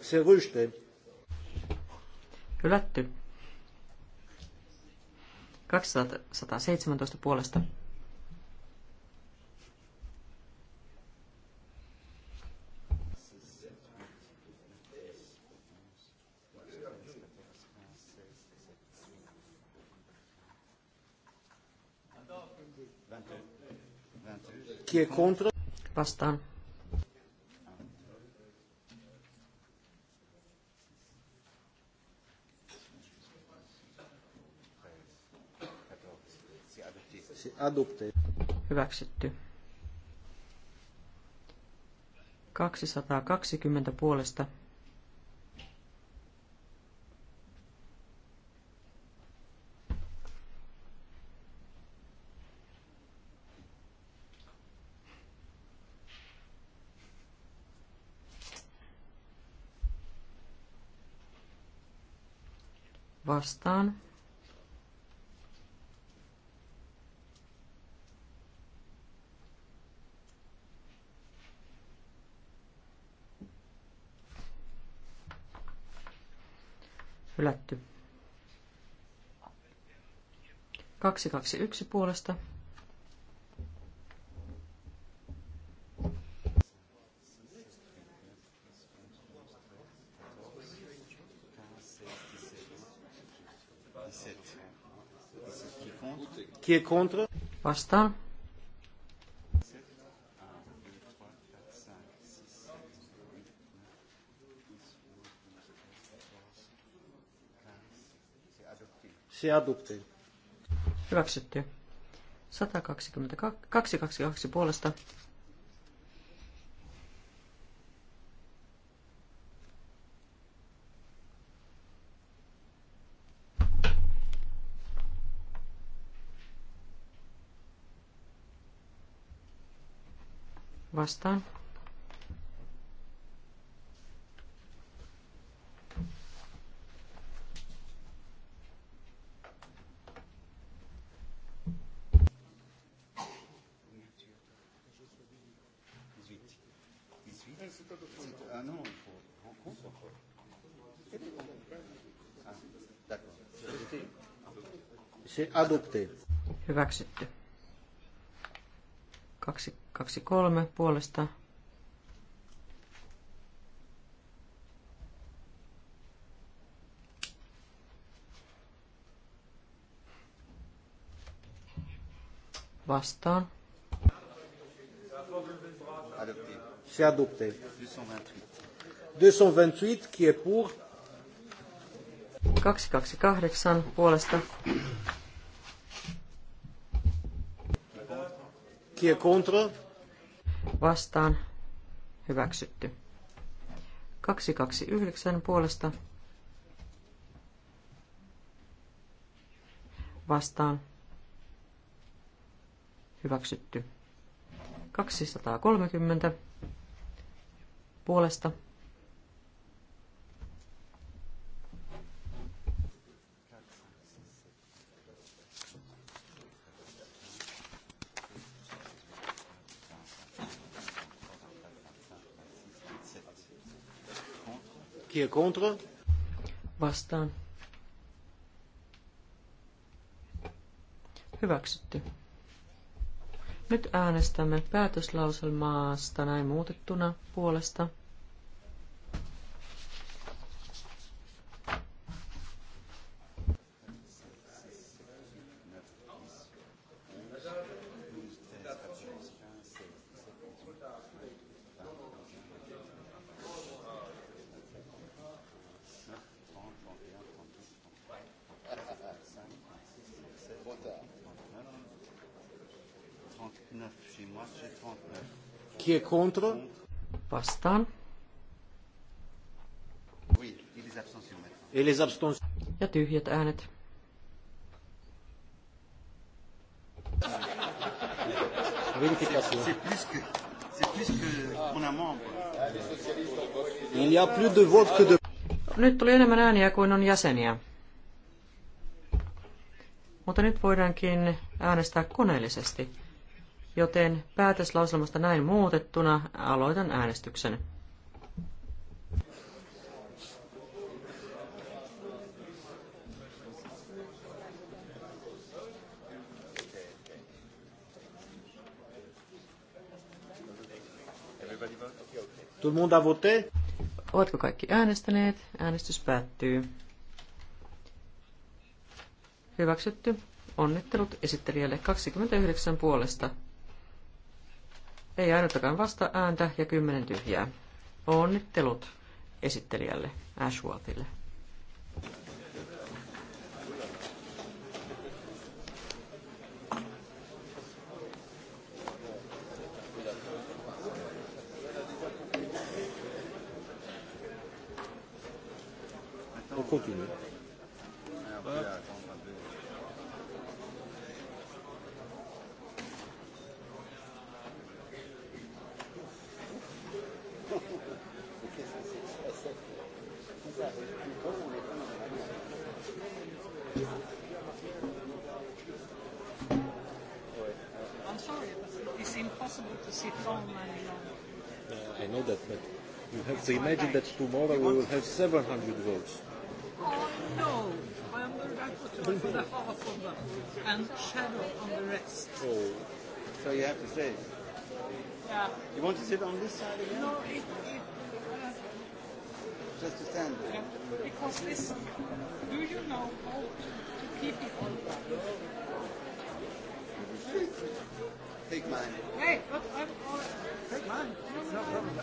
Se ryste. Hylätty. 217 puolesta. Vastaan. Adopted. Hyväksytty. 220 puolesta. vastaan. Hylätty. 221 puolesta. Qui est contre Vastaan. Se adopted. Hyväksytty. 122 puolesta. Vastaan. adopté. Hyväksytty. 223 puolesta vastaan. C'est adopté. 228 qui est pour. 228 puolesta Kiitos. è contro? Vastaan. Hyväksytty. 229 puolesta. Vastaan. Hyväksytty. 230 puolesta. Qui est contre? Vastaan. Hyväksytty. Nyt äänestämme päätöslauselmaasta näin muutettuna puolesta. Chi è contro? Vastaan. E ja tyhjät äänet. Nyt tuli enemmän ääniä kuin on jäseniä. Mutta nyt voidaankin äänestää koneellisesti joten päätöslauselmasta näin muutettuna aloitan äänestyksen. Ovatko kaikki äänestäneet? Äänestys päättyy. Hyväksytty. Onnittelut esittelijälle 29 puolesta ei ainuttakaan vasta ääntä ja kymmenen tyhjää. Onnittelut esittelijälle Ashworthille. On continue. 700 votes. Oh, no. I am the rapporteur for the half of them and shadow on the rest. Oh, so you have to say. Yeah. You want to sit on this side again? No, it. it uh, Just to stand there. Yeah. Because listen, do you know how to keep it on? Take mine. Hey, but I'm. All... Uh, Take mine. No, no, no, no. no, no.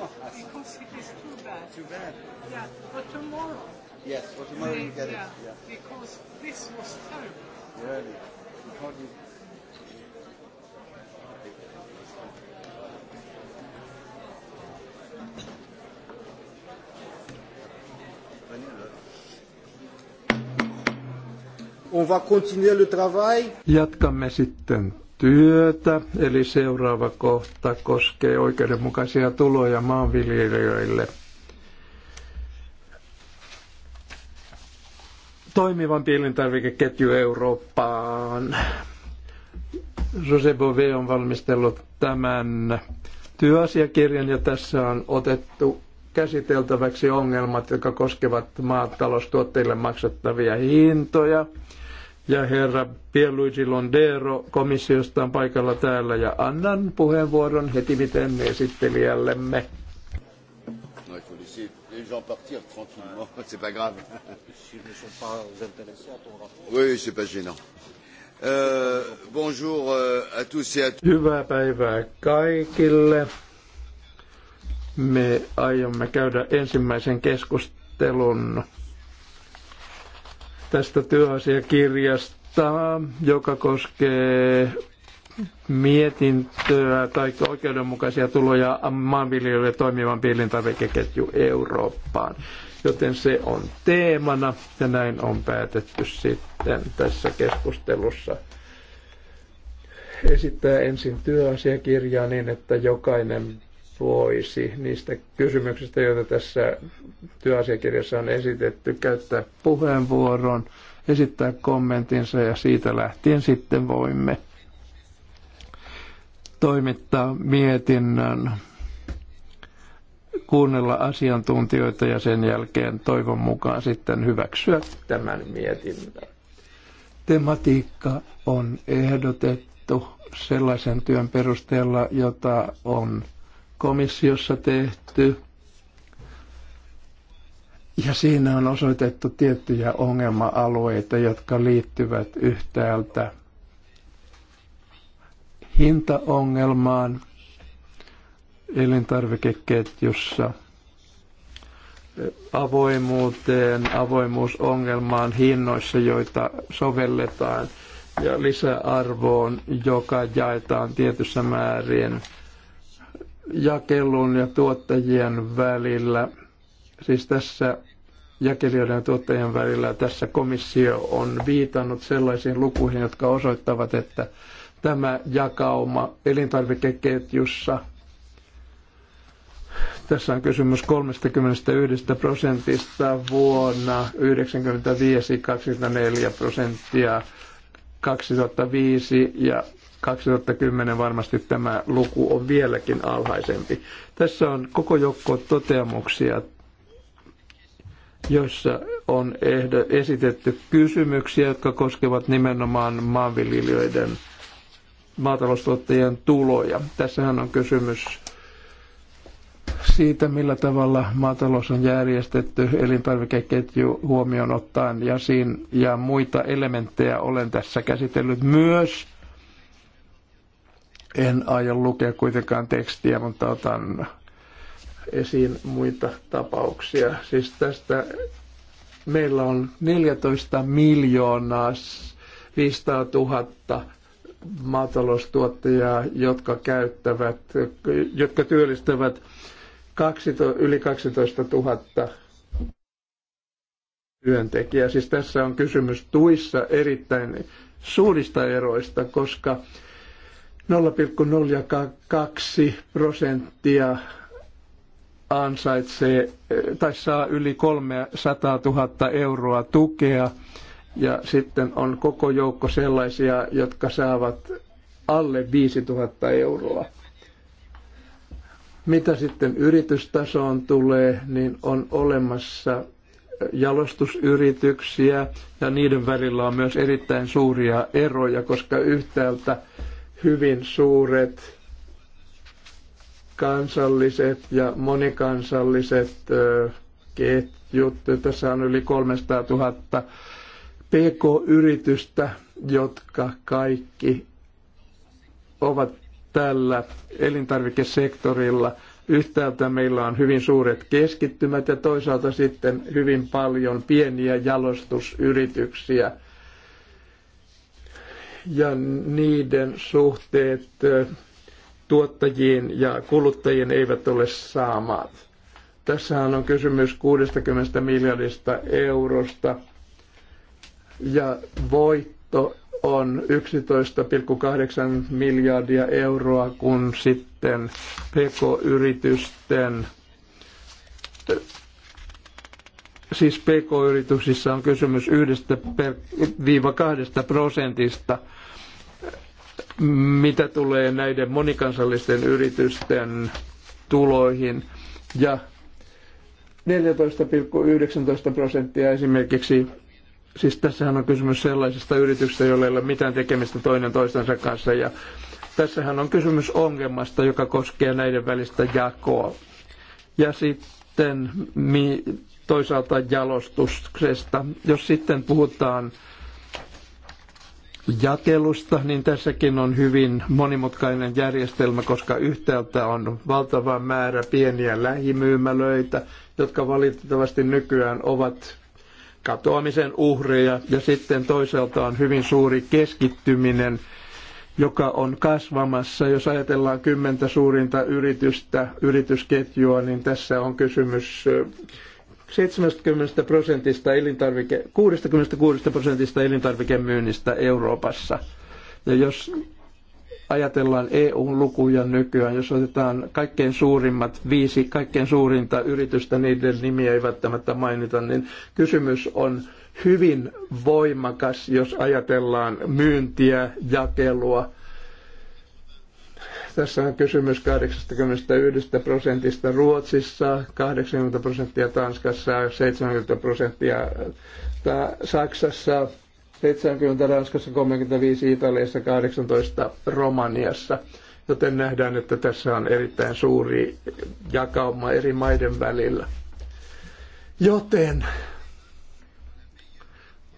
Oh, because it is too bad. Too bad. Yeah, but tomorrow. Yes, tomorrow you get yeah, it. Yeah. Because this was terrible. Really. On va continuer le travail. Jatkamme sitten työtä, eli seuraava kohta koskee oikeudenmukaisia tuloja maanviljelijöille. Toimivan elintarvikeketju Eurooppaan. Jose Bove on valmistellut tämän työasiakirjan ja tässä on otettu käsiteltäväksi ongelmat, jotka koskevat maataloustuotteille maksettavia hintoja – ja herra Pierluigi Londero komissiosta on paikalla täällä ja annan puheenvuoron heti miten esittelijällemme. Les gens partir tranquillement, c'est pas grave. S'ils ne sont pas intéressés à ton rapport. Oui, c'est pas gênant. Euh, bonjour euh, à tous et à Hyvää päivää kaikille. Me aiomme käydä ensimmäisen keskustelun tästä työasiakirjasta, joka koskee mietintöä tai oikeudenmukaisia tuloja maanviljelijöille toimivan piilintarvikeketju Eurooppaan. Joten se on teemana ja näin on päätetty sitten tässä keskustelussa esittää ensin työasiakirjaa niin, että jokainen voisi niistä kysymyksistä, joita tässä työasiakirjassa on esitetty, käyttää puheenvuoron, esittää kommentinsa ja siitä lähtien sitten voimme toimittaa mietinnön, kuunnella asiantuntijoita ja sen jälkeen toivon mukaan sitten hyväksyä tämän mietinnön. Tematiikka on ehdotettu sellaisen työn perusteella, jota on komissiossa tehty. Ja siinä on osoitettu tiettyjä ongelma-alueita, jotka liittyvät yhtäältä hintaongelmaan elintarvikeketjussa, avoimuuteen, avoimuusongelmaan hinnoissa, joita sovelletaan, ja lisäarvoon, joka jaetaan tietyssä määrin jakelun ja tuottajien välillä, siis tässä jakelijoiden ja tuottajien välillä tässä komissio on viitannut sellaisiin lukuihin, jotka osoittavat, että tämä jakauma elintarvikeketjussa, tässä on kysymys 31 prosentista vuonna 1995, 24 prosenttia 2005 ja 2010 varmasti tämä luku on vieläkin alhaisempi. Tässä on koko joukko toteamuksia, joissa on ehdo, esitetty kysymyksiä, jotka koskevat nimenomaan maanviljelijöiden maataloustuottajien tuloja. Tässähän on kysymys siitä, millä tavalla maatalous on järjestetty elintarvikeketju huomioon ottaen ja, siinä, ja muita elementtejä olen tässä käsitellyt myös en aio lukea kuitenkaan tekstiä, mutta otan esiin muita tapauksia. Siis tästä meillä on 14 miljoonaa 500 000 maataloustuottajaa, jotka käyttävät, jotka työllistävät 12, yli 12 000 työntekijää. Siis tässä on kysymys tuissa erittäin suurista eroista, koska 0,02 prosenttia ansaitsee tai saa yli 300 000 euroa tukea. Ja sitten on koko joukko sellaisia, jotka saavat alle 5000 euroa. Mitä sitten yritystasoon tulee, niin on olemassa jalostusyrityksiä ja niiden välillä on myös erittäin suuria eroja, koska yhtäältä hyvin suuret kansalliset ja monikansalliset ketjut. Tässä on yli 300 000 pk-yritystä, jotka kaikki ovat tällä elintarvikesektorilla. Yhtäältä meillä on hyvin suuret keskittymät ja toisaalta sitten hyvin paljon pieniä jalostusyrityksiä – ja niiden suhteet tuottajiin ja kuluttajiin eivät ole saamat. Tässähän on kysymys 60 miljardista eurosta ja voitto on 11,8 miljardia euroa, kun sitten pk-yritysten siis PK-yrityksissä on kysymys yhdestä per, viiva kahdesta prosentista, mitä tulee näiden monikansallisten yritysten tuloihin. Ja 14,19 prosenttia esimerkiksi, siis tässähän on kysymys sellaisista yrityksistä, joilla ei ole mitään tekemistä toinen toistensa kanssa. Ja tässähän on kysymys ongelmasta, joka koskee näiden välistä jakoa. Ja sitten mi, toisaalta jalostuksesta. Jos sitten puhutaan jakelusta, niin tässäkin on hyvin monimutkainen järjestelmä, koska yhtäältä on valtava määrä pieniä lähimyymälöitä, jotka valitettavasti nykyään ovat katoamisen uhreja, ja sitten toisaalta on hyvin suuri keskittyminen, joka on kasvamassa. Jos ajatellaan kymmentä suurinta yritystä, yritysketjua, niin tässä on kysymys 70 prosentista elintarvike, 66 prosentista elintarvikemyynnistä Euroopassa. Ja jos ajatellaan EU-lukuja nykyään, jos otetaan kaikkein suurimmat viisi, kaikkein suurinta yritystä, niiden nimiä ei välttämättä mainita, niin kysymys on hyvin voimakas, jos ajatellaan myyntiä, jakelua, tässä on kysymys 81 prosentista Ruotsissa, 80 prosenttia Tanskassa, 70 prosenttia Saksassa, 70 Ranskassa, 35 Italiassa, 18 Romaniassa. Joten nähdään, että tässä on erittäin suuri jakauma eri maiden välillä. Joten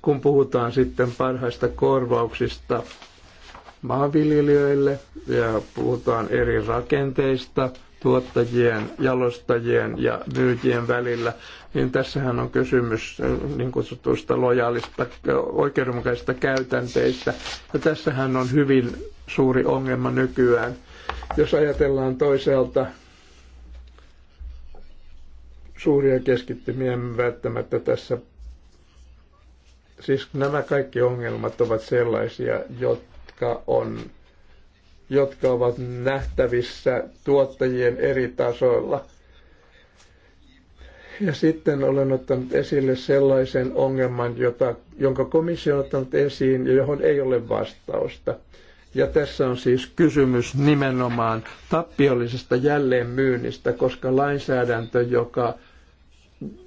kun puhutaan sitten parhaista korvauksista maanviljelijöille ja puhutaan eri rakenteista tuottajien, jalostajien ja myyjien välillä, niin tässähän on kysymys eh, niin kutsutusta lojaalista eh, oikeudenmukaisista käytänteistä. Ja tässähän on hyvin suuri ongelma nykyään. Jos ajatellaan toisaalta suuria keskittymiä välttämättä tässä, siis nämä kaikki ongelmat ovat sellaisia, jotka jotka, on, jotka ovat nähtävissä tuottajien eri tasoilla. Ja sitten olen ottanut esille sellaisen ongelman, jota, jonka komissio on ottanut esiin ja johon ei ole vastausta. Ja tässä on siis kysymys nimenomaan tappiollisesta jälleenmyynnistä, koska lainsäädäntö, joka,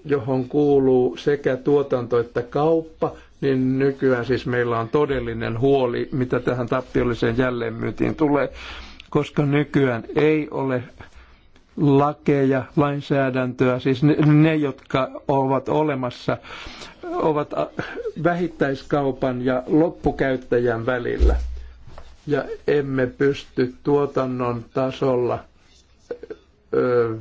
johon kuuluu sekä tuotanto että kauppa, niin nykyään siis meillä on todellinen huoli, mitä tähän tappiolliseen jälleenmyyntiin tulee, koska nykyään ei ole lakeja, lainsäädäntöä, siis ne, ne jotka ovat olemassa, ovat äh, vähittäiskaupan ja loppukäyttäjän välillä. Ja emme pysty tuotannon tasolla ö, äh,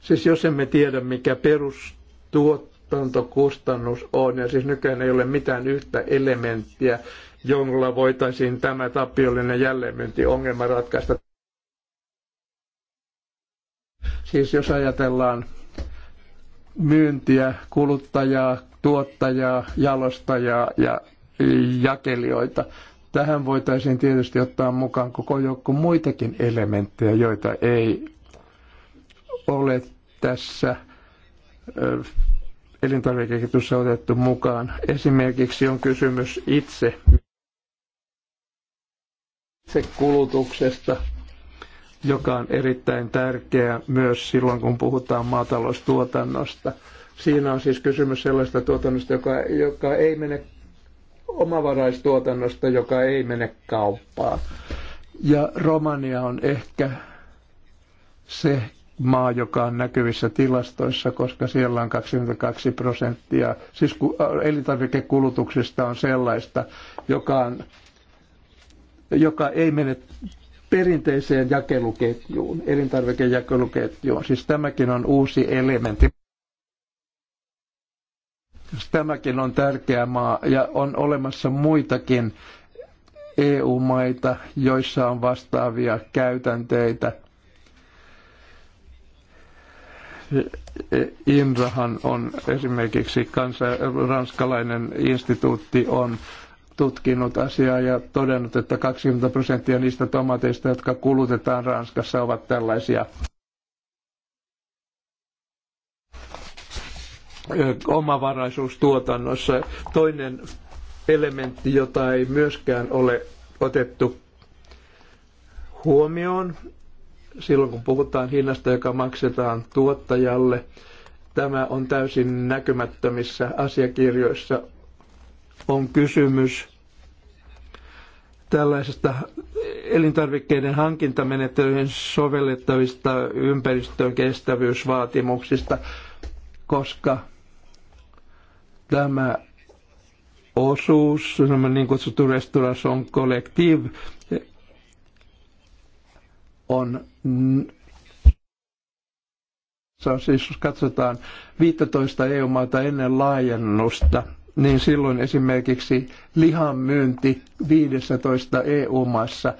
siis jos emme tiedä, mikä perustuotto, tuotantokustannus on, ja siis nykyään ei ole mitään yhtä elementtiä, jolla voitaisiin tämä tappiollinen jälleenmyyntiongelma ratkaista. Siis jos ajatellaan myyntiä, kuluttajaa, tuottajaa, jalostajaa ja jakelijoita, tähän voitaisiin tietysti ottaa mukaan koko joukko muitakin elementtejä, joita ei ole tässä elintarvikeketjussa otettu mukaan. Esimerkiksi on kysymys itse, itse kulutuksesta, joka on erittäin tärkeä myös silloin, kun puhutaan maataloustuotannosta. Siinä on siis kysymys sellaista tuotannosta, joka, joka ei mene omavaraistuotannosta, joka ei mene kauppaan. Ja Romania on ehkä se maa, joka on näkyvissä tilastoissa, koska siellä on 22 prosenttia. Siis äh, elintarvikekulutuksesta on sellaista, joka, on, joka ei mene perinteiseen jakeluketjuun, elintarvikejakeluketjuun. Siis tämäkin on uusi elementti. Siis tämäkin on tärkeä maa ja on olemassa muitakin EU-maita, joissa on vastaavia käytänteitä – Inrahan on esimerkiksi kansa, ranskalainen instituutti on tutkinut asiaa ja todennut, että 20 prosenttia niistä tomateista, jotka kulutetaan Ranskassa, ovat tällaisia omavaraisuustuotannossa. Toinen elementti, jota ei myöskään ole otettu huomioon, silloin kun puhutaan hinnasta, joka maksetaan tuottajalle, tämä on täysin näkymättömissä asiakirjoissa. On kysymys tällaisesta elintarvikkeiden hankintamenettelyyn sovellettavista ympäristön kestävyysvaatimuksista, koska tämä osuus, niin kutsuttu on collective, on, se on siis, jos katsotaan 15 EU-maata ennen laajennusta, niin silloin esimerkiksi lihan myynti 15 EU-maassa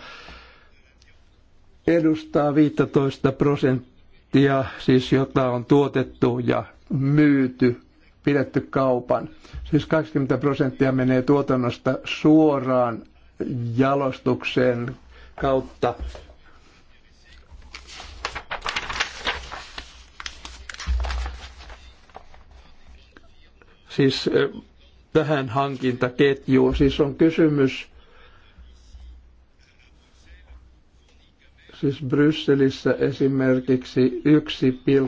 edustaa 15 prosenttia, siis jota on tuotettu ja myyty, pidetty kaupan. Siis 20 prosenttia menee tuotannosta suoraan jalostuksen kautta siis eh, tähän hankintaketjuun. Siis on kysymys siis Brysselissä esimerkiksi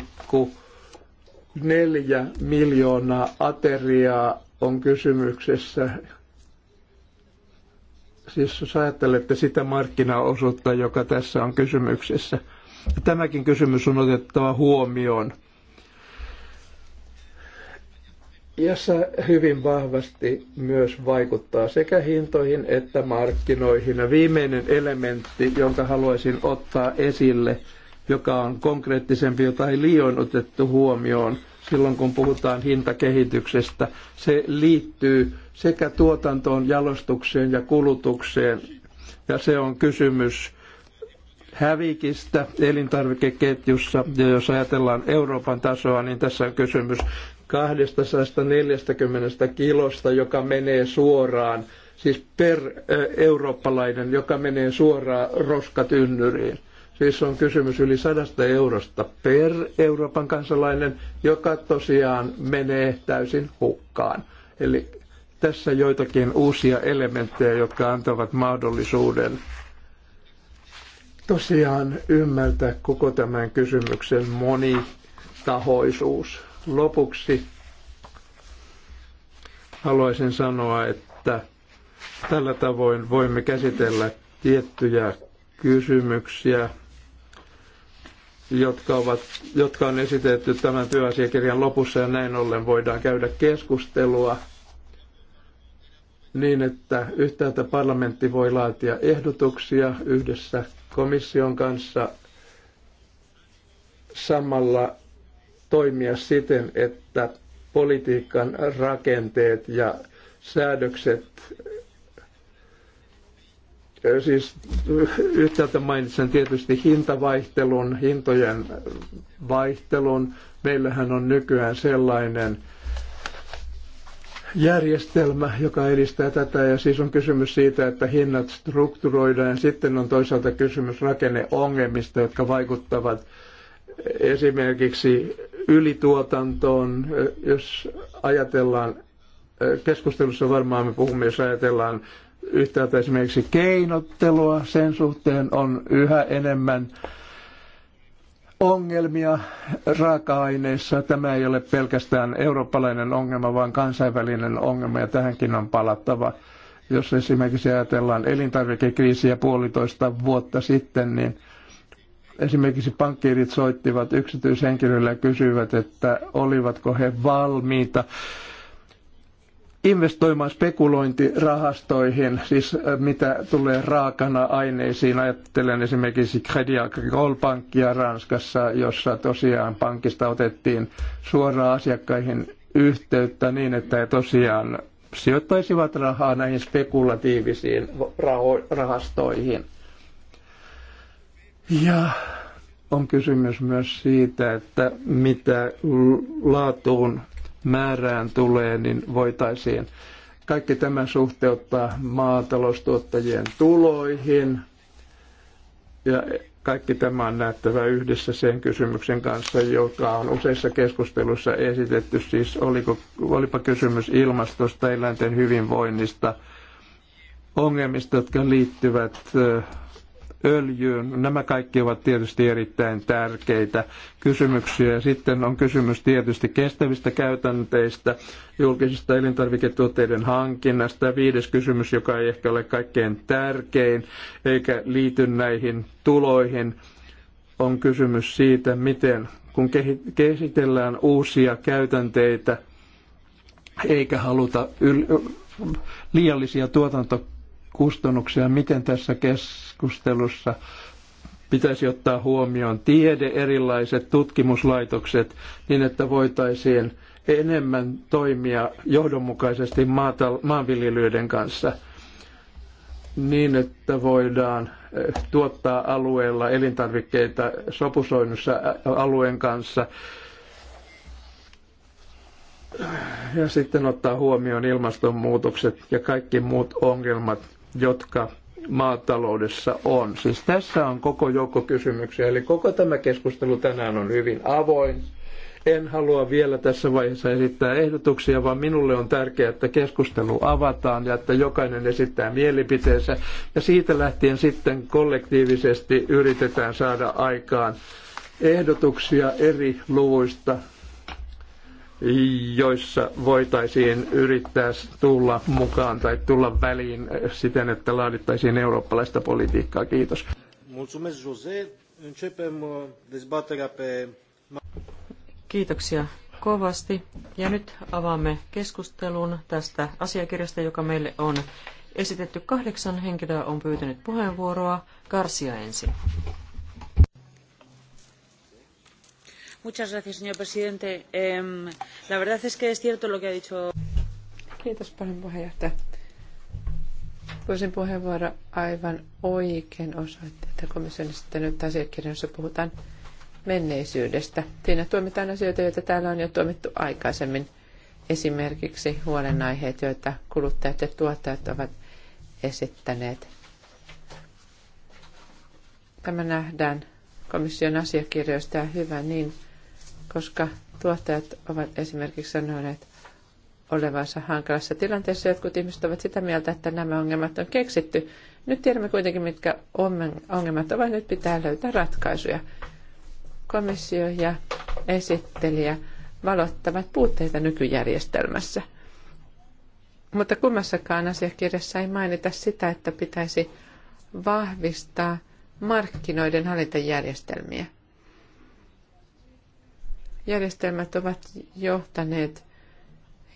1,4 miljoonaa ateriaa on kysymyksessä. Siis jos ajattelette sitä markkinaosuutta, joka tässä on kysymyksessä. Tämäkin kysymys on otettava huomioon jossa hyvin vahvasti myös vaikuttaa sekä hintoihin että markkinoihin. Ja viimeinen elementti, jonka haluaisin ottaa esille, joka on konkreettisempi, jota ei liioin otettu huomioon silloin, kun puhutaan hintakehityksestä, se liittyy sekä tuotantoon, jalostukseen ja kulutukseen. Ja se on kysymys hävikistä elintarvikeketjussa, ja jos ajatellaan Euroopan tasoa, niin tässä on kysymys 240 kilosta, joka menee suoraan, siis per eurooppalainen, joka menee suoraan roskatynnyriin. Siis on kysymys yli sadasta eurosta per Euroopan kansalainen, joka tosiaan menee täysin hukkaan. Eli tässä joitakin uusia elementtejä, jotka antavat mahdollisuuden tosiaan ymmärtää koko tämän kysymyksen monitahoisuus lopuksi haluaisin sanoa, että tällä tavoin voimme käsitellä tiettyjä kysymyksiä, jotka, ovat, jotka on esitetty tämän työasiakirjan lopussa ja näin ollen voidaan käydä keskustelua niin, että yhtäältä parlamentti voi laatia ehdotuksia yhdessä komission kanssa samalla toimia siten, että politiikan rakenteet ja säädökset, siis yhtäältä mainitsen tietysti hintavaihtelun, hintojen vaihtelun. Meillähän on nykyään sellainen järjestelmä, joka edistää tätä ja siis on kysymys siitä, että hinnat strukturoidaan ja sitten on toisaalta kysymys rakenneongelmista, jotka vaikuttavat esimerkiksi ylituotantoon, jos ajatellaan, keskustelussa varmaan me puhumme, jos ajatellaan yhtäältä esimerkiksi keinottelua, sen suhteen on yhä enemmän ongelmia raaka-aineissa. Tämä ei ole pelkästään eurooppalainen ongelma, vaan kansainvälinen ongelma ja tähänkin on palattava. Jos esimerkiksi ajatellaan elintarvikekriisiä puolitoista vuotta sitten, niin – Esimerkiksi pankkiirit soittivat yksityishenkilöille ja kysyivät, että olivatko he valmiita investoimaan spekulointirahastoihin, siis äh, mitä tulee raakana aineisiin. Ajattelen esimerkiksi Credit Agricole-pankkia Ranskassa, jossa tosiaan pankista otettiin suoraan asiakkaihin yhteyttä niin, että he tosiaan sijoittaisivat rahaa näihin spekulatiivisiin rahastoihin. Ja on kysymys myös siitä, että mitä laatuun määrään tulee, niin voitaisiin kaikki tämä suhteuttaa maataloustuottajien tuloihin. Ja kaikki tämä on näyttävä yhdessä sen kysymyksen kanssa, joka on useissa keskusteluissa esitetty, siis oliko, olipa kysymys ilmastosta, eläinten hyvinvoinnista, ongelmista, jotka liittyvät öljyyn. Nämä kaikki ovat tietysti erittäin tärkeitä kysymyksiä. Sitten on kysymys tietysti kestävistä käytänteistä, julkisista elintarviketuotteiden hankinnasta. Viides kysymys, joka ei ehkä ole kaikkein tärkein eikä liity näihin tuloihin, on kysymys siitä, miten kun kehitellään uusia käytänteitä eikä haluta yl- liiallisia tuotantokäytäntöjä, kustannuksia, miten tässä keskustelussa pitäisi ottaa huomioon tiede, erilaiset tutkimuslaitokset, niin että voitaisiin enemmän toimia johdonmukaisesti maanviljelyiden kanssa niin, että voidaan eh, tuottaa alueella elintarvikkeita sopusoinnussa alueen kanssa ja sitten ottaa huomioon ilmastonmuutokset ja kaikki muut ongelmat – jotka maataloudessa on. Siis tässä on koko joukko kysymyksiä, eli koko tämä keskustelu tänään on hyvin avoin. En halua vielä tässä vaiheessa esittää ehdotuksia, vaan minulle on tärkeää, että keskustelu avataan ja että jokainen esittää mielipiteensä. Ja siitä lähtien sitten kollektiivisesti yritetään saada aikaan ehdotuksia eri luvuista joissa voitaisiin yrittää tulla mukaan tai tulla väliin siten, että laadittaisiin eurooppalaista politiikkaa. Kiitos. Uh, Kiitoksia kovasti. Ja nyt avaamme keskustelun tästä asiakirjasta, joka meille on esitetty. Kahdeksan henkilöä on pyytänyt puheenvuoroa. Karsia ensin. señor presidente. la verdad es que es cierto lo que ha dicho. Kiitos paljon puheenjohtaja. Voisin puheenvuoro aivan oikein osoittaa, että komission esittänyt asiakirjan, jossa puhutaan menneisyydestä. Siinä tuomitaan asioita, joita täällä on jo tuomittu aikaisemmin. Esimerkiksi huolenaiheet, joita kuluttajat ja tuottajat ovat esittäneet. Tämä nähdään komission asiakirjoista ja hyvä niin – koska tuottajat ovat esimerkiksi sanoneet olevansa hankalassa tilanteessa. Jotkut ihmiset ovat sitä mieltä, että nämä ongelmat on keksitty. Nyt tiedämme kuitenkin, mitkä ongelmat ovat. Nyt pitää löytää ratkaisuja. Komissio ja esittelijä valottavat puutteita nykyjärjestelmässä. Mutta kummassakaan asiakirjassa ei mainita sitä, että pitäisi vahvistaa markkinoiden hallintajärjestelmiä – järjestelmät ovat johtaneet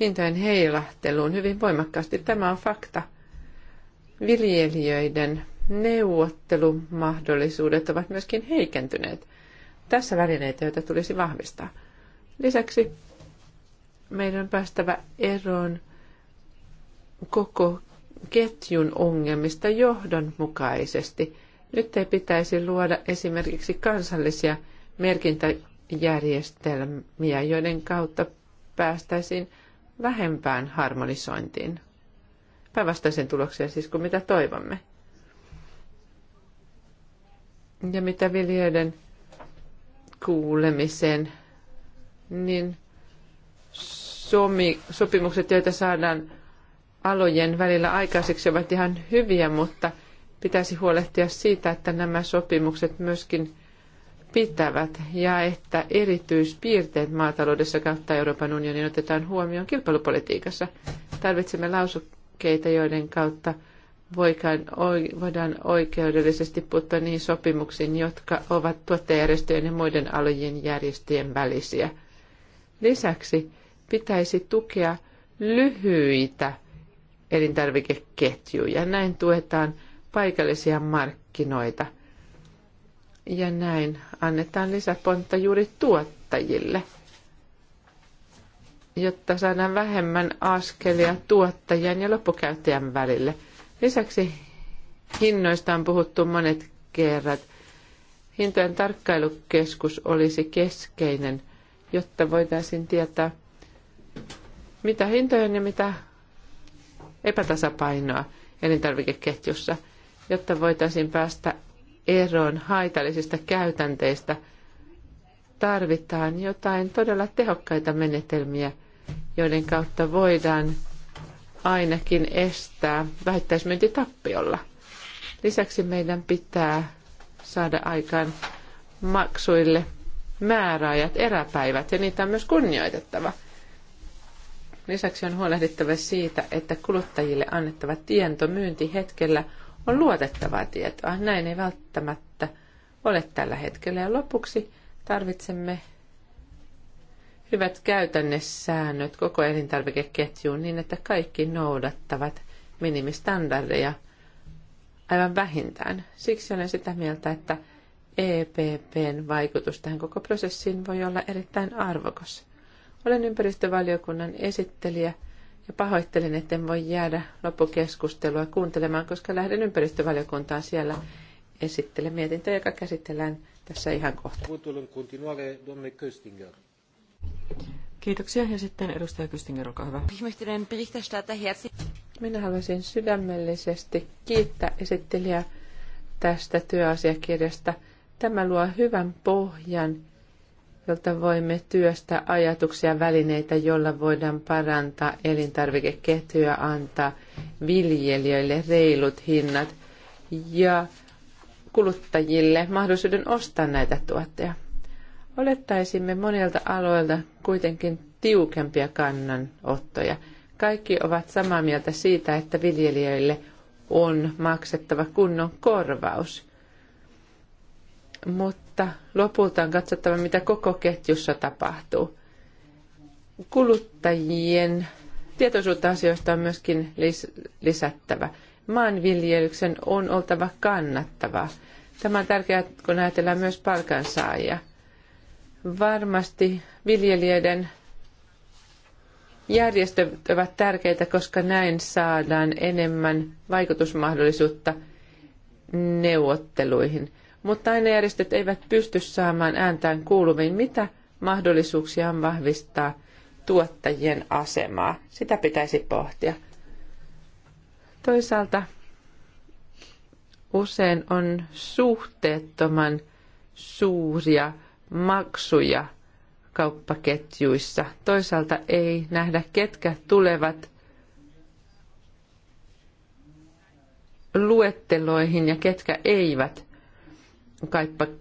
hintojen heilahteluun hyvin voimakkaasti. Tämä on fakta. Viljelijöiden neuvottelumahdollisuudet ovat myöskin heikentyneet. Tässä välineitä, joita tulisi vahvistaa. Lisäksi meidän on päästävä eroon koko ketjun ongelmista johdonmukaisesti. Nyt ei pitäisi luoda esimerkiksi kansallisia merkintä järjestelmiä, joiden kautta päästäisiin vähempään harmonisointiin. Päinvastaisen tuloksia siis kuin mitä toivomme. Ja mitä viljelijöiden kuulemiseen, niin somi, sopimukset, joita saadaan alojen välillä aikaiseksi, ovat ihan hyviä, mutta pitäisi huolehtia siitä, että nämä sopimukset myöskin – pitävät ja että erityispiirteet maataloudessa kautta Euroopan unionin otetaan huomioon kilpailupolitiikassa. Tarvitsemme lausukkeita, joiden kautta voidaan oikeudellisesti puuttua niihin sopimuksiin, jotka ovat tuottajajärjestöjen ja muiden alojen järjestöjen välisiä. Lisäksi pitäisi tukea lyhyitä elintarvikeketjuja. Näin tuetaan paikallisia markkinoita – ja näin annetaan lisäpontta juuri tuottajille, jotta saadaan vähemmän askelia tuottajan ja loppukäyttäjän välille. Lisäksi hinnoista on puhuttu monet kerrat. Hintojen tarkkailukeskus olisi keskeinen, jotta voitaisiin tietää, mitä hintojen ja mitä epätasapainoa elintarvikeketjussa, jotta voitaisiin päästä eroon haitallisista käytänteistä, tarvitaan jotain todella tehokkaita menetelmiä, joiden kautta voidaan ainakin estää vähittäismyyntitappiolla. tappiolla. Lisäksi meidän pitää saada aikaan maksuille määräajat, eräpäivät ja niitä on myös kunnioitettava. Lisäksi on huolehdittava siitä, että kuluttajille annettava tieto myyntihetkellä hetkellä on luotettavaa tietoa. Näin ei välttämättä ole tällä hetkellä. Ja lopuksi tarvitsemme hyvät käytännesäännöt koko elintarvikeketjuun niin, että kaikki noudattavat minimistandardeja aivan vähintään. Siksi olen sitä mieltä, että EPPn vaikutus tähän koko prosessiin voi olla erittäin arvokas. Olen ympäristövaliokunnan esittelijä – ja pahoittelen, etten voi jäädä loppukeskustelua kuuntelemaan, koska lähden ympäristövaliokuntaan siellä esittele mietintöä, joka käsitellään tässä ihan kohta. Kiitoksia. Ja sitten edustaja Köstinger, olkaa hyvä. Minä haluaisin sydämellisesti kiittää esittelijää tästä työasiakirjasta. Tämä luo hyvän pohjan jotta voimme työstää ajatuksia välineitä, joilla voidaan parantaa elintarvikeketjuja, antaa viljelijöille reilut hinnat ja kuluttajille mahdollisuuden ostaa näitä tuotteja. Olettaisimme monilta aloilta kuitenkin tiukempia kannanottoja. Kaikki ovat samaa mieltä siitä, että viljelijöille on maksettava kunnon korvaus. Mutta mutta lopulta on katsottava, mitä koko ketjussa tapahtuu. Kuluttajien tietoisuutta asioista on myöskin lisättävä. Maanviljelyksen on oltava kannattavaa. Tämä on tärkeää, kun ajatellaan myös palkansaajia. Varmasti viljelijöiden järjestöt ovat tärkeitä, koska näin saadaan enemmän vaikutusmahdollisuutta neuvotteluihin mutta ainejärjestöt eivät pysty saamaan ääntään kuuluviin. Mitä mahdollisuuksia on vahvistaa tuottajien asemaa? Sitä pitäisi pohtia. Toisaalta usein on suhteettoman suuria maksuja kauppaketjuissa. Toisaalta ei nähdä, ketkä tulevat luetteloihin ja ketkä eivät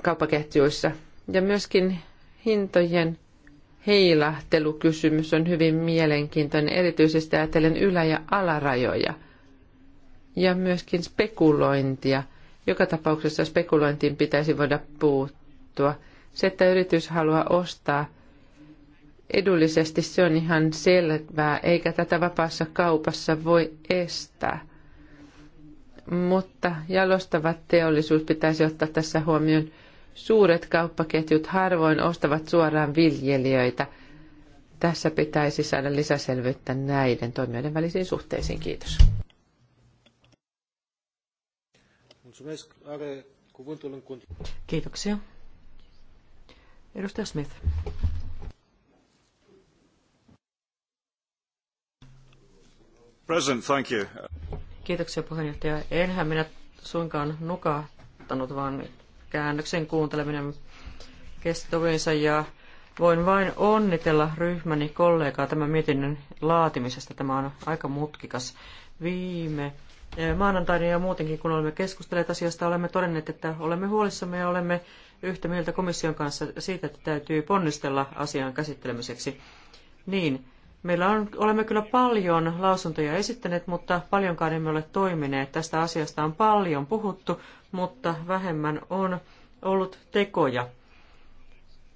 kauppaketjuissa. Ja myöskin hintojen heilahtelukysymys on hyvin mielenkiintoinen, erityisesti ajatellen ylä- ja alarajoja ja myöskin spekulointia. Joka tapauksessa spekulointiin pitäisi voida puuttua. Se, että yritys haluaa ostaa edullisesti, se on ihan selvää, eikä tätä vapaassa kaupassa voi estää mutta jalostava teollisuus pitäisi ottaa tässä huomioon. Suuret kauppaketjut harvoin ostavat suoraan viljelijöitä. Tässä pitäisi saada lisäselvyyttä näiden toimijoiden välisiin suhteisiin. Kiitos. Kiitoksia. Edustaja Smith. President, thank you. Kiitoksia puheenjohtaja. Enhän minä suinkaan nukahtanut, vaan käännöksen kuunteleminen kestovinsa ja voin vain onnitella ryhmäni kollegaa tämän mietinnön laatimisesta. Tämä on aika mutkikas. Viime eh, maanantaina ja muutenkin, kun olemme keskustelleet asiasta, olemme todenneet, että olemme huolissamme ja olemme yhtä mieltä komission kanssa siitä, että täytyy ponnistella asian käsittelemiseksi. Niin, Meillä on, olemme kyllä paljon lausuntoja esittäneet, mutta paljonkaan emme ole toimineet. Tästä asiasta on paljon puhuttu, mutta vähemmän on ollut tekoja.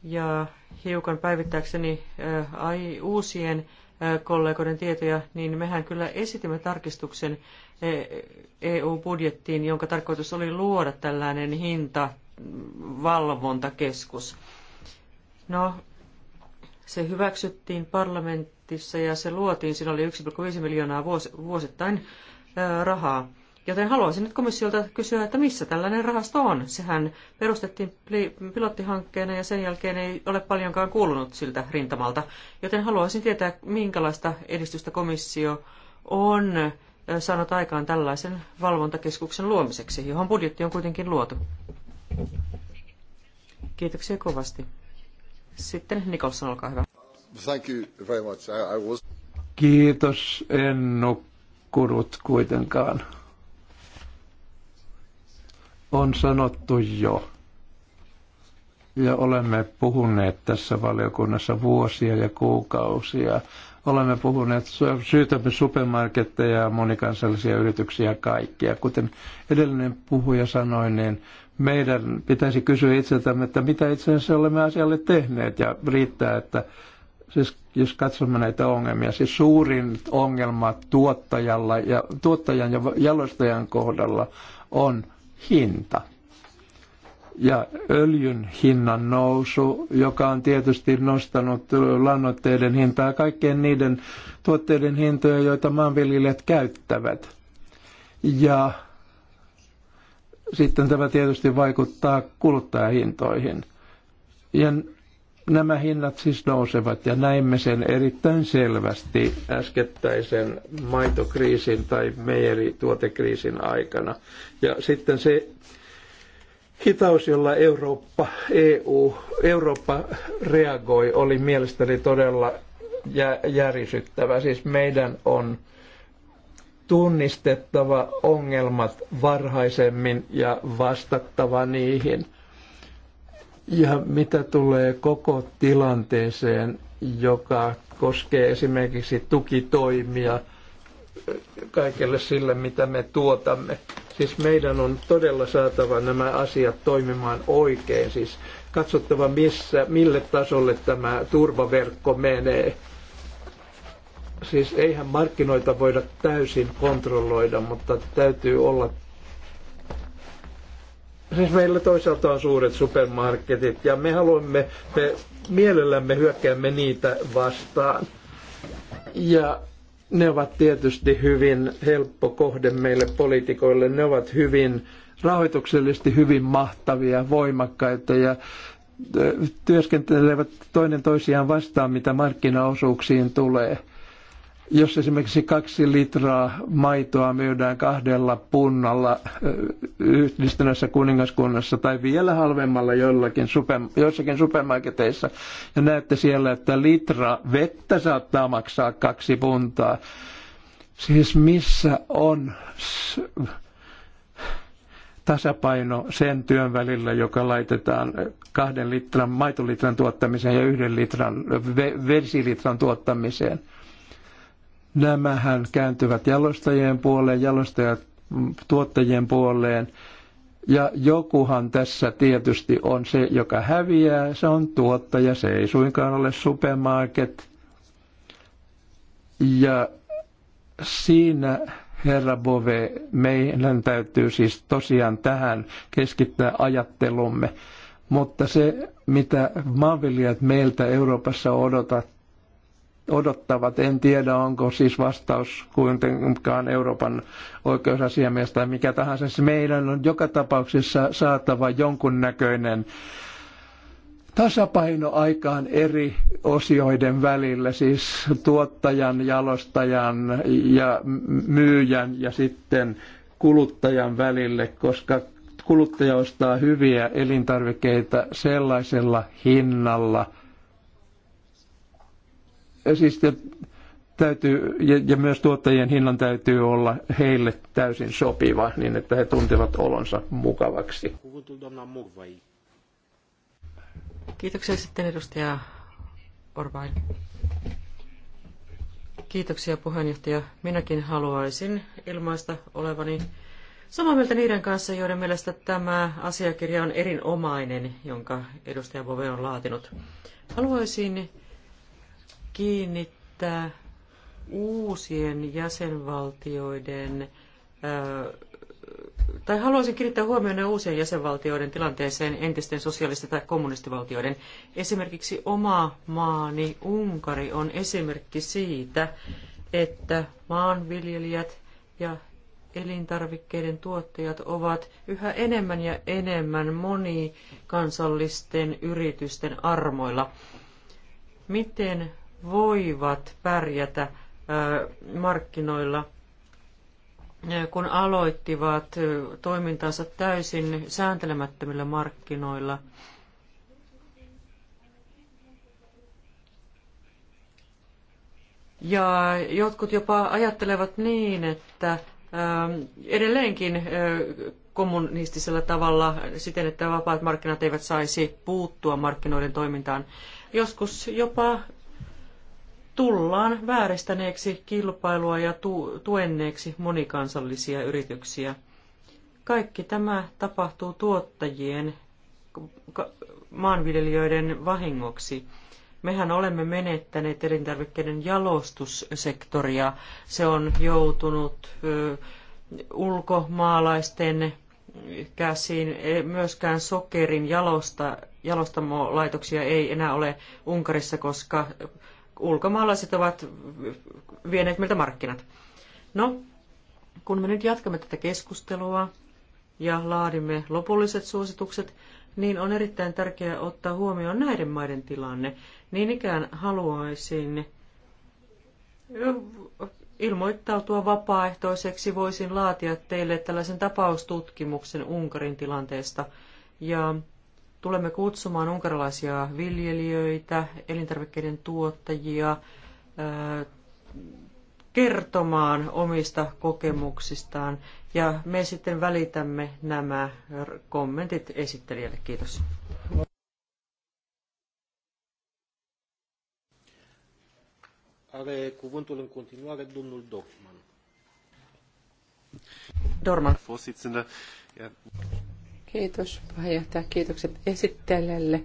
Ja hiukan päivittääkseni ää, äh, ai, uusien äh, kollegoiden tietoja, niin mehän kyllä esitimme tarkistuksen äh, EU-budjettiin, jonka tarkoitus oli luoda tällainen hintavalvontakeskus. No, se hyväksyttiin parlamentissa ja se luotiin, siinä oli 1,5 miljoonaa vuosittain rahaa. Joten haluaisin nyt komissiolta kysyä, että missä tällainen rahasto on? Sehän perustettiin pilottihankkeena ja sen jälkeen ei ole paljonkaan kuulunut siltä rintamalta. Joten haluaisin tietää, minkälaista edistystä komissio on saanut aikaan tällaisen valvontakeskuksen luomiseksi, johon budjetti on kuitenkin luotu. Kiitoksia kovasti. Sitten Nicholson, olkaa hyvä. Thank you very much. I, I was... Kiitos, en nukkunut kuitenkaan. On sanottu jo. Ja olemme puhuneet tässä valiokunnassa vuosia ja kuukausia Olemme puhuneet syytämme supermarketteja, monikansallisia yrityksiä kaikkia. Kuten edellinen puhuja sanoi, niin meidän pitäisi kysyä itseltämme, että mitä itse asiassa olemme asialle tehneet. Ja riittää, että siis jos katsomme näitä ongelmia, siis suurin ongelma tuottajalla ja tuottajan ja jalostajan kohdalla on hinta ja öljyn hinnan nousu, joka on tietysti nostanut lannoitteiden hintaa kaikkien niiden tuotteiden hintoja, joita maanviljelijät käyttävät. Ja sitten tämä tietysti vaikuttaa kuluttajahintoihin. Ja nämä hinnat siis nousevat ja näimme sen erittäin selvästi äskettäisen maitokriisin tai meijerituotekriisin aikana. Ja sitten se hitaus, jolla Eurooppa, EU, Eurooppa reagoi, oli mielestäni todella järisyttävä. Siis meidän on tunnistettava ongelmat varhaisemmin ja vastattava niihin. Ja mitä tulee koko tilanteeseen, joka koskee esimerkiksi tukitoimia – kaikelle sille, mitä me tuotamme. Siis meidän on todella saatava nämä asiat toimimaan oikein, siis katsottava missä, mille tasolle tämä turvaverkko menee. Siis eihän markkinoita voida täysin kontrolloida, mutta täytyy olla Siis meillä toisaalta on suuret supermarketit ja me haluamme, me mielellämme hyökkäämme niitä vastaan. Ja ne ovat tietysti hyvin helppo kohde meille poliitikoille. Ne ovat hyvin rahoituksellisesti hyvin mahtavia, voimakkaita ja työskentelevät toinen toisiaan vastaan, mitä markkinaosuuksiin tulee. Jos esimerkiksi kaksi litraa maitoa myydään kahdella punnalla yhdistyneessä kuningaskunnassa tai vielä halvemmalla jollakin super, joissakin supermarketeissa, ja näette siellä, että litra vettä saattaa maksaa kaksi puntaa. Siis missä on tasapaino sen työn välillä, joka laitetaan kahden litran maitolitran tuottamiseen ja yhden litran vesilitran tuottamiseen – Nämähän kääntyvät jalostajien puoleen, jalostajat tuottajien puoleen. Ja jokuhan tässä tietysti on se, joka häviää, se on tuottaja, se ei suinkaan ole supermarket. Ja siinä, herra Bove, meidän täytyy siis tosiaan tähän keskittää ajattelumme. Mutta se, mitä maanviljelijät meiltä Euroopassa odotat, odottavat. En tiedä, onko siis vastaus kuitenkaan Euroopan oikeusasiamies tai mikä tahansa. Siis meidän on joka tapauksessa saatava jonkunnäköinen tasapaino aikaan eri osioiden välillä, siis tuottajan, jalostajan ja myyjän ja sitten kuluttajan välille, koska kuluttaja ostaa hyviä elintarvikkeita sellaisella hinnalla – siis täytyy, ja, ja myös tuottajien hinnan täytyy olla heille täysin sopiva, niin että he tuntevat olonsa mukavaksi. Kiitoksia sitten edustaja Orvain. Kiitoksia puheenjohtaja. Minäkin haluaisin ilmaista olevani samaa mieltä niiden kanssa, joiden mielestä tämä asiakirja on erinomainen, jonka edustaja Bove on laatinut. Haluaisin kiinnittää uusien jäsenvaltioiden tai haluaisin kiinnittää huomioon uusien jäsenvaltioiden tilanteeseen entisten sosialisti- tai kommunistivaltioiden. Esimerkiksi oma maani Unkari on esimerkki siitä, että maanviljelijät ja elintarvikkeiden tuottajat ovat yhä enemmän ja enemmän monikansallisten yritysten armoilla. Miten voivat pärjätä markkinoilla, kun aloittivat toimintansa täysin sääntelemättömillä markkinoilla. Ja jotkut jopa ajattelevat niin, että edelleenkin kommunistisella tavalla siten, että vapaat markkinat eivät saisi puuttua markkinoiden toimintaan. Joskus jopa tullaan vääristäneeksi kilpailua ja tu- tuenneeksi monikansallisia yrityksiä. Kaikki tämä tapahtuu tuottajien, maanviljelijöiden vahingoksi. Mehän olemme menettäneet elintarvikkeiden jalostussektoria. Se on joutunut ö, ulkomaalaisten käsiin. E, myöskään sokerin jalosta, jalostamolaitoksia ei enää ole Unkarissa, koska ulkomaalaiset ovat vieneet meiltä markkinat. No, kun me nyt jatkamme tätä keskustelua ja laadimme lopulliset suositukset, niin on erittäin tärkeää ottaa huomioon näiden maiden tilanne. Niin ikään haluaisin eh, ilmoittautua vapaaehtoiseksi. Voisin laatia teille tällaisen tapaustutkimuksen Unkarin tilanteesta. Ja Tulemme kutsumaan unkarilaisia viljelijöitä, elintarvikkeiden tuottajia kertomaan omista kokemuksistaan ja me sitten välitämme nämä kommentit esittelijälle. Kiitos. Are cuvântul în continuare domnul Dorman. Kiitos puheenjohtaja, kiitokset esittelijälle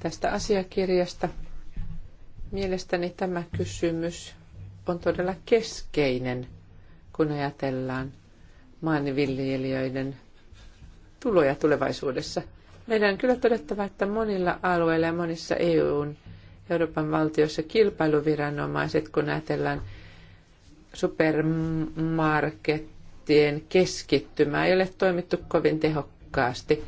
tästä asiakirjasta. Mielestäni tämä kysymys on todella keskeinen, kun ajatellaan maanviljelijöiden tuloja tulevaisuudessa. Meidän on kyllä todettava, että monilla alueilla ja monissa EUn Euroopan valtioissa kilpailuviranomaiset, kun ajatellaan supermarkettien keskittymää, ei ole toimittu kovin tehokkaasti tehokkaasti.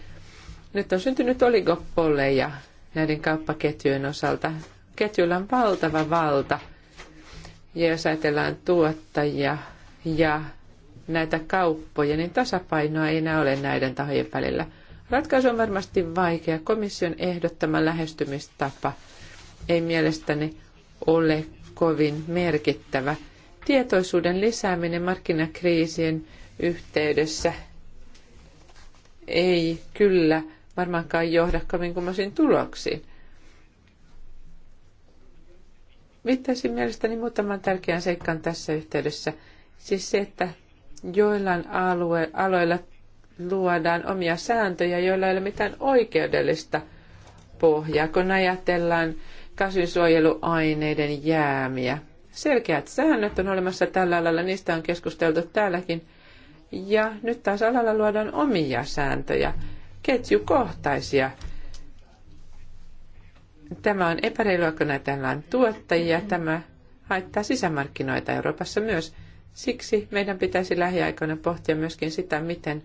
Nyt on syntynyt oligopoleja näiden kauppaketjujen osalta. Ketjulla on valtava valta. Ja jos ajatellaan tuottajia ja näitä kauppoja, niin tasapainoa ei enää ole näiden tahojen välillä. Ratkaisu on varmasti vaikea. Komission ehdottama lähestymistapa ei mielestäni ole kovin merkittävä. Tietoisuuden lisääminen markkinakriisien yhteydessä ei kyllä varmaankaan johda kovin kummoisiin tuloksiin. Viittaisin mielestäni muutaman tärkeän seikkaan tässä yhteydessä. Siis se, että joillain alue, aloilla luodaan omia sääntöjä, joilla ei ole mitään oikeudellista pohjaa, kun ajatellaan kasvinsuojeluaineiden jäämiä. Selkeät säännöt on olemassa tällä alalla, niistä on keskusteltu täälläkin – ja nyt taas alalla luodaan omia sääntöjä, ketjukohtaisia. Tämä on epäreilua, kun näitä on tuottajia. Tämä haittaa sisämarkkinoita Euroopassa myös. Siksi meidän pitäisi lähiaikoina pohtia myöskin sitä, miten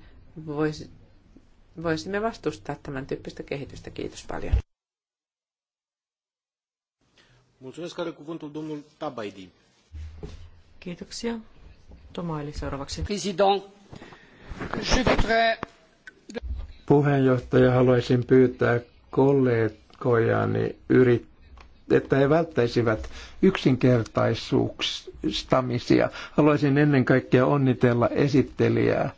voisimme vastustaa tämän tyyppistä kehitystä. Kiitos paljon. Mulțumesc, are cuvântul domnul Tabaidi. Kiitoksia. Puheenjohtaja, haluaisin pyytää kollegojani yrittää että he välttäisivät yksinkertaisuustamisia. Haluaisin ennen kaikkea onnitella esittelijää.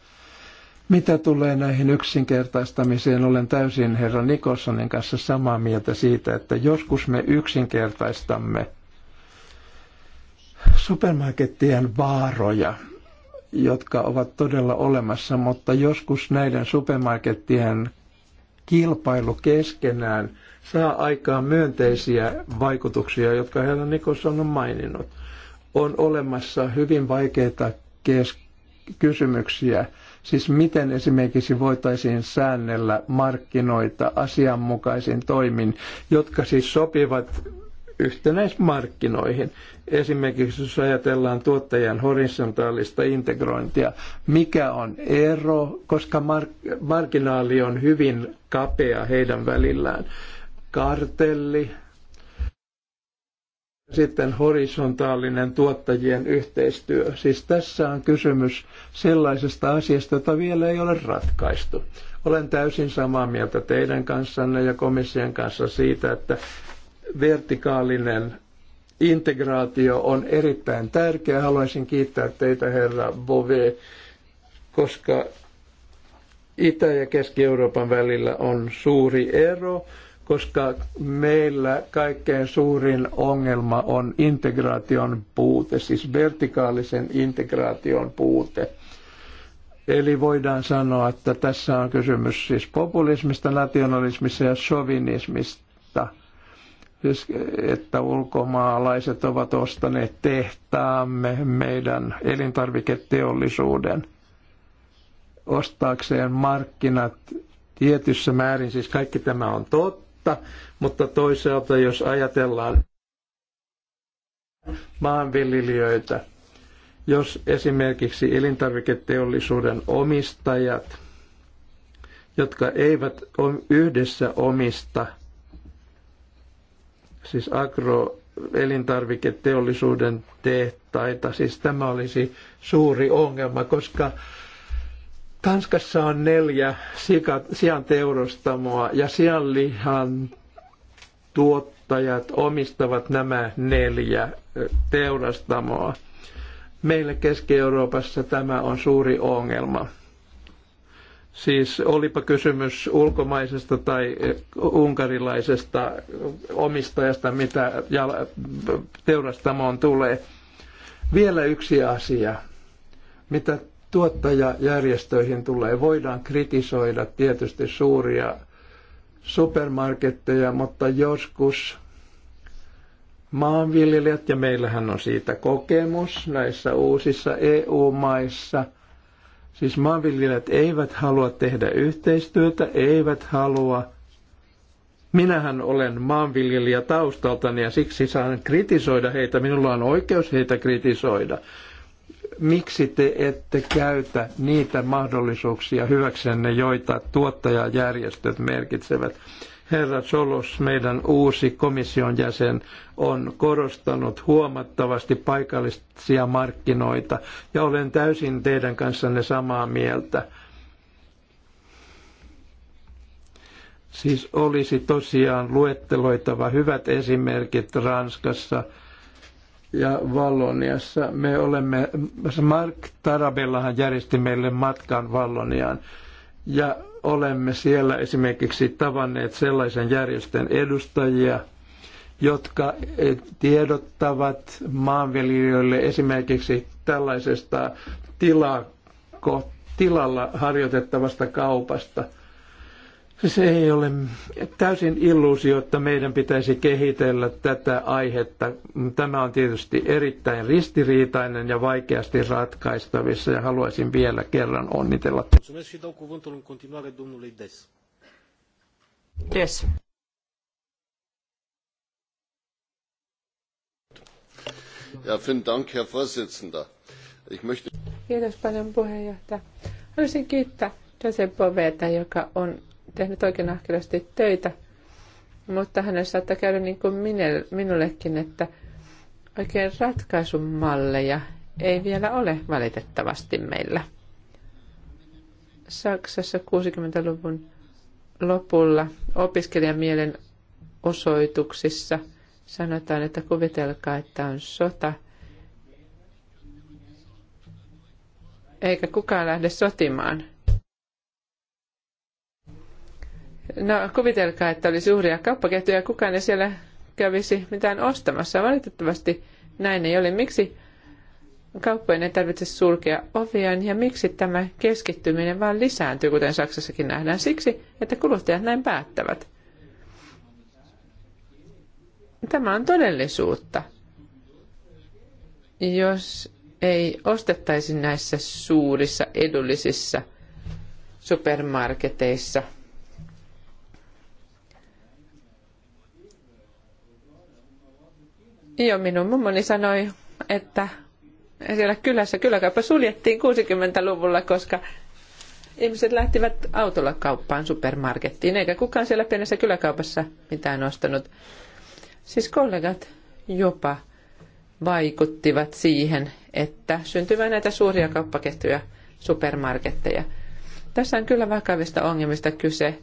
Mitä tulee näihin yksinkertaistamiseen, olen täysin herra Nikossonin kanssa samaa mieltä siitä, että joskus me yksinkertaistamme supermarkettien vaaroja, jotka ovat todella olemassa, mutta joskus näiden supermarkettien kilpailu keskenään saa aikaan myönteisiä vaikutuksia, jotka Helen Nikosson on maininnut. On olemassa hyvin vaikeita kes- kysymyksiä, siis miten esimerkiksi voitaisiin säännellä markkinoita asianmukaisin toimin, jotka siis sopivat yhtenäismarkkinoihin. Esimerkiksi jos ajatellaan tuottajan horisontaalista integrointia, mikä on ero, koska mark- marginaali on hyvin kapea heidän välillään. Kartelli, sitten horisontaalinen tuottajien yhteistyö. Siis tässä on kysymys sellaisesta asiasta, jota vielä ei ole ratkaistu. Olen täysin samaa mieltä teidän kanssanne ja komission kanssa siitä, että vertikaalinen integraatio on erittäin tärkeä. Haluaisin kiittää teitä, herra Bove, koska Itä- ja Keski-Euroopan välillä on suuri ero, koska meillä kaikkein suurin ongelma on integraation puute, siis vertikaalisen integraation puute. Eli voidaan sanoa, että tässä on kysymys siis populismista, nationalismista ja sovinismista että ulkomaalaiset ovat ostaneet tehtaamme, meidän elintarviketeollisuuden, ostaakseen markkinat tietyssä määrin, siis kaikki tämä on totta, mutta toisaalta jos ajatellaan maanviljelijöitä, jos esimerkiksi elintarviketeollisuuden omistajat, jotka eivät yhdessä omista siis agroelintarviketeollisuuden elintarviketeollisuuden tehtaita. Siis tämä olisi suuri ongelma, koska Tanskassa on neljä sian teurostamoa ja sianlihan tuottajat omistavat nämä neljä teurastamoa. Meillä Keski-Euroopassa tämä on suuri ongelma. Siis olipa kysymys ulkomaisesta tai eh, unkarilaisesta omistajasta, mitä teurastamoon tulee. Vielä yksi asia, mitä tuottajajärjestöihin tulee. Voidaan kritisoida tietysti suuria supermarketteja, mutta joskus maanviljelijät, ja meillähän on siitä kokemus näissä uusissa EU-maissa – Siis maanviljelijät eivät halua tehdä yhteistyötä, eivät halua. Minähän olen maanviljelijä taustaltani ja siksi saan kritisoida heitä. Minulla on oikeus heitä kritisoida. Miksi te ette käytä niitä mahdollisuuksia hyväksenne, joita tuottajajärjestöt merkitsevät? Herra Solos, meidän uusi komission jäsen, on korostanut huomattavasti paikallisia markkinoita ja olen täysin teidän kanssanne samaa mieltä. Siis olisi tosiaan luetteloitava hyvät esimerkit Ranskassa ja Valloniassa. Me olemme, Mark Tarabellahan järjesti meille matkan Valloniaan. Ja olemme siellä esimerkiksi tavanneet sellaisen järjestön edustajia, jotka eh, tiedottavat maanviljelijöille esimerkiksi tällaisesta tila, tilalla harjoitettavasta kaupasta – se ei ole täysin illuusio, että meidän pitäisi kehitellä tätä aihetta. Tämä on tietysti erittäin ristiriitainen ja vaikeasti ratkaistavissa ja haluaisin vielä kerran onnitella. Yes. Ja, vielen Dank, Herr Vorsitzender. Ich möchte... Kiitos paljon puheenjohtaja. Haluaisin kiittää Josep Poveta, joka on tehnyt oikein ahkerasti töitä, mutta hänen saattaa käydä niin kuin minullekin, että oikein ratkaisumalleja ei vielä ole valitettavasti meillä. Saksassa 60-luvun lopulla opiskelijamielen osoituksissa sanotaan, että kuvitelkaa, että on sota. Eikä kukaan lähde sotimaan. No kuvitelkaa, että olisi suuria kauppaketjuja, kukaan ei siellä kävisi mitään ostamassa. Valitettavasti näin ei ole. Miksi kauppojen ei tarvitse sulkea oviaan ja miksi tämä keskittyminen vaan lisääntyy, kuten Saksassakin nähdään? Siksi, että kuluttajat näin päättävät. Tämä on todellisuutta. Jos ei ostettaisi näissä suurissa edullisissa supermarketeissa – Joo, minun mummoni sanoi, että siellä kylässä kyläkauppa suljettiin 60-luvulla, koska ihmiset lähtivät autolla kauppaan supermarkettiin, eikä kukaan siellä pienessä kyläkaupassa mitään ostanut. Siis kollegat jopa vaikuttivat siihen, että syntyvää näitä suuria kauppaketjuja, supermarketteja. Tässä on kyllä vakavista ongelmista kyse.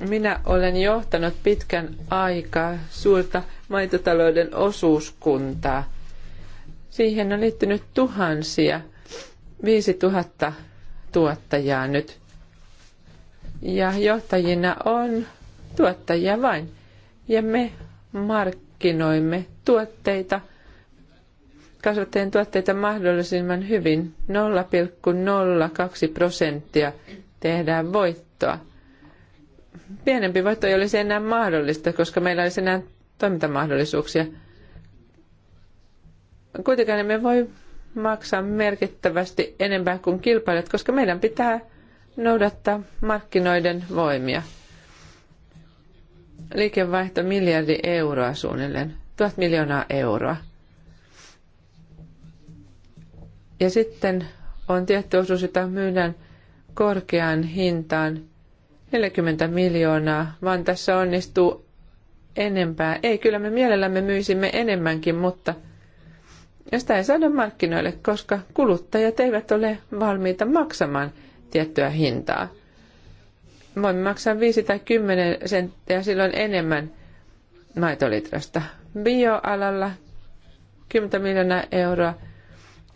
Minä olen johtanut pitkän aikaa suurta maitotalouden osuuskuntaa. Siihen on liittynyt tuhansia, viisi tuhatta tuottajaa nyt. Ja johtajina on tuottajia vain. Ja me markkinoimme tuotteita, kasvattajien tuotteita mahdollisimman hyvin. 0,02 prosenttia tehdään voittoa – pienempi voitto ei olisi enää mahdollista, koska meillä olisi enää toimintamahdollisuuksia. Kuitenkaan emme voi maksaa merkittävästi enempää kuin kilpailijat, koska meidän pitää noudattaa markkinoiden voimia. Liikevaihto miljardi euroa suunnilleen, tuhat miljoonaa euroa. Ja sitten on tietty osuus, jota myydään korkeaan hintaan – 40 miljoonaa, vaan tässä onnistuu enempää. Ei, kyllä me mielellämme myisimme enemmänkin, mutta sitä ei saada markkinoille, koska kuluttajat eivät ole valmiita maksamaan tiettyä hintaa. Voimme maksaa 5 tai 10 senttiä silloin enemmän maitolitrasta. Bioalalla 10 miljoonaa euroa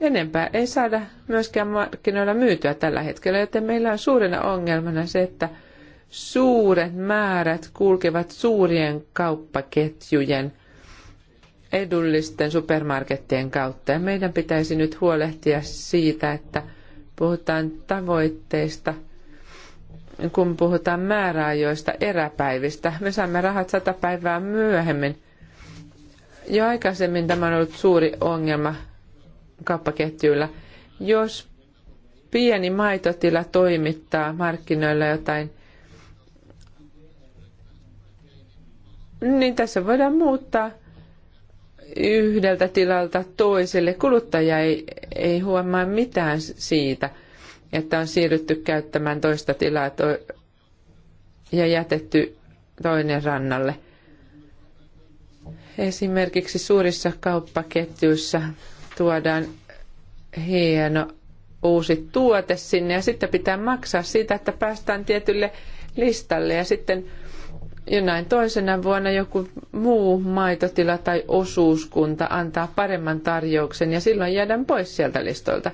enempää ei saada myöskään markkinoilla myytyä tällä hetkellä, joten meillä on suurena ongelmana se, että – suuret määrät kulkevat suurien kauppaketjujen edullisten supermarkettien kautta. Ja meidän pitäisi nyt huolehtia siitä, että puhutaan tavoitteista, kun puhutaan määräajoista, eräpäivistä. Me saamme rahat sata päivää myöhemmin. Jo aikaisemmin tämä on ollut suuri ongelma kauppaketjuilla. Jos pieni maitotila toimittaa markkinoilla jotain niin tässä voidaan muuttaa yhdeltä tilalta toiselle. Kuluttaja ei, ei huomaa mitään siitä, että on siirrytty käyttämään toista tilaa to- ja jätetty toinen rannalle. Esimerkiksi suurissa kauppaketjuissa tuodaan hieno uusi tuote sinne ja sitten pitää maksaa siitä, että päästään tietylle listalle ja sitten jonain toisena vuonna joku muu maitotila tai osuuskunta antaa paremman tarjouksen ja silloin jäädään pois sieltä listolta.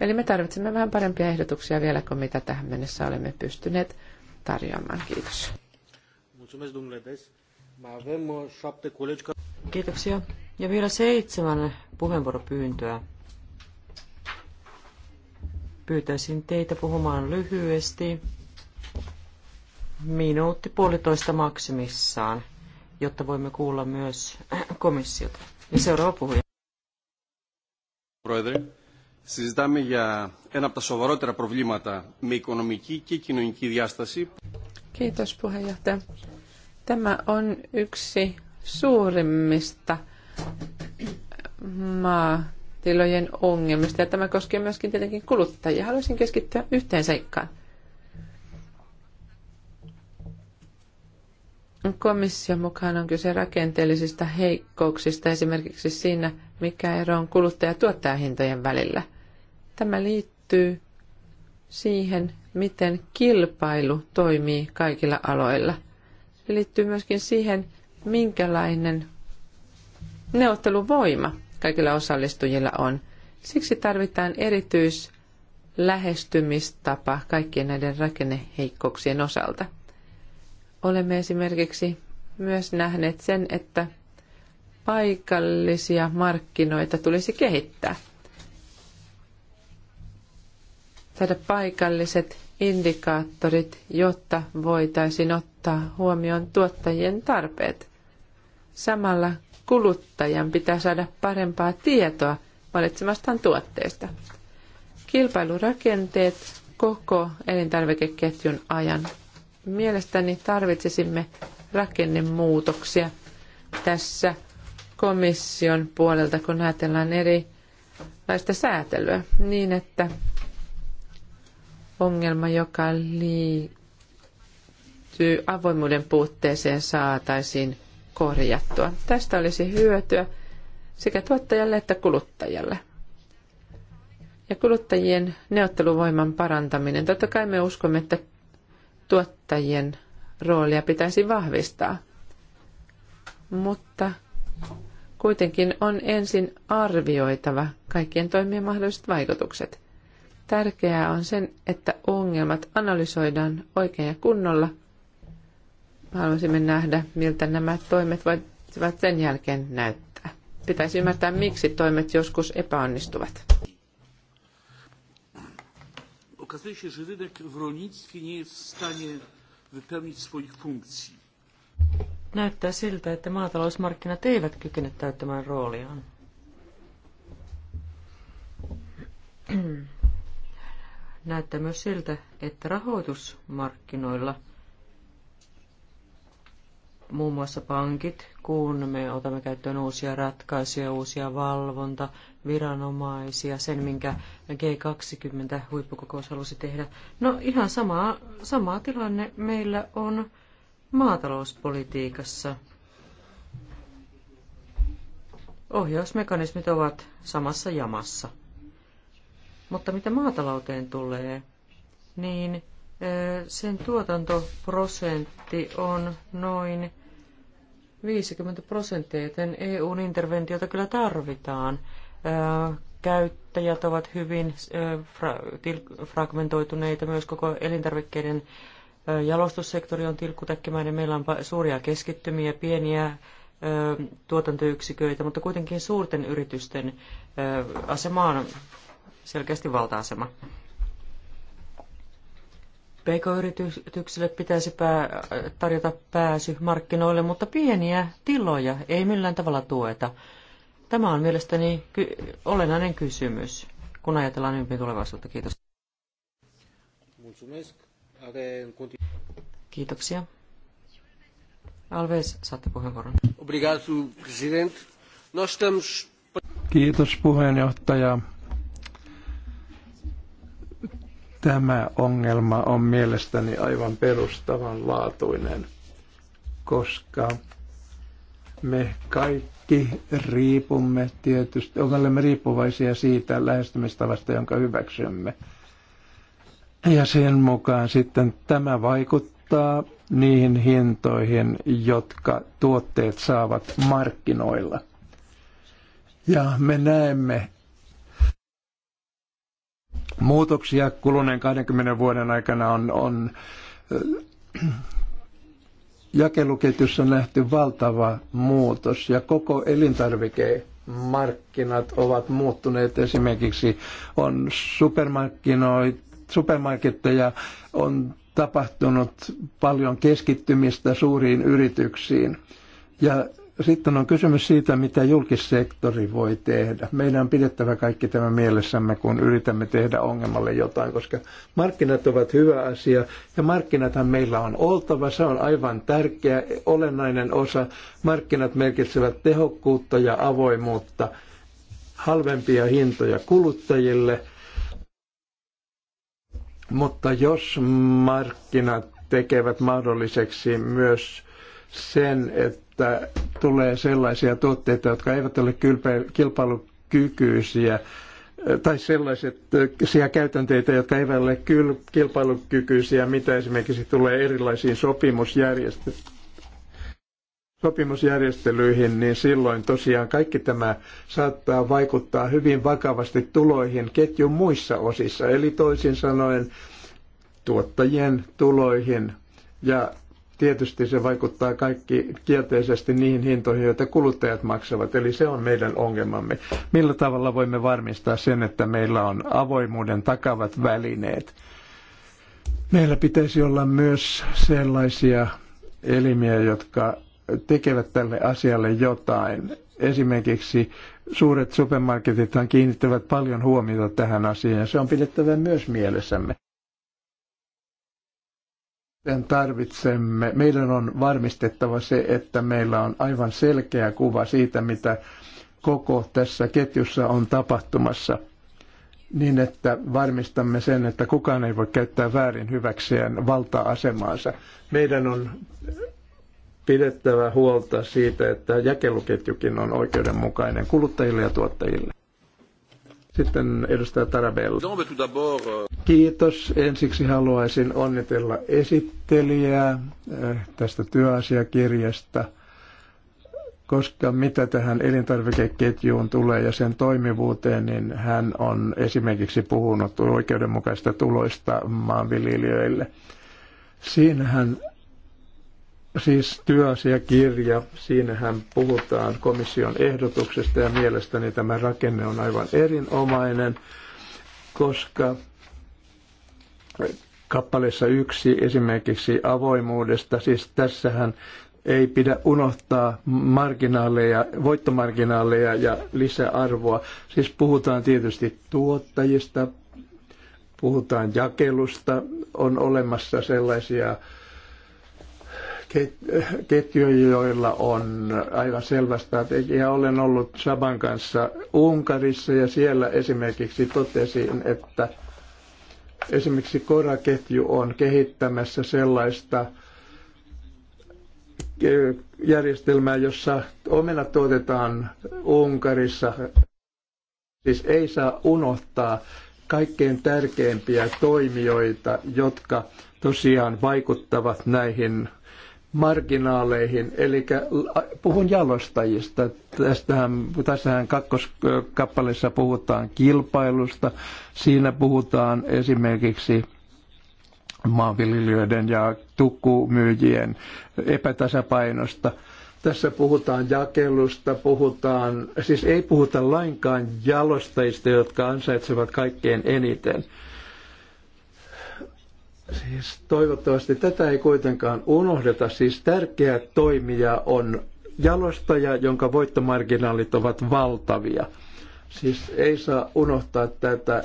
Eli me tarvitsemme vähän parempia ehdotuksia vielä kuin mitä tähän mennessä olemme pystyneet tarjoamaan. Kiitos. Uh, Kiitoksia. Ja vielä seitsemän puheenvuoropyyntöä. Pyytäisin teitä puhumaan lyhyesti minuutti puolitoista maksimissaan, jotta voimme kuulla myös komissiota. Ja seuraava puhuja. Πρόεδρε, συζητάμε για ένα από τα σοβαρότερα προβλήματα με οικονομική και κοινωνική διάσταση. Kiitos puheenjohtaja. Tämä on yksi suurimmista maatilojen ongelmista ja tämä koskee myöskin tietenkin kuluttajia. Haluaisin keskittyä yhteen seikkaan – Komission mukaan on kyse rakenteellisista heikkouksista esimerkiksi siinä, mikä ero on kuluttaja-tuottajahintojen välillä. Tämä liittyy siihen, miten kilpailu toimii kaikilla aloilla. Se liittyy myöskin siihen, minkälainen neuvotteluvoima kaikilla osallistujilla on. Siksi tarvitaan erityislähestymistapa kaikkien näiden rakenneheikkouksien osalta – Olemme esimerkiksi myös nähneet sen, että paikallisia markkinoita tulisi kehittää. Saada paikalliset indikaattorit, jotta voitaisiin ottaa huomioon tuottajien tarpeet. Samalla kuluttajan pitää saada parempaa tietoa valitsemastaan tuotteesta. Kilpailurakenteet koko elintarvikeketjun ajan Mielestäni tarvitsisimme rakennemuutoksia tässä komission puolelta, kun ajatellaan erilaista säätelyä, niin että ongelma, joka liittyy avoimuuden puutteeseen, saataisiin korjattua. Tästä olisi hyötyä sekä tuottajalle että kuluttajalle. Ja kuluttajien neuvotteluvoiman parantaminen. Totta kai me uskomme, että tuottajien roolia pitäisi vahvistaa. Mutta kuitenkin on ensin arvioitava kaikkien toimien mahdolliset vaikutukset. Tärkeää on sen, että ongelmat analysoidaan oikein ja kunnolla. Haluaisimme nähdä, miltä nämä toimet voivat sen jälkeen näyttää. Pitäisi ymmärtää, miksi toimet joskus epäonnistuvat okazuje się, że rynek w rolnictwie nie jest w stanie wypełnić swoich funkcji. Näyttää siltä, että maatalousmarkkinat eivät kykene täyttämään rooliaan. Näyttää myös siltä, että rahoitusmarkkinoilla – muun muassa pankit, kun me otamme käyttöön uusia ratkaisuja, uusia valvonta, viranomaisia, sen minkä G20-huippukokous halusi tehdä. No ihan sama, sama tilanne meillä on maatalouspolitiikassa. Ohjausmekanismit ovat samassa jamassa. Mutta mitä maatalouteen tulee, niin sen tuotantoprosentti on noin 50 prosenttia, joten EUn interventiota kyllä tarvitaan. Käyttäjät ovat hyvin fragmentoituneita, myös koko elintarvikkeiden jalostussektori on tilkkutäkkimäinen. Meillä on suuria keskittymiä, pieniä tuotantoyksiköitä, mutta kuitenkin suurten yritysten asema on selkeästi valta-asema. PK-yrityksille pitäisi pää, tarjota pääsy markkinoille, mutta pieniä tiloja ei millään tavalla tueta. Tämä on mielestäni ky- olennainen kysymys, kun ajatellaan ympin tulevaisuutta. Kiitos. Kiitoksia. Alves, saatte puheenvuoron. Kiitos puheenjohtaja. Tämä ongelma on mielestäni aivan perustavanlaatuinen, koska me kaikki riipumme tietysti, olemme riippuvaisia siitä lähestymistavasta, jonka hyväksymme. Ja sen mukaan sitten tämä vaikuttaa niihin hintoihin, jotka tuotteet saavat markkinoilla. Ja me näemme muutoksia kuluneen 20 vuoden aikana on, on jakeluketjussa nähty valtava muutos ja koko elintarvike markkinat ovat muuttuneet. Esimerkiksi on supermarketteja, on tapahtunut paljon keskittymistä suuriin yrityksiin. Ja sitten on kysymys siitä, mitä julkissektori voi tehdä. Meidän on pidettävä kaikki tämä mielessämme, kun yritämme tehdä ongelmalle jotain, koska markkinat ovat hyvä asia ja markkinathan meillä on oltava. Se on aivan tärkeä, olennainen osa. Markkinat merkitsevät tehokkuutta ja avoimuutta, halvempia hintoja kuluttajille. Mutta jos markkinat tekevät mahdolliseksi myös sen, että että tulee sellaisia tuotteita, jotka eivät ole kilpailukykyisiä, tai äh, sellaisia käytänteitä, jotka eivät ole kilpailukykyisiä, mitä esimerkiksi tulee erilaisiin sopimusjärjestelmiin sopimusjärjestelyihin, niin silloin tosiaan kaikki tämä saattaa vaikuttaa hyvin vakavasti tuloihin ketjun muissa osissa, eli toisin sanoen tuottajien tuloihin ja tietysti se vaikuttaa kaikki kielteisesti niihin hintoihin, joita kuluttajat maksavat. Eli se on meidän ongelmamme. Millä tavalla voimme varmistaa sen, että meillä on avoimuuden takavat välineet? Meillä pitäisi olla myös sellaisia elimiä, jotka tekevät tälle asialle jotain. Esimerkiksi suuret supermarketithan kiinnittävät paljon huomiota tähän asiaan. Se on pidettävä myös mielessämme. Sitten tarvitsemme, meidän on varmistettava se, että meillä on aivan selkeä kuva siitä, mitä koko tässä ketjussa on tapahtumassa, niin että varmistamme sen, että kukaan ei voi käyttää väärin hyväkseen valta-asemaansa. Meidän on pidettävä huolta siitä, että jakeluketjukin on oikeudenmukainen kuluttajille ja tuottajille. Sitten edustaja Tarabella. Euh, Kiitos. Ensiksi haluaisin onnitella esittelijää äh, tästä työasiakirjasta, koska mitä tähän elintarvikeketjuun tulee ja sen toimivuuteen, niin hän on esimerkiksi puhunut oikeudenmukaista tuloista maanviljelijöille. Siinähän siis työasiakirja, siinähän puhutaan komission ehdotuksesta ja mielestäni tämä rakenne on aivan erinomainen, koska kappaleessa yksi esimerkiksi avoimuudesta, siis tässähän ei pidä unohtaa marginaaleja, voittomarginaaleja ja lisäarvoa. Siis puhutaan tietysti tuottajista, puhutaan jakelusta, on olemassa sellaisia ketjuja, joilla on aivan selvä strategia. Olen ollut Saban kanssa Unkarissa ja siellä esimerkiksi totesin, että esimerkiksi koraketju on kehittämässä sellaista eh, järjestelmää, jossa omenat tuotetaan Unkarissa. Siis ei saa unohtaa kaikkein tärkeimpiä toimijoita, jotka tosiaan vaikuttavat näihin marginaaleihin, eli puhun jalostajista. Tästähän, tässähän kakkoskappaleessa puhutaan kilpailusta. Siinä puhutaan esimerkiksi maanviljelijöiden ja tukkumyyjien epätasapainosta. Tässä puhutaan jakelusta, puhutaan, siis ei puhuta lainkaan jalostajista, jotka ansaitsevat kaikkein eniten. Siis toivottavasti tätä ei kuitenkaan unohdeta. Siis tärkeä toimija on jalostaja, jonka voittomarginaalit ovat valtavia. Siis ei saa unohtaa tätä.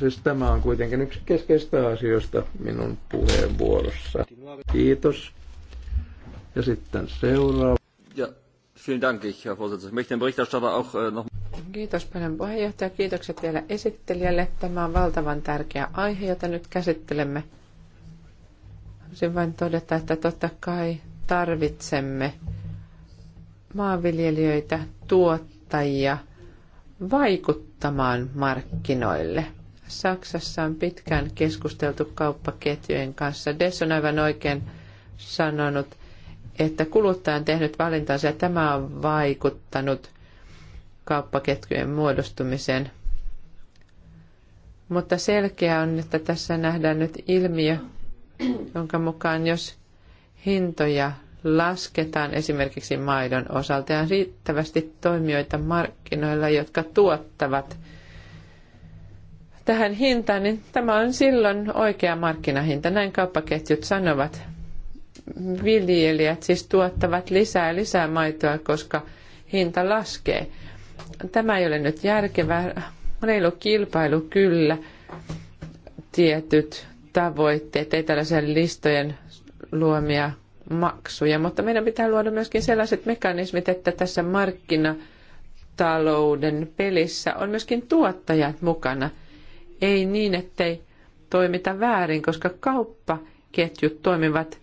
Siis tämä on kuitenkin yksi keskeistä asioista minun puheenvuorossa. Kiitos. Ja sitten seuraava. Ja, vielen Dank, Herr Vorsitzender. Ich möchte den Berichterstatter auch äh, noch Kiitos paljon puheenjohtaja. Kiitokset vielä esittelijälle. Tämä on valtavan tärkeä aihe, jota nyt käsittelemme. Haluaisin vain todeta, että totta kai tarvitsemme maanviljelijöitä, tuottajia vaikuttamaan markkinoille. Saksassa on pitkään keskusteltu kauppaketjujen kanssa. Des on aivan oikein sanonut, että kuluttaja on tehnyt valintansa ja tämä on vaikuttanut kauppaketjujen muodostumiseen. Mutta selkeää on, että tässä nähdään nyt ilmiö, jonka mukaan jos hintoja lasketaan esimerkiksi maidon osalta ja on riittävästi toimijoita markkinoilla, jotka tuottavat tähän hintaan, niin tämä on silloin oikea markkinahinta. Näin kauppaketjut sanovat. Viljelijät siis tuottavat lisää lisää maitoa, koska hinta laskee tämä ei ole nyt järkevää. on kilpailu kyllä, tietyt tavoitteet, ei tällaisen listojen luomia maksuja, mutta meidän pitää luoda myöskin sellaiset mekanismit, että tässä markkinatalouden pelissä on myöskin tuottajat mukana. Ei niin, ettei toimita väärin, koska kauppaketjut toimivat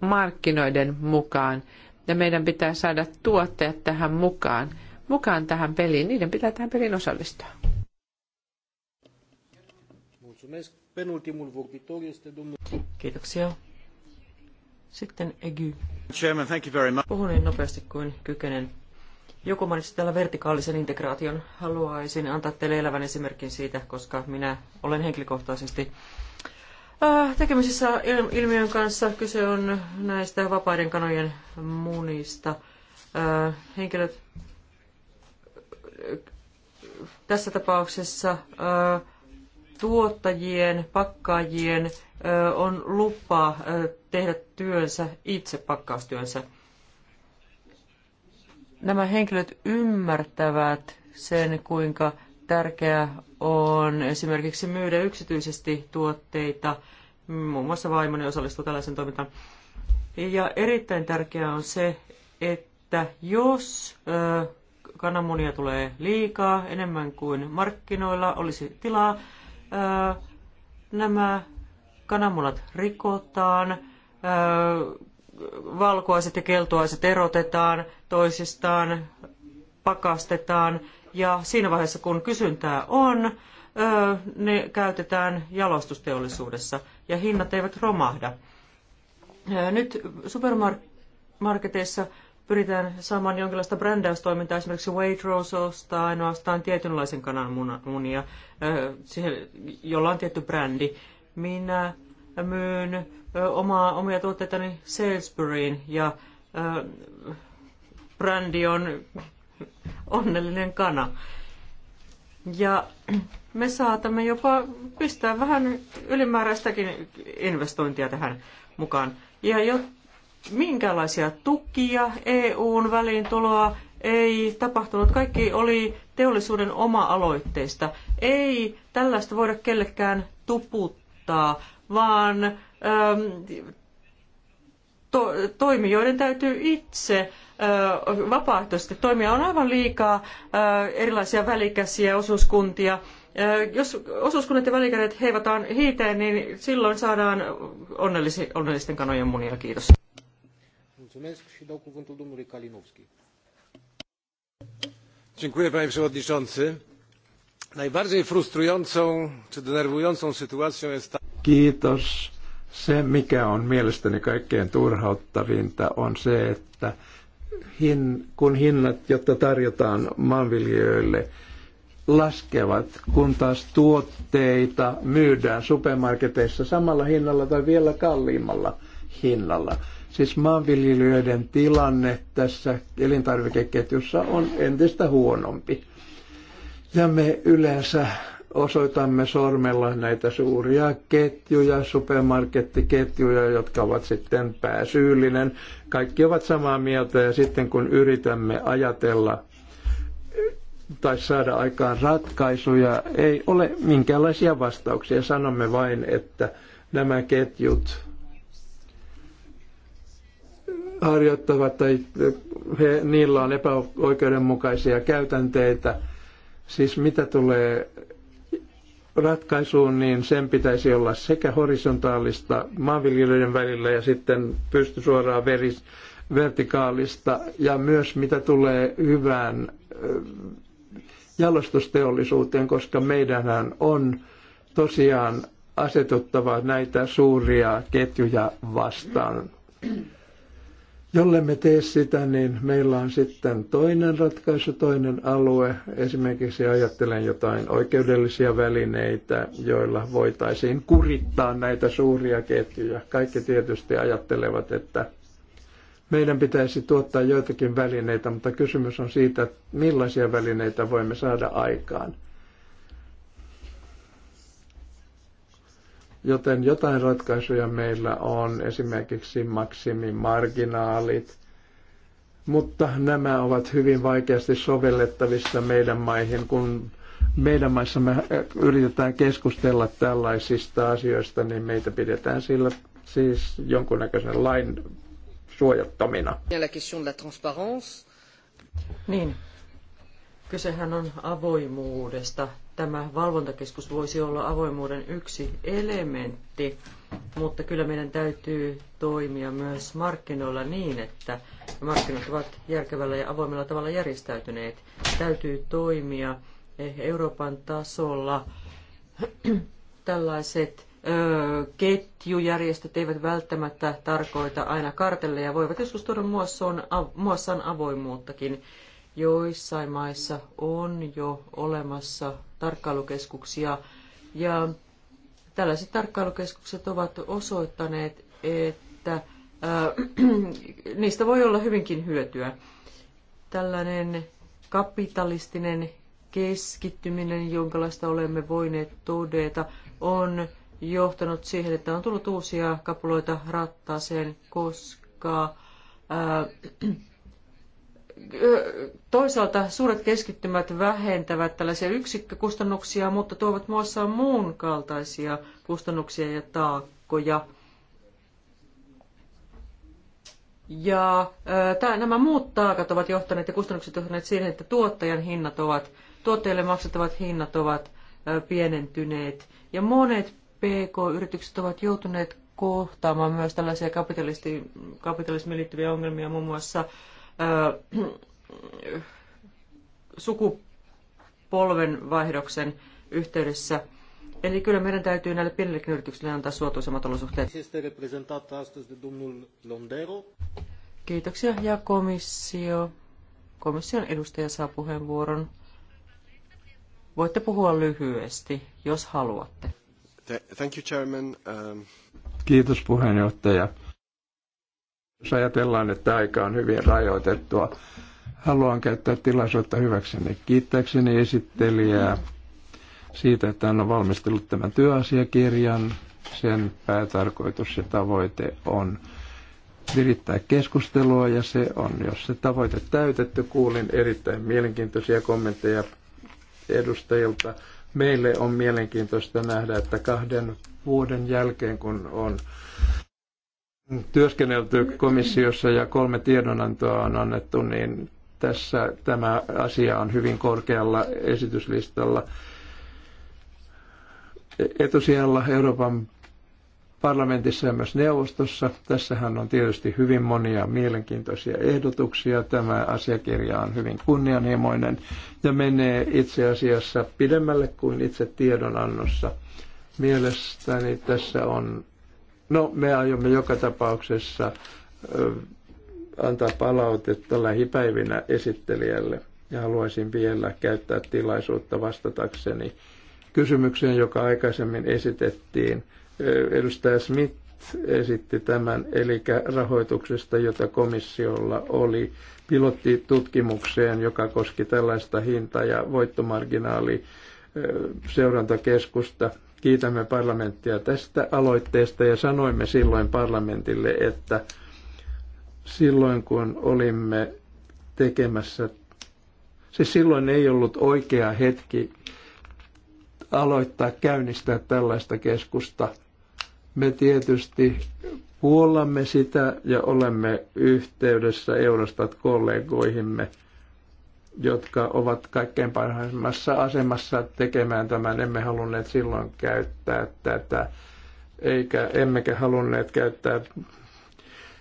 markkinoiden mukaan ja meidän pitää saada tuotteet tähän mukaan mukaan tähän peliin. Niiden pitää tähän peliin osallistua. Kiitoksia. Sitten EGY. Chairman, thank you very much. Puhun niin nopeasti kuin kykenen. Joku mainitsi täällä vertikaalisen integraation. Haluaisin antaa teille elävän esimerkin siitä, koska minä olen henkilökohtaisesti äh, tekemisissä ilmiön kanssa. Kyse on näistä vapaiden kanojen munista. Äh, henkilöt tässä tapauksessa tuottajien, pakkaajien on lupa tehdä työnsä, itse pakkaustyönsä. Nämä henkilöt ymmärtävät sen, kuinka tärkeää on esimerkiksi myydä yksityisesti tuotteita. Muun muassa vaimoni osallistuu tällaisen toimintaan. Ja erittäin tärkeää on se, että jos kananmunia tulee liikaa, enemmän kuin markkinoilla olisi tilaa. Öö, nämä kananmunat rikotaan, öö, valkuaiset ja keltuaiset erotetaan toisistaan, pakastetaan ja siinä vaiheessa kun kysyntää on, öö, ne käytetään jalostusteollisuudessa ja hinnat eivät romahda. Nyt supermarketeissa pyritään saamaan jonkinlaista brändäystoimintaa. Esimerkiksi Waitrose ostaa ainoastaan tietynlaisen kanan munia, jolla on tietty brändi. Minä myyn omaa, omia tuotteitani Salisburyin ja brändi on onnellinen kana. Ja me saatamme jopa pistää vähän ylimääräistäkin investointia tähän mukaan. Ja jotta minkäänlaisia tukia, EUn väliintuloa ei tapahtunut. Kaikki oli teollisuuden oma-aloitteista. Ei tällaista voida kellekään tuputtaa, vaan äm, to, toimijoiden täytyy itse ö, äh, vapaaehtoisesti toimia. On aivan liikaa ö, äh, erilaisia välikäsiä, osuuskuntia. Äh, jos osuuskunnat ja välikädet heivataan hiiteen, niin silloin saadaan onnellisi, onnellisten kanojen munia. Kiitos. Mulțumesc și dau cuvântul domnului Kalinowski. Dziękuję panie przewodniczący. Najbardziej frustrującą czy denerwującą sytuacją jest ta... Kiitos. Se, mikä on mielestäni kaikkein turhauttavinta, on se, että hin, kun hinnat, jotta tarjotaan maanviljelijöille, laskevat, kun taas tuotteita myydään supermarketeissa samalla hinnalla tai vielä kalliimmalla hinnalla. Siis maanviljelijöiden tilanne tässä elintarvikeketjussa on entistä huonompi. Ja me yleensä osoitamme sormella näitä suuria ketjuja, supermarkettiketjuja, jotka ovat sitten pääsyyllinen. Kaikki ovat samaa mieltä ja sitten kun yritämme ajatella tai saada aikaan ratkaisuja, ei ole minkäänlaisia vastauksia. Sanomme vain, että nämä ketjut harjoittavat tai he, niillä on epäoikeudenmukaisia käytänteitä. Siis mitä tulee ratkaisuun, niin sen pitäisi olla sekä horisontaalista maanviljelijöiden välillä ja sitten pysty suoraan veris, vertikaalista ja myös mitä tulee hyvään jalostusteollisuuteen, koska meidänhän on tosiaan asetuttava näitä suuria ketjuja vastaan. Jolle me tee sitä, niin meillä on sitten toinen ratkaisu, toinen alue. Esimerkiksi ajattelen jotain oikeudellisia välineitä, joilla voitaisiin kurittaa näitä suuria ketjuja. Kaikki tietysti ajattelevat, että meidän pitäisi tuottaa joitakin välineitä, mutta kysymys on siitä, millaisia välineitä voimme saada aikaan. Joten jotain ratkaisuja meillä on, esimerkiksi maksimimarginaalit, mutta nämä ovat hyvin vaikeasti sovellettavissa meidän maihin, kun meidän maissa me äh, yritetään keskustella tällaisista asioista, niin meitä pidetään sillä siis jonkunnäköisen lain suojattomina. Niin, kysehän on avoimuudesta tämä valvontakeskus voisi olla avoimuuden yksi elementti, mutta kyllä meidän täytyy toimia myös markkinoilla niin, että markkinat ovat järkevällä ja avoimella tavalla järjestäytyneet. Täytyy toimia eh, Euroopan tasolla tällaiset ö, ketjujärjestöt eivät välttämättä tarkoita aina kartelleja, voivat joskus tuoda muassaan avoimuuttakin. Joissain maissa on jo olemassa tarkkailukeskuksia. Ja tällaiset tarkkailukeskukset ovat osoittaneet, että äh, niistä voi olla hyvinkin hyötyä. Tällainen kapitalistinen keskittyminen, jonkalaista olemme voineet todeta, on johtanut siihen, että on tullut uusia kapuloita rattaaseen, koska ää, äh, toisaalta suuret keskittymät vähentävät tällaisia yksikkökustannuksia, mutta tuovat muassa muun kaltaisia kustannuksia ja taakkoja. Ja tää, nämä muut taakat ovat johtaneet ja kustannukset johtaneet siihen, että tuottajan hinnat ovat, tuottajille maksettavat hinnat ovat pienentyneet. Ja monet PK-yritykset ovat joutuneet kohtaamaan myös tällaisia kapitalismiin liittyviä ongelmia, muun muassa sukupolven vaihdoksen yhteydessä. Eli kyllä meidän täytyy näille pienillekin yrityksille antaa suotuisemmat olosuhteet. Kiitoksia. Ja komissio. Komission edustaja saa puheenvuoron. Voitte puhua lyhyesti, jos haluatte. Thank you, Chairman. Um, Kiitos puheenjohtaja. Jos ajatellaan, että aika on hyvin rajoitettua, haluan käyttää tilaisuutta hyväkseni kiittääkseni esittelijää siitä, että hän on valmistellut tämän työasiakirjan. Sen päätarkoitus ja tavoite on virittää keskustelua ja se on, jos se tavoite täytetty, kuulin erittäin mielenkiintoisia kommentteja edustajilta. Meille on mielenkiintoista nähdä, että kahden vuoden jälkeen, kun on työskennelty komissiossa ja kolme tiedonantoa on annettu, niin tässä tämä asia on hyvin korkealla esityslistalla. Etusijalla Euroopan parlamentissa ja myös neuvostossa. Tässähän on tietysti hyvin monia mielenkiintoisia ehdotuksia. Tämä asiakirja on hyvin kunnianhimoinen ja menee itse asiassa pidemmälle kuin itse tiedonannossa. Mielestäni tässä on No, me aiomme joka tapauksessa antaa palautetta lähipäivinä esittelijälle. Ja haluaisin vielä käyttää tilaisuutta vastatakseni kysymykseen, joka aikaisemmin esitettiin. Edustaja Smith esitti tämän, eli rahoituksesta, jota komissiolla oli pilottitutkimukseen, joka koski tällaista hinta- ja voittomarginaali seurantakeskusta. Kiitämme parlamenttia tästä aloitteesta ja sanoimme silloin parlamentille, että silloin kun olimme tekemässä, siis silloin ei ollut oikea hetki aloittaa käynnistää tällaista keskusta. Me tietysti puollamme sitä ja olemme yhteydessä Eurostat-kollegoihimme – jotka ovat kaikkein parhaimmassa asemassa tekemään tämän. Emme halunneet silloin käyttää tätä, eikä emmekä halunneet käyttää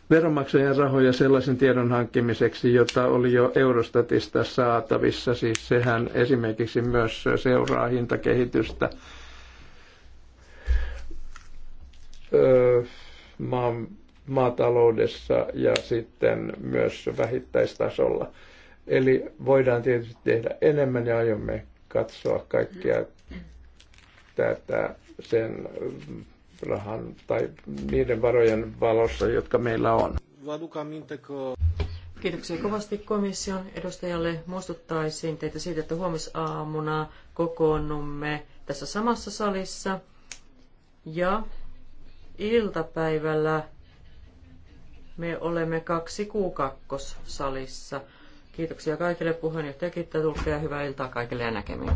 veronmaksajien rahoja sellaisen tiedon hankkimiseksi, jota oli jo Eurostatista saatavissa. Siis sehän esimerkiksi myös seuraa hintakehitystä öö, maataloudessa ja sitten myös vähittäistasolla. Eli voidaan tietysti tehdä enemmän ja aiomme katsoa kaikkia tätä sen mm, rahan tai niiden varojen valossa, jotka meillä on. Kiitoksia kovasti komission edustajalle. Muistuttaisin teitä siitä, että huomisaamuna kokoonnumme tässä samassa salissa ja iltapäivällä me olemme kaksi kuukakkos salissa. Kiitoksia kaikille puheenjohtaja, ja tulkkeja, hyvää iltaa kaikille ja näkemiin.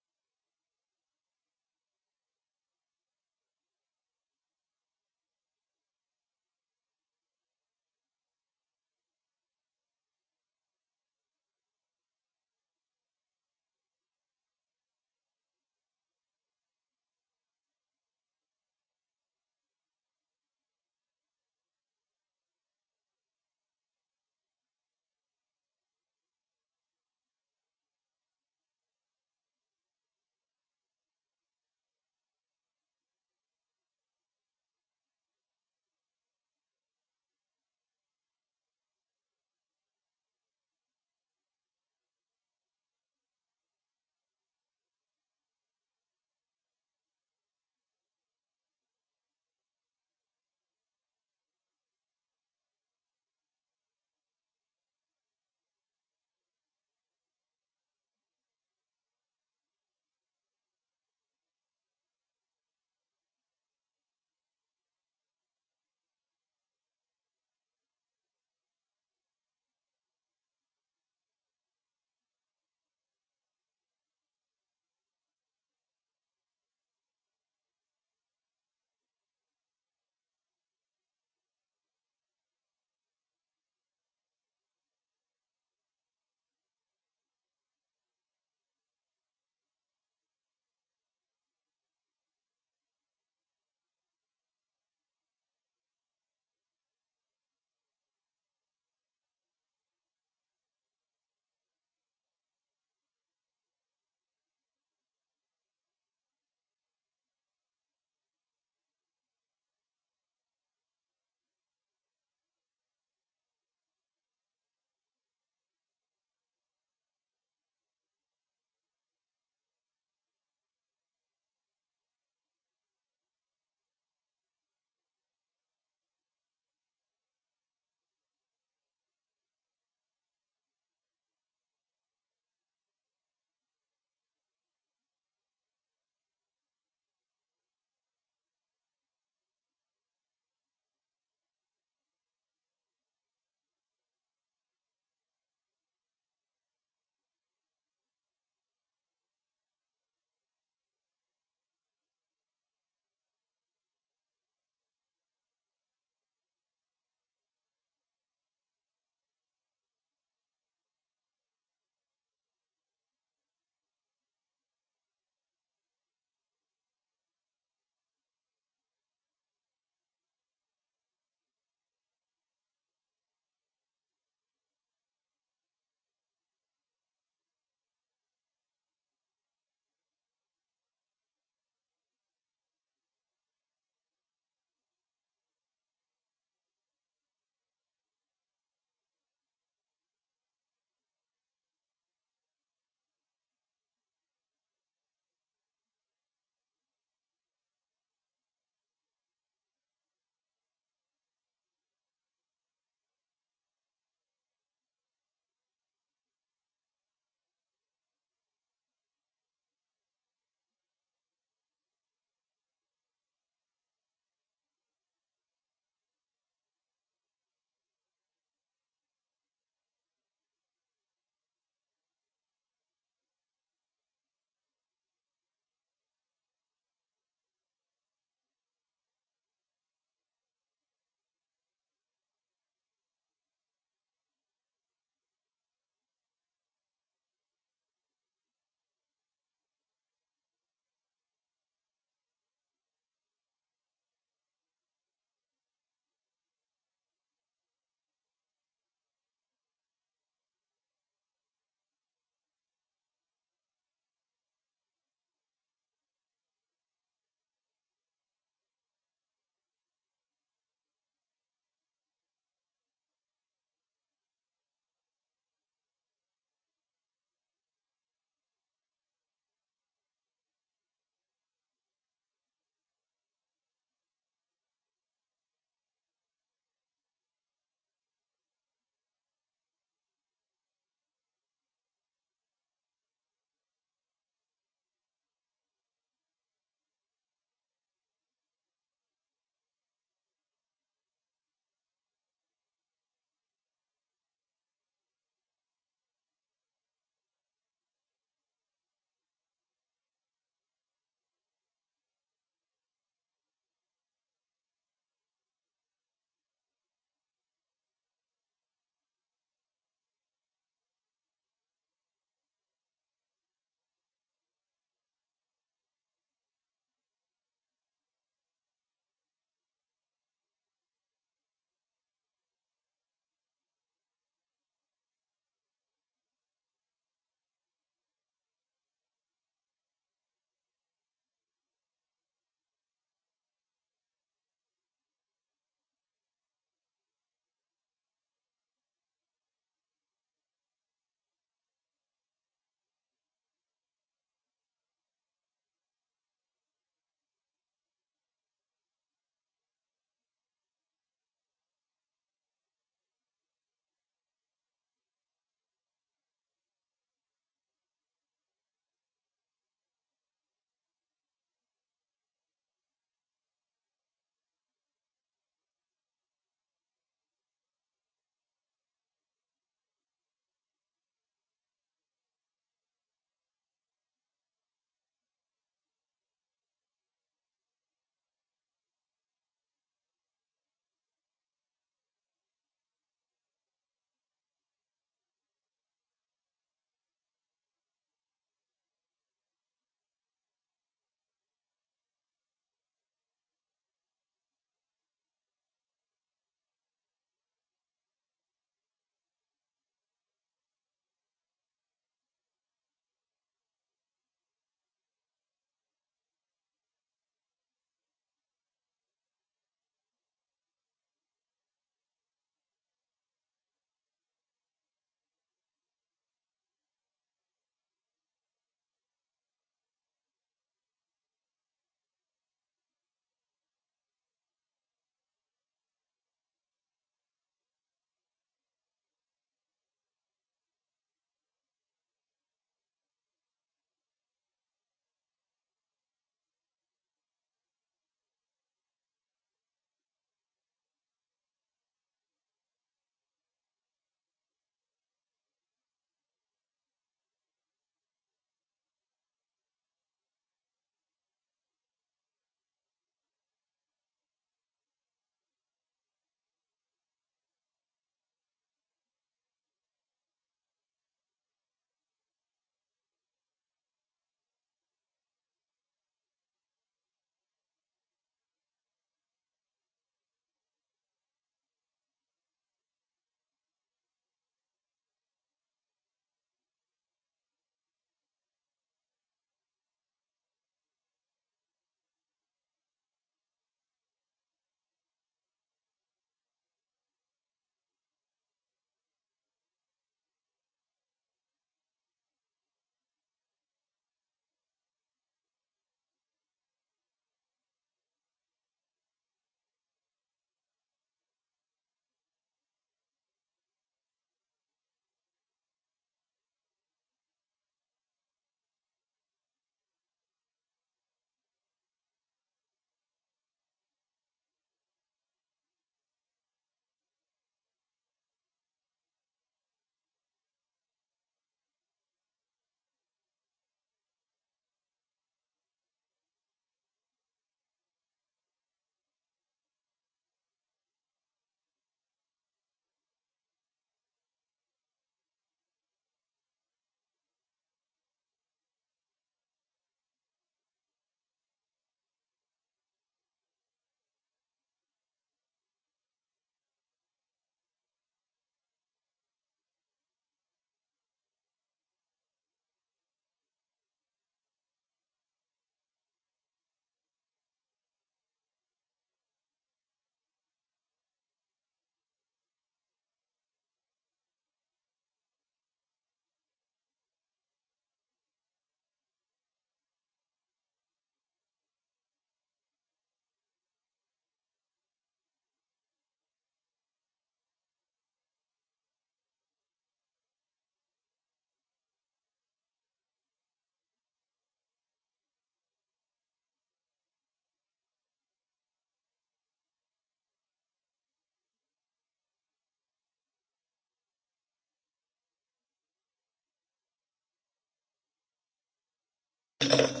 you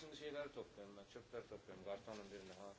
şimdi şeyler topluyorum ben. Çöpler topluyorum. Kartonun birini ha.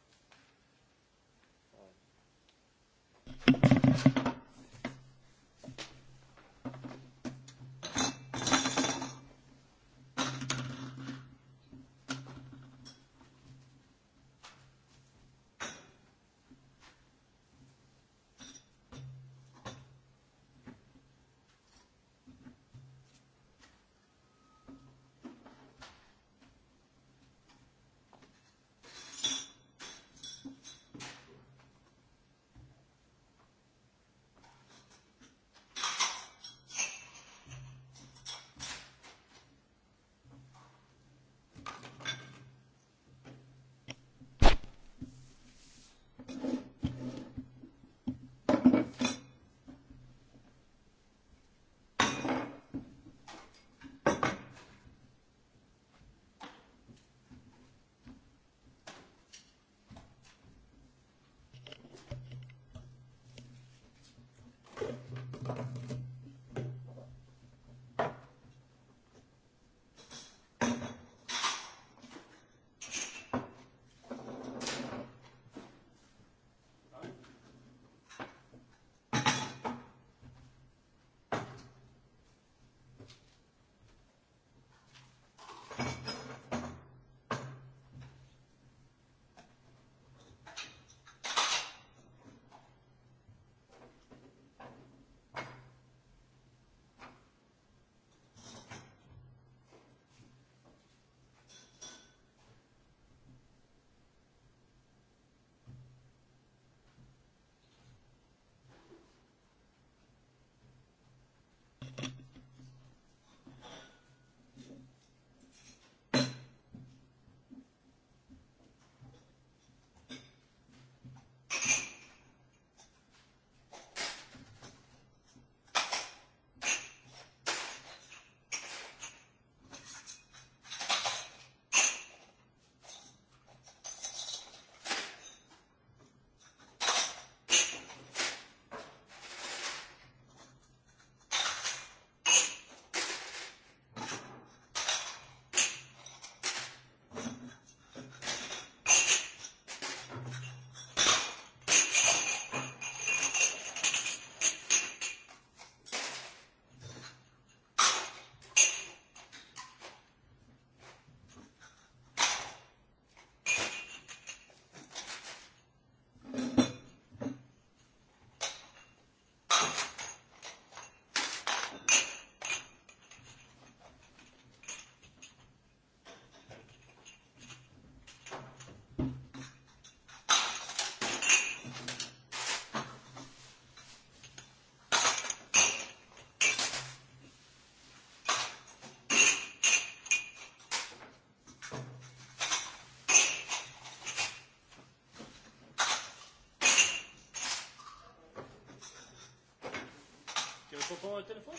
Faut prendre le téléphone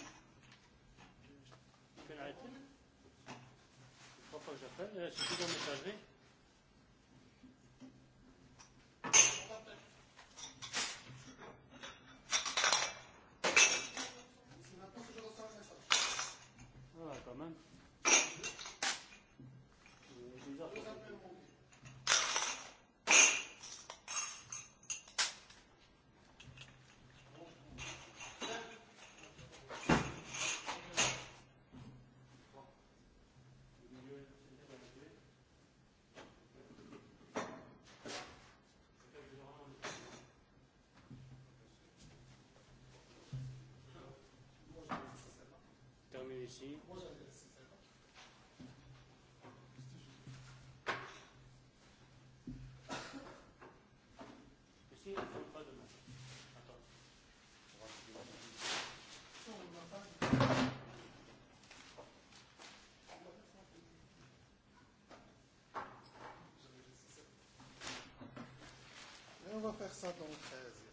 Quelle a été Trois fois que j'appelle, c'est toujours messagerie. ici. Ici, on ne pas de nom. Attends. Et on va faire ça dans 13.